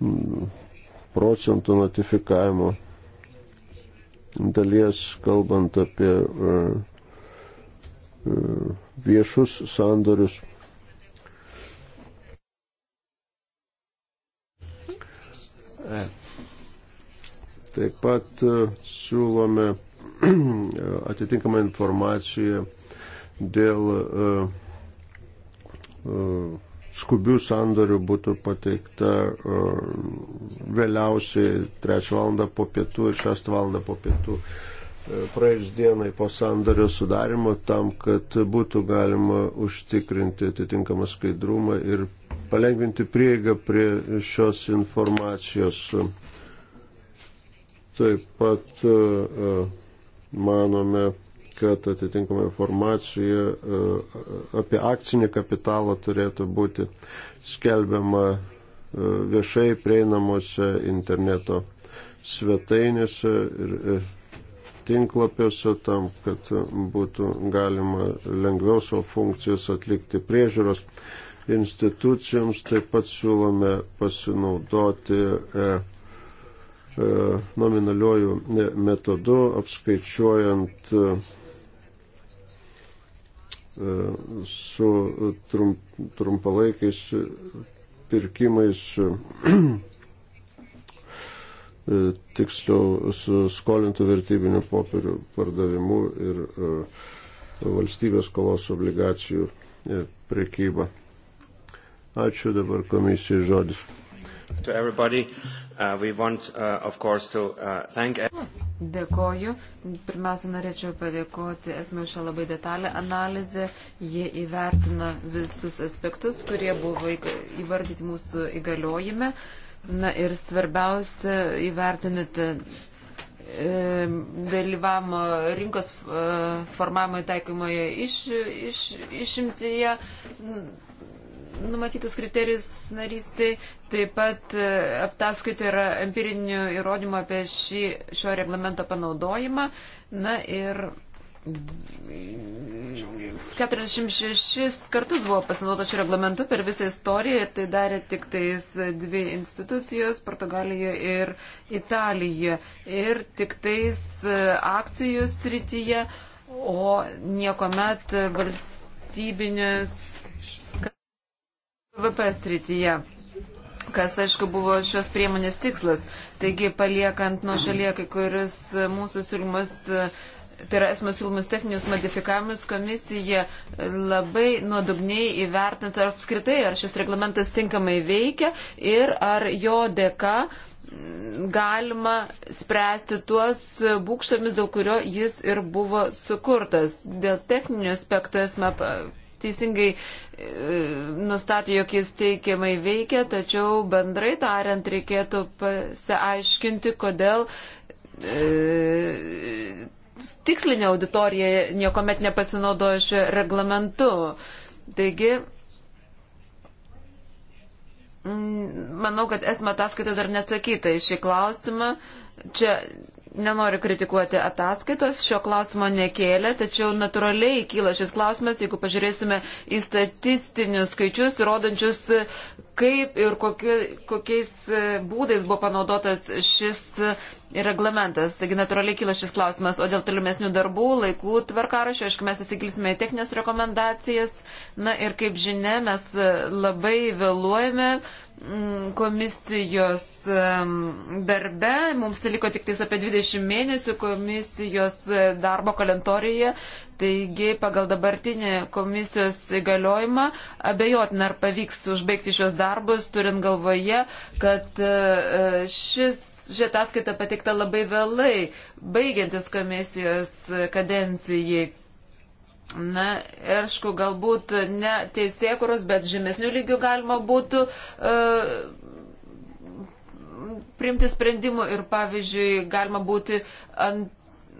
mm, procentų notifikavimo dalies, kalbant apie e, viešus sandorius E. Taip pat e, siūlome *clears throat* atitinkamą informaciją dėl e, e, skubių sandorių būtų pateikta vėliausiai 3 val. po pietų ir 6 val. po pietų praėjus dienai po sandario sudarimo tam, kad būtų galima užtikrinti atitinkamą skaidrumą ir palengvinti prieigą prie šios informacijos. Taip pat e, e, manome, kad atitinkama informacija e, apie akcinį kapitalą turėtų būti skelbiama viešai prieinamuose interneto svetainėse ir tinklapiuose tam, kad būtų galima lengviau savo funkcijas atlikti priežiūros institucijoms. Taip pat siūlome pasinaudoti e, e, nominaliojų e, metodu, apskaičiuojant su trump, trumpalaikiais pirkimais tiksliau su skolintų vertybinių popierių pardavimu ir valstybės kolos obligacijų prekyba. Ačiū dabar komisijai žodis. Uh, want, uh, course, to, uh, thank... E- Dėkoju. Pirmiausia, norėčiau padėkoti esmė šią labai detalę analizę. Jie įvertina visus aspektus, kurie buvo įvardyti mūsų įgaliojime. Na ir svarbiausia, įvertinate e, dalyvavimo rinkos e, formavimo taikomoje iš, iš, išimtyje. Iš numatytas kriterijus narystai, taip pat e, aptaskaita yra empirinių įrodymų apie šį, šio reglamento panaudojimą. Na ir 46 kartus buvo pasinaudota šio reglamentu per visą istoriją ir tai darė tik tais dvi institucijos - Portugalija ir Italija. Ir tik tais e, akcijų srityje, o niekuomet valstybinės VPS srityje, kas aišku buvo šios priemonės tikslas. Taigi paliekant nuo šalia kai kuris mūsų siūlymas, tai yra esmės siūlymas techninius modifikavimus, komisija labai nuodugniai įvertins ar apskritai, ar šis reglamentas tinkamai veikia ir ar jo dėka galima spręsti tuos būkštomis, dėl kurio jis ir buvo sukurtas. Dėl techninio aspektų esame teisingai e, nustatė, jog jis teikiamai veikia, tačiau bendrai tariant reikėtų pasiaiškinti, kodėl e, tikslinė auditorija niekuomet nepasinaudojo šio reglamentu. Taigi, manau, kad esmė ataskaita dar neatsakyta į šį klausimą. Čia nenoriu kritikuoti ataskaitos, šio klausimo nekėlė, tačiau natūraliai kyla šis klausimas, jeigu pažiūrėsime į statistinius skaičius, rodančius, kaip ir kokie, kokiais e, būdais buvo panaudotas šis e, reglamentas. Taigi natūraliai kyla šis klausimas, o dėl tolimesnių darbų, laikų tvarkarašio, aišku, mes įsigilisime į techninės rekomendacijas. Na ir kaip žinia, mes e, labai vėluojame mm, komisijos darbe. Mums tai liko tik tais apie 20 mėnesių komisijos darbo kalendorijoje Taigi, pagal dabartinį komisijos įgaliojimą, abejotina, ar pavyks užbaigti šios darbus, turint galvoje, kad e, šis ši ataskaita pateikta labai vėlai, baigiantis komisijos kadencijai. Na, aišku, galbūt ne teisėkurus, bet žemesnių lygių galima būtų uh, priimti sprendimų ir, pavyzdžiui, galima būti ant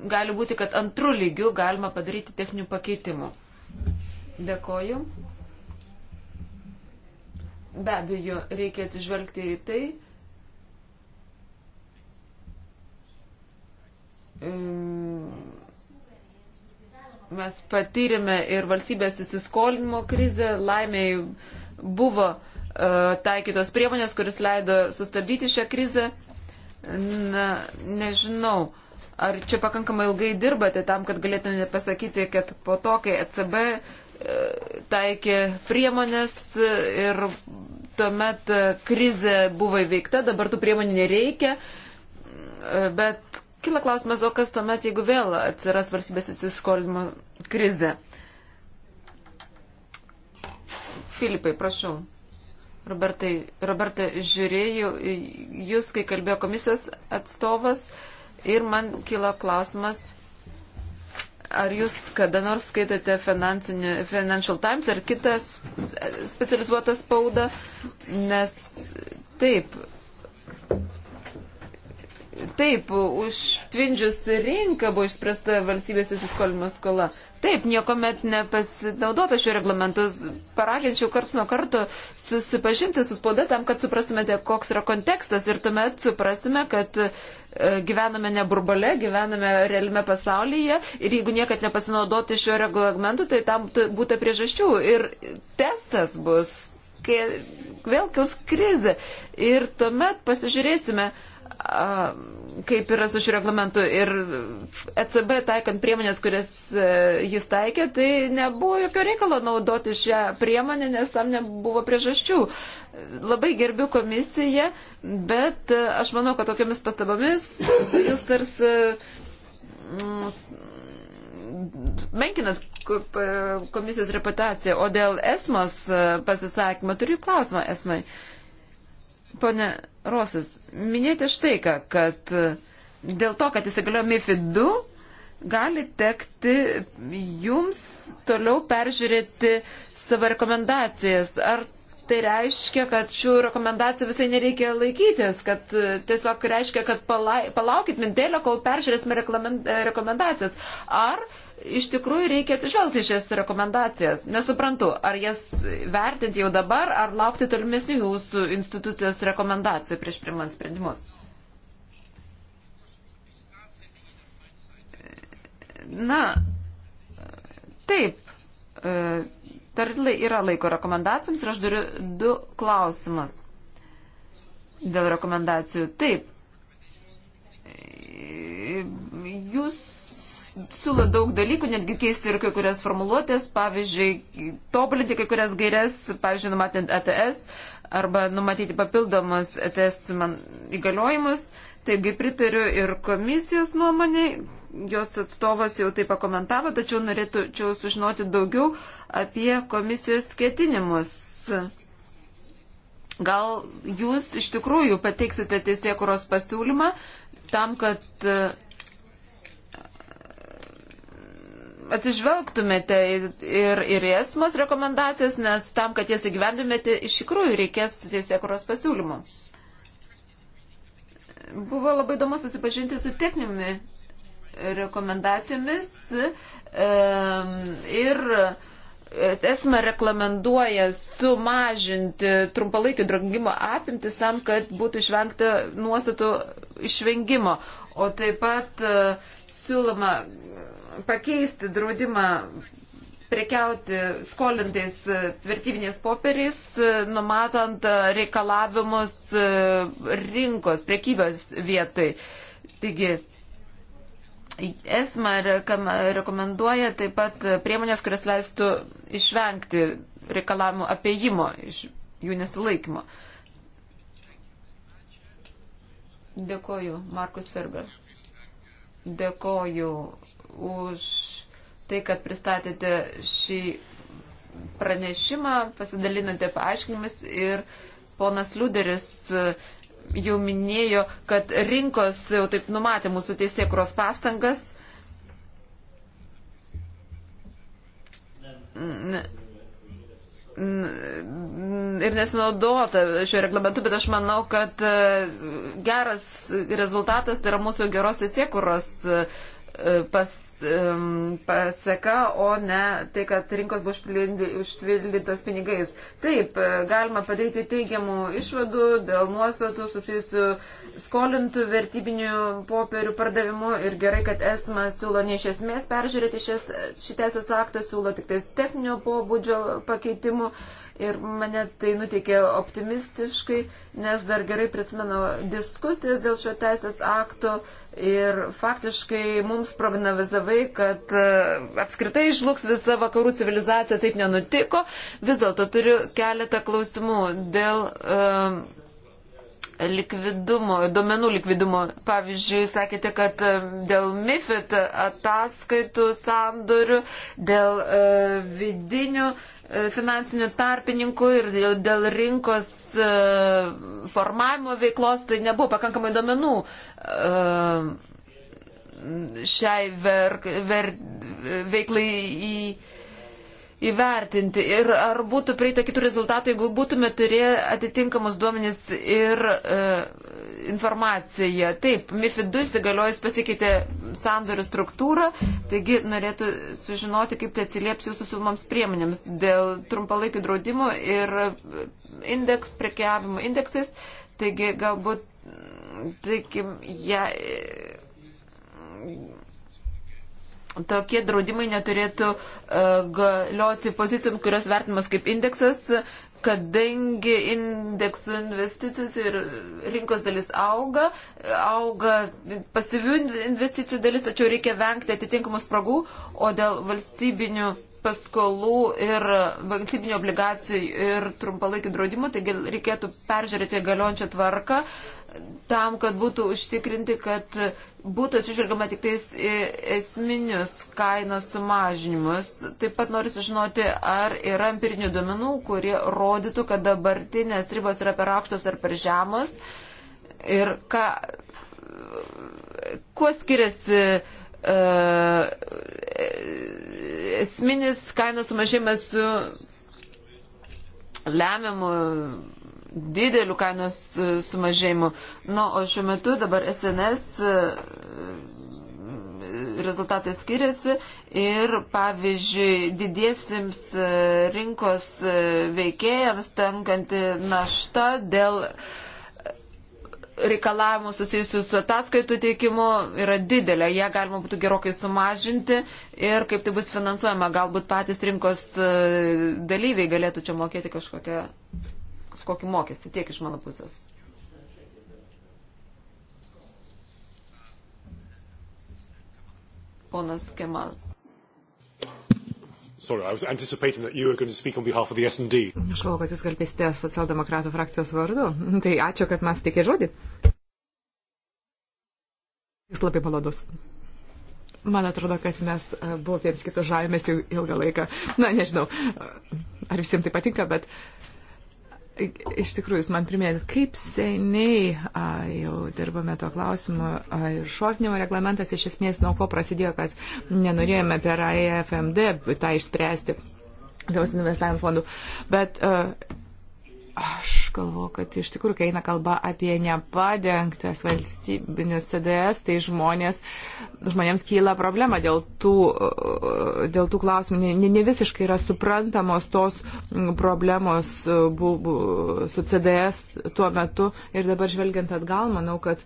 gali būti, kad antrų lygių galima padaryti techninių pakeitimų. Dėkoju. Be abejo, reikia atsižvelgti į tai, mes patyrėme ir valstybės įsiskolinimo krizę, laimėjai buvo e, taikytos priemonės, kuris leido sustabdyti šią krizę. Na, nežinau. Ar čia pakankamai ilgai dirbate tam, kad galėtumėte pasakyti, kad po to, kai ECB e, taikė priemonės ir tuomet e, krizė buvo įveikta, dabar tų priemonių nereikia, e, bet kila klausimas, o kas tuomet, jeigu vėl atsiras valstybės įsiskolimo krizė? Filipai, prašau. Robertai, Robertai žiūrėjau, jūs, kai kalbėjo komisijos atstovas, uh, Ir man kilo klausimas, ar jūs kada nors skaitote Financial Times ar kitas e, specializuotą spaudą, nes taip, taip, užtvindžius rinką buvo išspręsta valstybės įsiskolinimo skola, Taip, niekuomet nepasinaudota šiuo reglamentu. Paraginčiau karts nuo karto susipažinti su spauda tam, kad suprastumėte, koks yra kontekstas ir tuomet suprasime, kad e, gyvename ne burbale, gyvename realime pasaulyje ir jeigu niekad nepasinaudoti šiuo reglamentu, tai tam būtų priežasčių. Ir testas bus, kai vėl kils krizė. Ir tuomet pasižiūrėsime, uh, kaip yra su šiuo reglamentu. Ir ECB taikant priemonės, kurias e, jis taikė, tai nebuvo jokio reikalo naudoti šią priemonę, nes tam nebuvo priežasčių. Labai gerbiu komisiją, bet e, aš manau, kad tokiamis pastabomis jūs tarsi mm, menkinat komisijos reputaciją. O dėl esmos e, pasisakymą turiu klausimą esmai. Pone Rosas, minėjote štai ką, kad e, dėl to, kad įsigaliojo MIFID 2, gali tekti jums toliau peržiūrėti savo rekomendacijas. Ar tai reiškia, kad šių rekomendacijų visai nereikia laikytis, kad e, tiesiog reiškia, kad palaukit mintelio, kol peržiūrėsime rekomendacijas. Ar iš tikrųjų reikia atsižvelgti šias rekomendacijas. Nesuprantu, ar jas vertinti jau dabar, ar laukti tolimesnių jūsų institucijos rekomendacijų prieš primant sprendimus. Na, taip, e, tarlai yra laiko rekomendacijoms ir aš turiu du klausimus dėl rekomendacijų. Taip, e, jūs siūlo daug dalykų, netgi keisti ir kai kurias formuluotės, pavyzdžiui, tobulinti kai kurias gairias, pavyzdžiui, numatant ETS arba numatyti papildomus ETS man įgaliojimus. Taigi pritariu ir komisijos nuomonėj, jos atstovas jau tai pakomentavo, tačiau norėčiau sužinoti daugiau apie komisijos ketinimus. Gal jūs iš tikrųjų pateiksite teisėkuros pasiūlymą tam, kad atsižvelgtumėte ir, ir esmos rekomendacijas, nes tam, kad jas įgyvendumėte, iš tikrųjų reikės teisėkuros pasiūlymų. Buvo labai įdomu susipažinti su techninėmi rekomendacijomis e, ir esmė reklamenduoja sumažinti trumpalaikio drangimo apimtis tam, kad būtų išvengta nuostatų išvengimo. O taip pat e, siūloma pakeisti draudimą prekiauti skolintais e, vertybiniais popieriais, e, numatant e, reikalavimus rinkos, prekybės vietai. Taigi, ESMA rekomenduoja taip pat priemonės, kurias leistų išvengti reikalavimų apiejimo iš jų nesilaikymo. Dėkoju, Markus Ferber. Dėkoju už tai, kad pristatėte šį pranešimą, pasidalinote paaiškinimis ir ponas Liuderis e, jau minėjo, kad rinkos jau taip numatė mūsų teisėkros pastangas. Ne ir nesinaudota šio reglamentu, bet aš manau, kad e, geras rezultatas tai yra mūsų geros teisėkuros e, pas Um, paseka, o ne tai, kad rinkos buvo užtvildytos pinigais. Taip, e, galima padaryti teigiamų išvadų dėl nuostatų susijusių skolintų vertybinių popierių pardavimu ir gerai, kad esma siūlo ne iš esmės peržiūrėti šitęsis aktas, siūlo tik tais techninio pobūdžio pakeitimų ir mane tai nutikė optimistiškai, nes dar gerai prisimenu diskusijas dėl šio teisės akto ir faktiškai mums prognozavai, kad e, apskritai žlugs visa vakarų civilizacija, taip nenutiko. Vis dėlto turiu keletą klausimų dėl. Um, likvidumo, domenų likvidumo. Pavyzdžiui, sakėte, kad e, dėl MIFID ataskaitų sandorių, dėl e, vidinių e, E, finansinių tarpininkų ir dėl rinkos e, formavimo veiklos, tai nebuvo pakankamai domenų e, šiai ver, ver, veiklai į, įvertinti ir ar būtų prieita kitų rezultatų, jeigu būtume turėję atitinkamus duomenis ir e, informaciją. Taip, MIFID 2 įsigaliojus pasikeitė sandorių struktūrą, taigi norėtų sužinoti, kaip tai atsilieps jūsų siūlomoms priemonėms dėl trumpalaikių draudimų ir indeks, prekiavimo indeksais. Taigi galbūt, taigi, ja, tokie draudimai neturėtų e, galioti pozicijom, kurios vertinamas kaip indeksas, kadangi indeksų investicijų ir rinkos dalis auga, auga pasyvių investicijų dalis, tačiau reikia vengti atitinkamų spragų, o dėl valstybinių paskolų ir valstybinių obligacijų ir trumpalaikių draudimų, taigi reikėtų peržiūrėti galiojančią tvarką. Uh, tam, kad būtų užtikrinti, kad būtų atsižvelgiama tik tais esminius kainos sumažinimus. Taip pat noriu sužinoti, ar yra empirinių duomenų, kurie rodytų, kad dabartinės ribos yra per aukštos ar per žemos. Ir ką, kuo skiriasi uh, esminis kainos sumažėjimas su lemiamu dideliu kainos e, sumažėjimu. Na, nu, o šiuo metu dabar SNS e, rezultatai skiriasi ir, pavyzdžiui, didiesiams e, rinkos veikėjams tenkanti našta dėl reikalavimų susijusių su ataskaitų teikimu yra didelė, ją galima būtų gerokai sumažinti ir kaip tai bus finansuojama, galbūt patys rinkos dalyviai galėtų čia mokėti kažkokią taiks kokį mokestį. Tiek iš mano pusės. Ponas Kemal. Sorry, I was anticipating that you were going to speak on behalf of the S&D. Aš galvoju, kad jūs kalbėsite socialdemokratų frakcijos vardu. *laughs* Tai ačiū, kad man sutikė žodį. Jis labai malodus. Man atrodo, kad mes e, buvo vienas kitus žavimės jau ilgą laiką. Na, nežinau, ar visiems tai patinka, bet uh, Iš tikrųjų, jūs man priminėt, kaip seniai a, jau dirbame to klausimu a, ir šortinimo reglamentas iš esmės nuo ko prasidėjo, kad nenorėjome per AFMD e tą išspręsti. Lietuvos investavimo fondų. Bet uh, Aš galvoju, kad iš tikrųjų, kai eina kalba apie nepadengtas valstybinis CDS, tai žmonės, žmonėms kyla problema dėl tų, dėl tų klausimų. Ne, ne visiškai yra suprantamos tos problemos e, bu, bu, su CDS tuo metu. Ir dabar žvelgiant atgal, manau, kad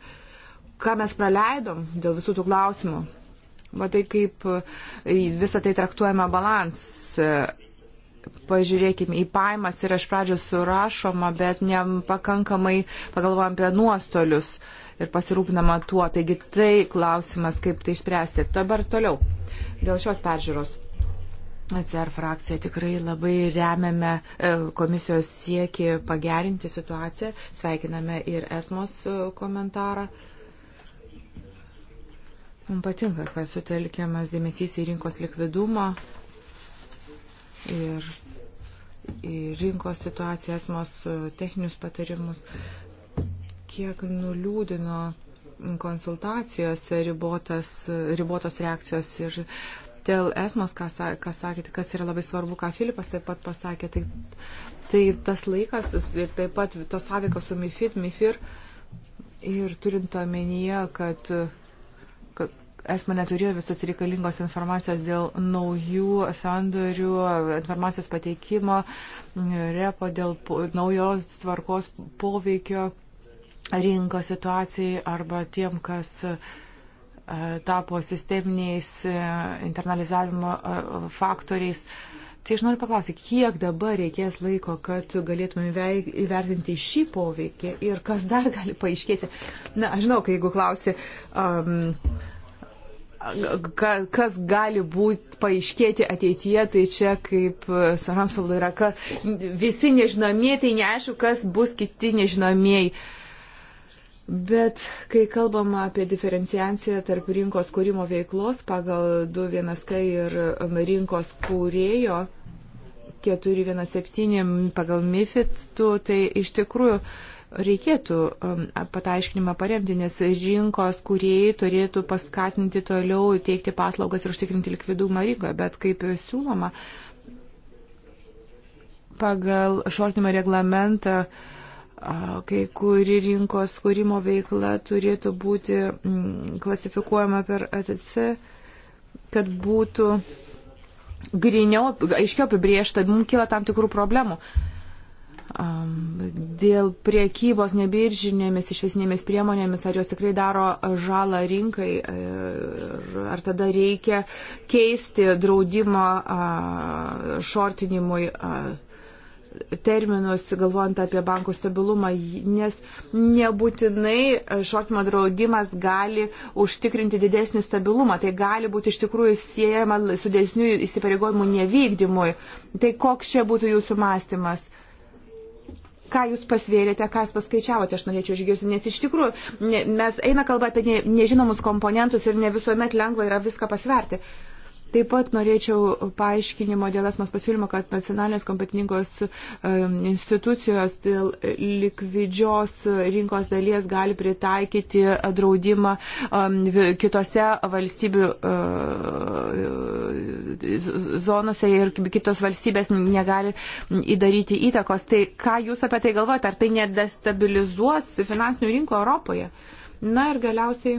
ką mes praleidom dėl visų tų klausimų. Matai, kaip e, visą tai traktuojama balans pažiūrėkime į paimas ir iš pradžio surašoma, bet nepakankamai pagalvojam apie nuostolius ir pasirūpinama tuo. Taigi tai klausimas, kaip tai išspręsti. Dabar toliau. Dėl šios peržiūros. ACR frakcija tikrai labai remiame e, komisijos sieki pagerinti situaciją. Sveikiname ir esmos e, komentarą. Mums patinka, kad sutelkiamas dėmesys į rinkos likvidumą ir rinkos situaciją, esmos e, techninius patarimus, kiek nuliūdino konsultacijos ribotas, e, ribotos reakcijos ir dėl esmos, ką, ką sakėte, kas yra labai svarbu, ką Filipas taip pat pasakė, tai, tai tas laikas ir taip pat tos sąveikos su MIFID, MIFIR ir turint omenyje, kad uh, esmė neturėjo visos reikalingos informacijos dėl naujų sandorių, informacijos pateikimo, repo dėl naujos tvarkos poveikio rinkos situacijai arba tiem, kas e, tapo sisteminiais e, internalizavimo e, faktoriais. Tai aš noriu paklausyti, kiek dabar reikės laiko, kad galėtume įvertinti šį poveikį ir kas dar gali paaiškėti. Na, aš žinau, kai jeigu klausi, um, kas gali būti paaiškėti ateityje, tai čia kaip e, Sanam Saldairaka, visi nežinomieji, tai neaišku, kas bus kiti nežinomieji. Bet kai kalbama apie diferenciaciją tarp rinkos kūrimo veiklos pagal 2.1k ir um, rinkos kūrėjo 4.1.7 pagal MIFID, tu, tai iš tikrųjų uh, reikėtų um, pataiškinimą paremti, nes rinkos kuriejai turėtų paskatinti toliau teikti paslaugas ir užtikrinti likvidumą rinkoje, bet kaip siūloma, pagal šortinimo reglamentą kai kuri rinkos kūrimo veikla turėtų būti mm, klasifikuojama per ATC, kad būtų griniau, aiškiau apibriešta, mums kyla tam tikrų problemų. Uh, dėl priekybos nebiržinėmis išvesinėmis priemonėmis, ar jos tikrai daro žalą rinkai, e, ar tada reikia keisti draudimo šortinimui terminus, galvojant apie bankų stabilumą, nes nebūtinai šortimo draudimas gali užtikrinti didesnį stabilumą, tai gali būti iš tikrųjų siejama su dėsnių įsipareigojimų nevykdymui. Tai koks čia būtų jūsų mąstymas? ką jūs pasvėrėte, ką jūs paskaičiavote, aš norėčiau išgirsti, nes iš tikrųjų mes eina kalba apie ne, nežinomus komponentus ir ne visuomet lengva yra viską pasverti. Uh, Taip pat norėčiau paaiškinimo dėl esmos pasiūlymo, kad nacionalinės kompetitingos institucijos dėl likvidžios rinkos dalies gali pritaikyti draudimą kitose valstybių e, zonose ir kitos valstybės negali įdaryti įtakos. Tai ką Jūs apie tai galvojate? Ar tai nedestabilizuos finansinių rinkų Europoje? Na ir galiausiai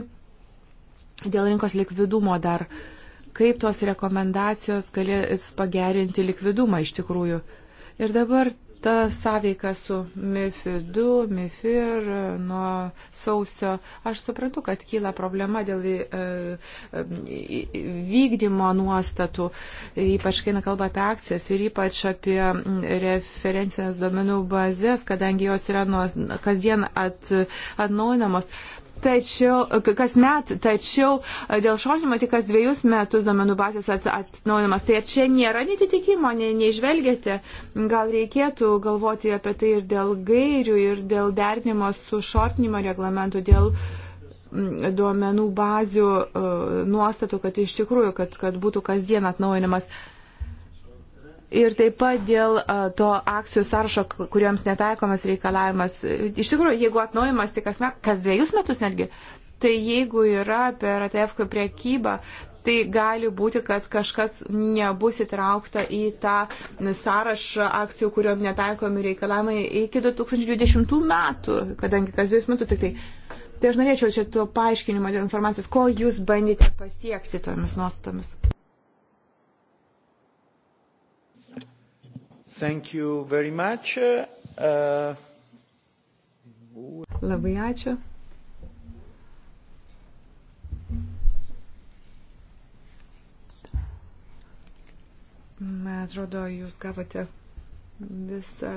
dėl rinkos likvidumo dar. Uh, kaip tos rekomendacijos galės pagerinti likvidumą iš tikrųjų. Ir dabar ta sąveika su MIFID, MIFIR nuo sausio, aš suprantu, kad kyla problema dėl e, e, vykdymo nuostatų, ypač kai kalba apie akcijas ir ypač apie referencinės duomenų bazės, kadangi jos yra nuo, kasdien at, atnaujinamos. At Tačiau, kas met, tačiau e, dėl šortinimo tik kas dviejus metus duomenų bazės atnaujinimas. Tai čia nėra netitikimo, ne, neižvelgėte. Gal reikėtų galvoti apie tai ir dėl gairių, ir dėl dernimo su šortinimo reglamentu, dėl duomenų bazių e, nuostatų, kad iš tikrųjų, kad, kad būtų kasdien atnaujinimas. Uh, ir taip pat dėl to akcijų sąrašo, kuriuoms netaikomas reikalavimas. Iš tikrųjų, jeigu atnaujimas tik kas, met, kas dviejus metus netgi, tai jeigu yra per ATF priekybą, tai gali būti, kad kažkas nebus įtraukta į tą sąrašą akcijų, kuriuom netaikomi reikalavimai iki 2020 metų, kadangi kas dviejus metus tik tai. Tai aš norėčiau šito paaiškinimo dėl informacijos, ko jūs bandėte pasiekti tomis nuostatomis. Thank you very much. Uh... Labai ačiū. Man atrodo, jūs gavote visą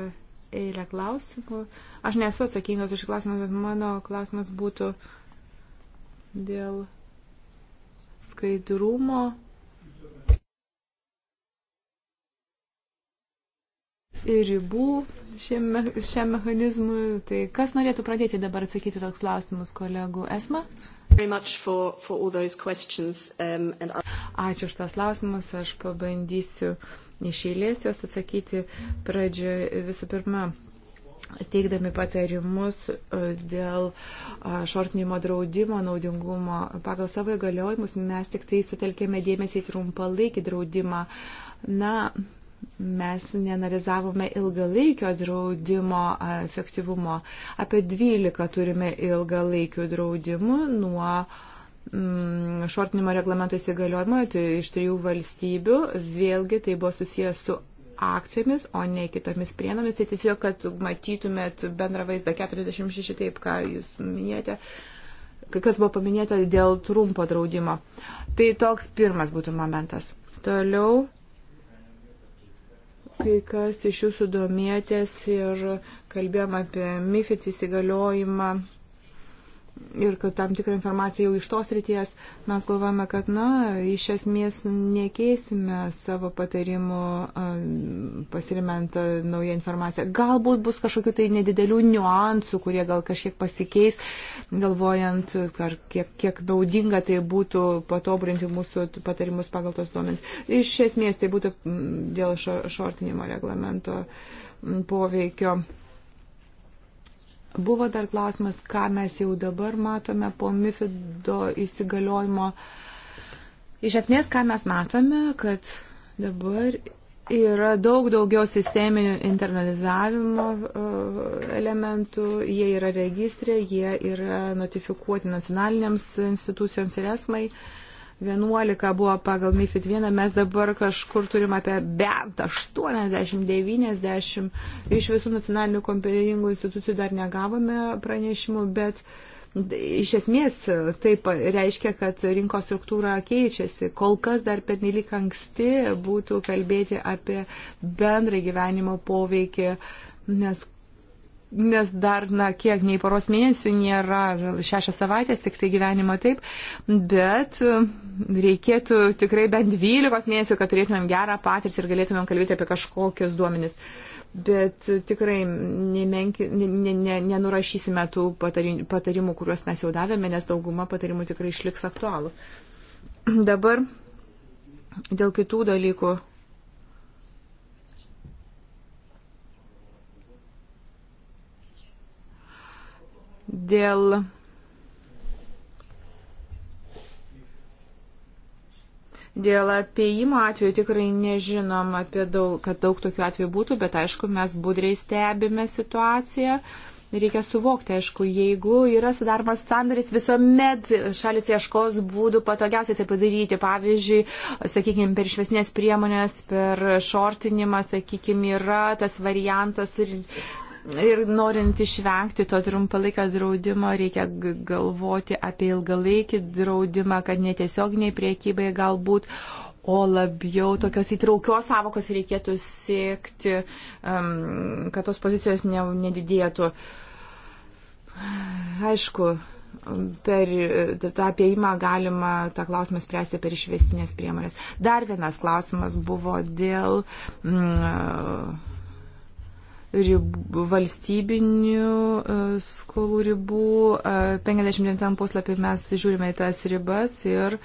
eilę klausimų. Aš nesu atsakingas už klausimą, bet mano klausimas būtų dėl skaidrumo ribų šiam, šiam mechanizmui. Tai kas norėtų pradėti dabar atsakyti toks klausimus kolegų ESMA? For, for um, and... Ačiū už tas klausimus, aš pabandysiu iš eilės juos atsakyti pradžioje visų pirma teikdami patarimus uh, dėl uh, šortinimo draudimo naudingumo. Pagal savo įgaliojimus mes tik tai sutelkėme dėmesį į trumpalaikį draudimą. Na, mes neanalizavome ilgalaikio draudimo efektyvumo. Apie 12 turime ilgalaikių draudimų nuo mm, šortinimo reglamento įsigaliojimo tai iš trijų valstybių. Vėlgi tai buvo susijęs su akcijomis, o ne kitomis prienomis. Tai tiesiog, kad matytumėt bendrą vaizdą 46, taip ką jūs minėjote, kas buvo paminėta dėl trumpo draudimo. Tai toks pirmas būtų momentas. Toliau kai kas iš jūsų domėtės ir kalbėjom apie MIFID įsigaliojimą ir kad tam tikrą informaciją jau iš tos ryties mes galvojame, kad, na, iš esmės nekeisime savo patarimų pasirimentą naują informaciją. Galbūt bus kažkokių tai nedidelių niuansų, kurie gal kažkiek pasikeis, galvojant, ar kiek, kiek naudinga tai būtų patobrinti mūsų patarimus pagal tos duomenys. Iš esmės tai būtų dėl šortinimo reglamento poveikio Buvo dar klausimas, ką mes jau dabar matome po MIFIDO įsigaliojimo. Iš esmės, ką mes matome, kad dabar yra daug daugiau sisteminių internalizavimo e, elementų, jie yra registrė, jie yra notifikuoti nacionaliniams institucijoms ir esmai. Uh, 11 buvo pagal MIFID 1, mes dabar kažkur turim apie bent 80-90 iš visų nacionalinių kompetingų institucijų dar negavome pranešimų, bet iš esmės taip reiškia, kad rinkos struktūra keičiasi. Kol kas dar pernelyg anksti būtų kalbėti apie bendrą gyvenimo poveikį, nes nes dar, na, kiek nei poros mėnesių nėra, gal šešias savaitės tik tai gyvenimo taip, bet e, reikėtų tikrai bent dvylikos mėnesių, kad turėtumėm gerą patirtį ir galėtumėm kalbėti apie kažkokius duomenis. Bet e, tikrai nemenki, ne, ne, nenurašysime tų patarimų, kuriuos mes jau davėme, nes dauguma patarimų tikrai išliks aktualūs. *clears throat* Dabar dėl kitų dalykų dėl Dėl apieimo atveju tikrai nežinom, daug, kad daug tokių atvejų būtų, bet aišku, mes budriai stebime situaciją. Reikia suvokti, aišku, jeigu yra sudaromas sandaris, visuomet šalis ieškos būdų patogiausiai tai padaryti. Pavyzdžiui, sakykime, per švesnės priemonės, per šortinimą, sakykime, yra tas variantas ir Ir norint išvengti to trumpalaikio draudimo, reikia galvoti apie ilgalaikį draudimą, kad netiesioginiai priekybai galbūt, o labiau tokios įtraukios savokos reikėtų siekti, um, kad tos pozicijos ne, nedidėtų. Aišku, per tą apieimą galima tą klausimą spręsti per išvestinės priemonės. Dar vienas klausimas buvo dėl. Mm, rib, valstybinių e, skolų ribų. 59 e, puslapį mes žiūrime į tas ribas ir e,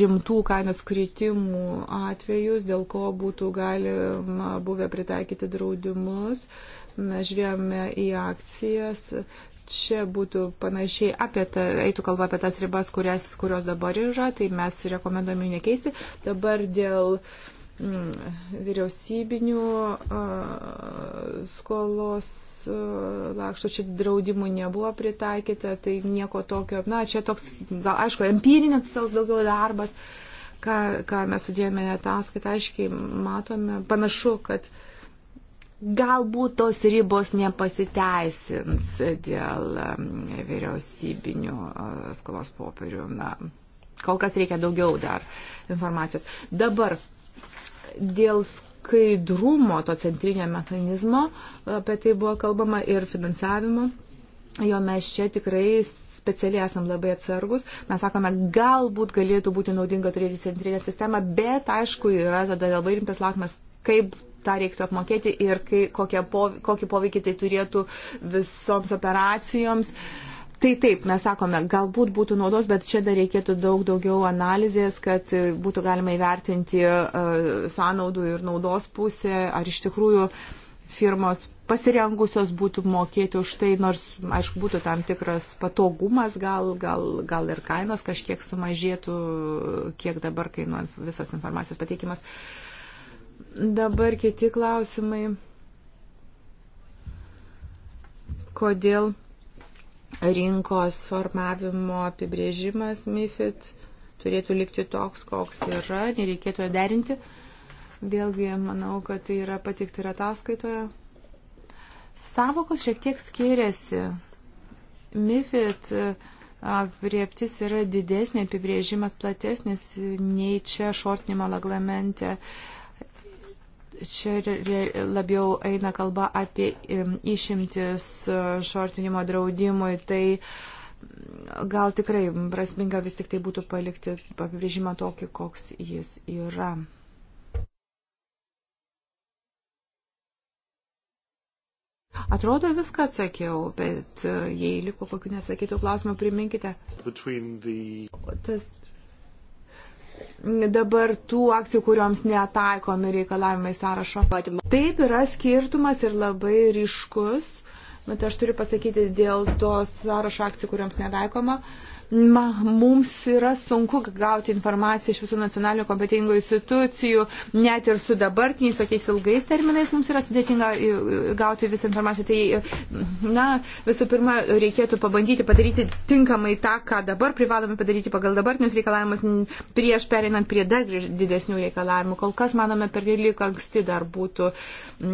rimtų kainos kritimų atvejus, dėl ko būtų galima buvę pritaikyti draudimus. Mes žiūrėjome į akcijas. Čia būtų panašiai apie tą, eitų kalba apie tas ribas, kurias, kurios dabar yra, tai mes rekomenduojame nekeisti. Dabar dėl uh, Mm, vyriausybinių skolos lakštų čia draudimų nebuvo pritaikyta, tai nieko tokio. Na, čia toks, gal, aišku, empirinis toks daugiau darbas, ką, ką mes sudėjome į ataskaitą, aiškiai matome, panašu, kad galbūt tos ribos nepasiteisins dėl vyriausybinių skolos popierių. Na, kol kas reikia daugiau dar informacijos. Dabar dėl skaidrumo to centrinio mechanizmo, apie tai buvo kalbama ir finansavimo, jo mes čia tikrai specialiai esam labai atsargus. Mes sakome, galbūt galėtų būti naudinga turėti centrinę sistemą, bet aišku yra tada labai rimtas klausimas, kaip tą reiktų apmokėti ir kai, kokie, kokį poveikį tai turėtų visoms operacijoms. Uh, Tai taip, mes sakome, galbūt būtų naudos, bet čia dar reikėtų daug daugiau analizės, kad e, būtų galima įvertinti e, sąnaudų ir naudos pusę, ar iš tikrųjų firmos pasirengusios būtų mokėti už tai, nors, aišku, būtų tam tikras patogumas, gal, gal, gal ir kainos kažkiek sumažėtų, kiek dabar kainuoja visas informacijos pateikimas. Dabar kiti klausimai. Kodėl rinkos formavimo apibrėžimas MIFID turėtų likti toks, koks yra, nereikėtų jo derinti. Vėlgi, manau, kad tai yra patikti ir ataskaitoje. Savokos šiek tiek skiriasi. MIFID e, prieptis yra didesnė, apibrėžimas platesnis nei čia šortinimo reglamente. Uh, čia labiau eina kalba apie išimtis e, šortinimo draudimui, tai gal tikrai prasminga vis tik tai būtų palikti apibrėžimą tokį, koks jis yra. Atrodo viską atsakiau, bet e, jei liko kokių nesakytų klausimų, priminkite. The... Tas dabar tų akcijų, kurioms netaikomi reikalavimai sąrašo. Taip yra skirtumas ir labai ryškus, bet aš turiu pasakyti dėl tos sąrašo akcijų, kurioms netaikoma. Uh, ma, mums yra sunku gauti informaciją iš visų nacionalinių kompetingų institucijų, net ir su dabartiniais tokiais ilgais terminais mums yra sudėtinga e, e, gauti visą informaciją. Tai, e, na, visų pirma, reikėtų pabandyti padaryti tinkamai tą, ką dabar privalome padaryti pagal dabartinius reikalavimus, prieš pereinant prie dar didesnių reikalavimų. Kol kas, manome, per dėlyk anksti dar būtų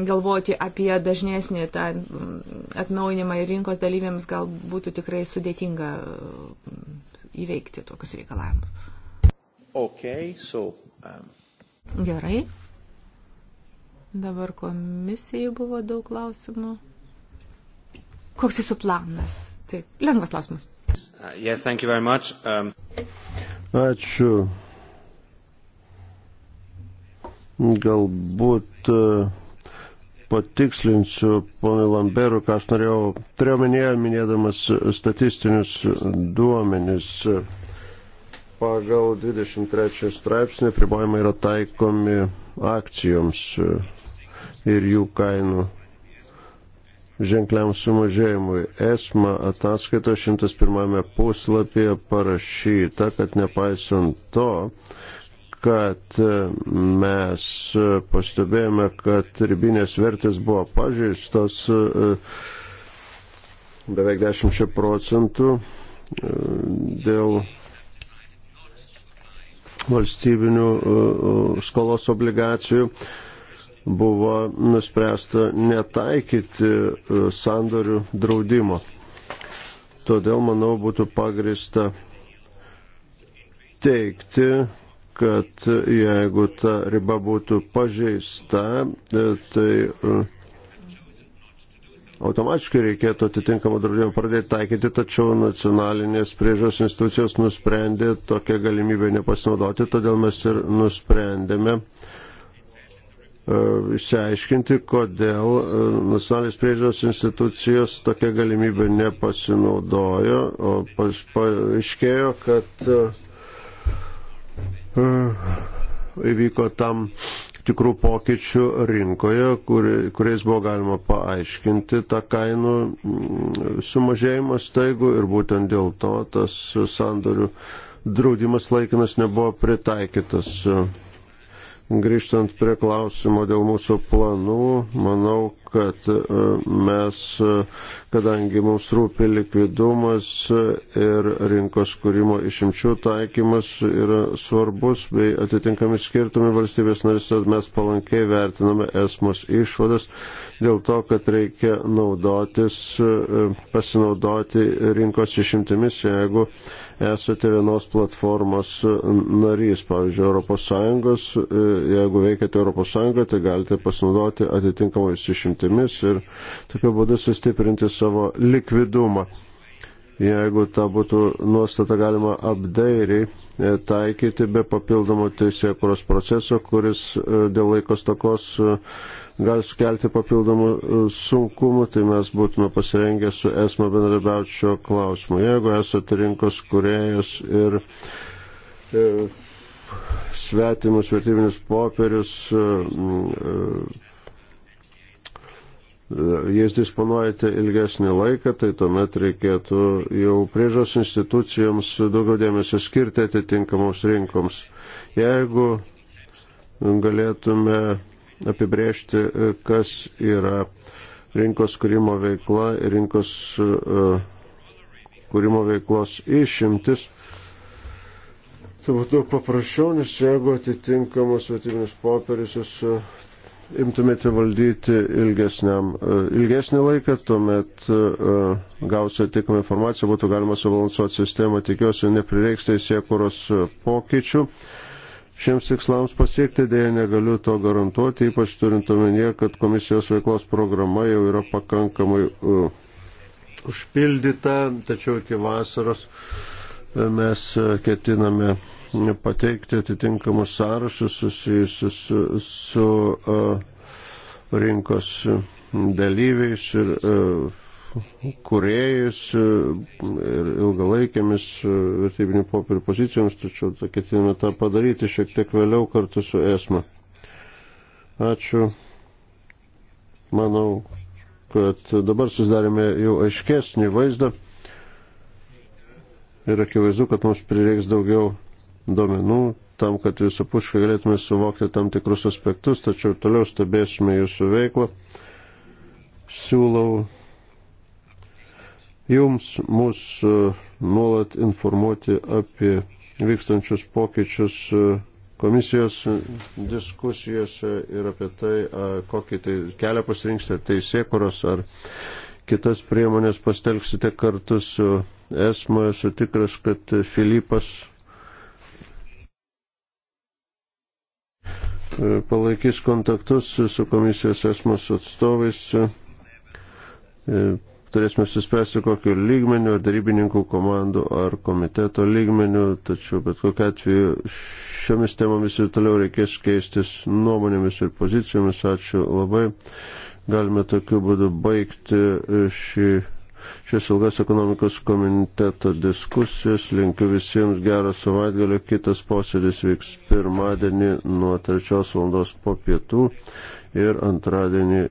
galvoti apie dažnesnį tą atnaujinimą ir rinkos dalyviams gal būtų tikrai sudėtinga įveikti tokius reikalavimus. Okay, so, um... Gerai. Dabar komisijai buvo daug klausimų. Koks jūsų planas? Taip, lengvas klausimas. Uh, yes, thank you very much. Um... Ačiū. Galbūt. Uh patikslinsiu ponui Lamberui, ką aš norėjau, turėjau minėję, minėdamas statistinius duomenis. Pagal 23 straipsnį pribojimai yra taikomi akcijoms ir jų kainų ženkliam sumažėjimui. ESMA ataskaito 101 puslapyje parašyta, kad nepaisant to, kad e, mes e, pastebėjome, kad ribinės vertės buvo pažeistos e, beveik 10 procentų dėl valstybinių skolos obligacijų buvo nuspręsta netaikyti sandorių draudimo. Todėl, manau, būtų pagrista teikti, kad jeigu ta riba būtų pažeista, e, tai e, automatiškai reikėtų atitinkamą draudimą pradėti taikyti, tačiau nacionalinės priežos institucijos nusprendė tokią galimybę nepasinaudoti, todėl mes ir nusprendėme e, išsiaiškinti, kodėl nacionalinės priežiūros institucijos tokia galimybė nepasinaudojo, o paaiškėjo, kad įvyko tam tikrų pokyčių rinkoje, kur, kuriais buvo galima paaiškinti tą kainų mm, sumažėjimą staigų ir būtent dėl to tas sandorių draudimas laikinas nebuvo pritaikytas. Grįžtant prie klausimo dėl mūsų planų, manau, kad e, mes, e, kadangi mums rūpi likvidumas e, ir rinkos kūrimo išimčių taikymas yra svarbus bei atitinkami skirtumai valstybės narys, tad mes palankiai vertiname esmos išvadas dėl to, kad reikia naudotis, pasinaudoti rinkos išimtimis, jeigu esate vienos platformos narys, pavyzdžiui, ES, jeigu veikiate ES, tai galite pasinaudoti atitinkamais išimtimis sutartimis ir tokiu būdu sustiprinti savo likvidumą. Jeigu tą būtų nuostata galima apdairiai e, taikyti be papildomo teisėkuros proceso, kuris e, dėl laikos tokos e, gali sukelti papildomų sunkumų, tai mes būtume pasirengę su esmo bendradarbiauti šio klausimu. Jeigu esate rinkos kuriejas ir svetimus vertybinius popierius jais disponuojate ilgesnį laiką, tai tuomet reikėtų jau priežos institucijoms daugiau dėmesio skirti atitinkamoms rinkoms. Jeigu galėtume apibrėžti, kas yra rinkos kūrimo veikla ir rinkos e, kūrimo veiklos išimtis, tai būtų paprasčiau, nes jeigu atitinkamus svetimus popierius jūs e, imtumėte valdyti ilgesniam, e, ilgesnį laiką, tuomet e, e, gausite tikamą informaciją, būtų galima subalansuoti sistemą, tikiuosi, neprireiks teisėkuros pokyčių. Šiems tikslams pasiekti dėja negaliu to garantuoti, ypač turint omenyje, kad komisijos veiklos programa jau yra pakankamai uh, užpildyta, tačiau iki vasaros mes ketiname pateikti atitinkamus sąrašus susijusius su, su, su rinkos dalyviais ir kuriejais ir ilgalaikėmis vertybinių popierių pozicijoms, tačiau ketiname tą padaryti šiek tiek vėliau kartu su ESMA. Ačiū. Manau, kad dabar susidarėme jau aiškesnį vaizdą ir akivaizdu, kad mums prireiks daugiau duomenų tam, kad visapuškai galėtume suvokti tam tikrus aspektus, tačiau toliau stebėsime jūsų veiklą. Siūlau jums mus e, nuolat informuoti apie vykstančius pokyčius e, komisijos diskusijose ir apie tai, kokį tai kelią pasirinksite, ar teisėkuros, ar kitas priemonės pastelksite kartu su esmoje, esu tikras, kad Filipas palaikys kontaktus su komisijos esmos atstovais. E, turėsime suspręsti kokiu lygmeniu, ar darybininkų komandų, ar komiteto lygmeniu, tačiau bet kokiu atveju šiomis temomis ir toliau reikės keistis nuomonėmis ir pozicijomis. Ačiū labai. Galime tokiu būdu baigti šį šios ilgas ekonomikos komiteto diskusijos. Linkiu visiems gerą savaitgalį. Kitas posėdis vyks pirmadienį nuo 3 val. po pietų ir antradienį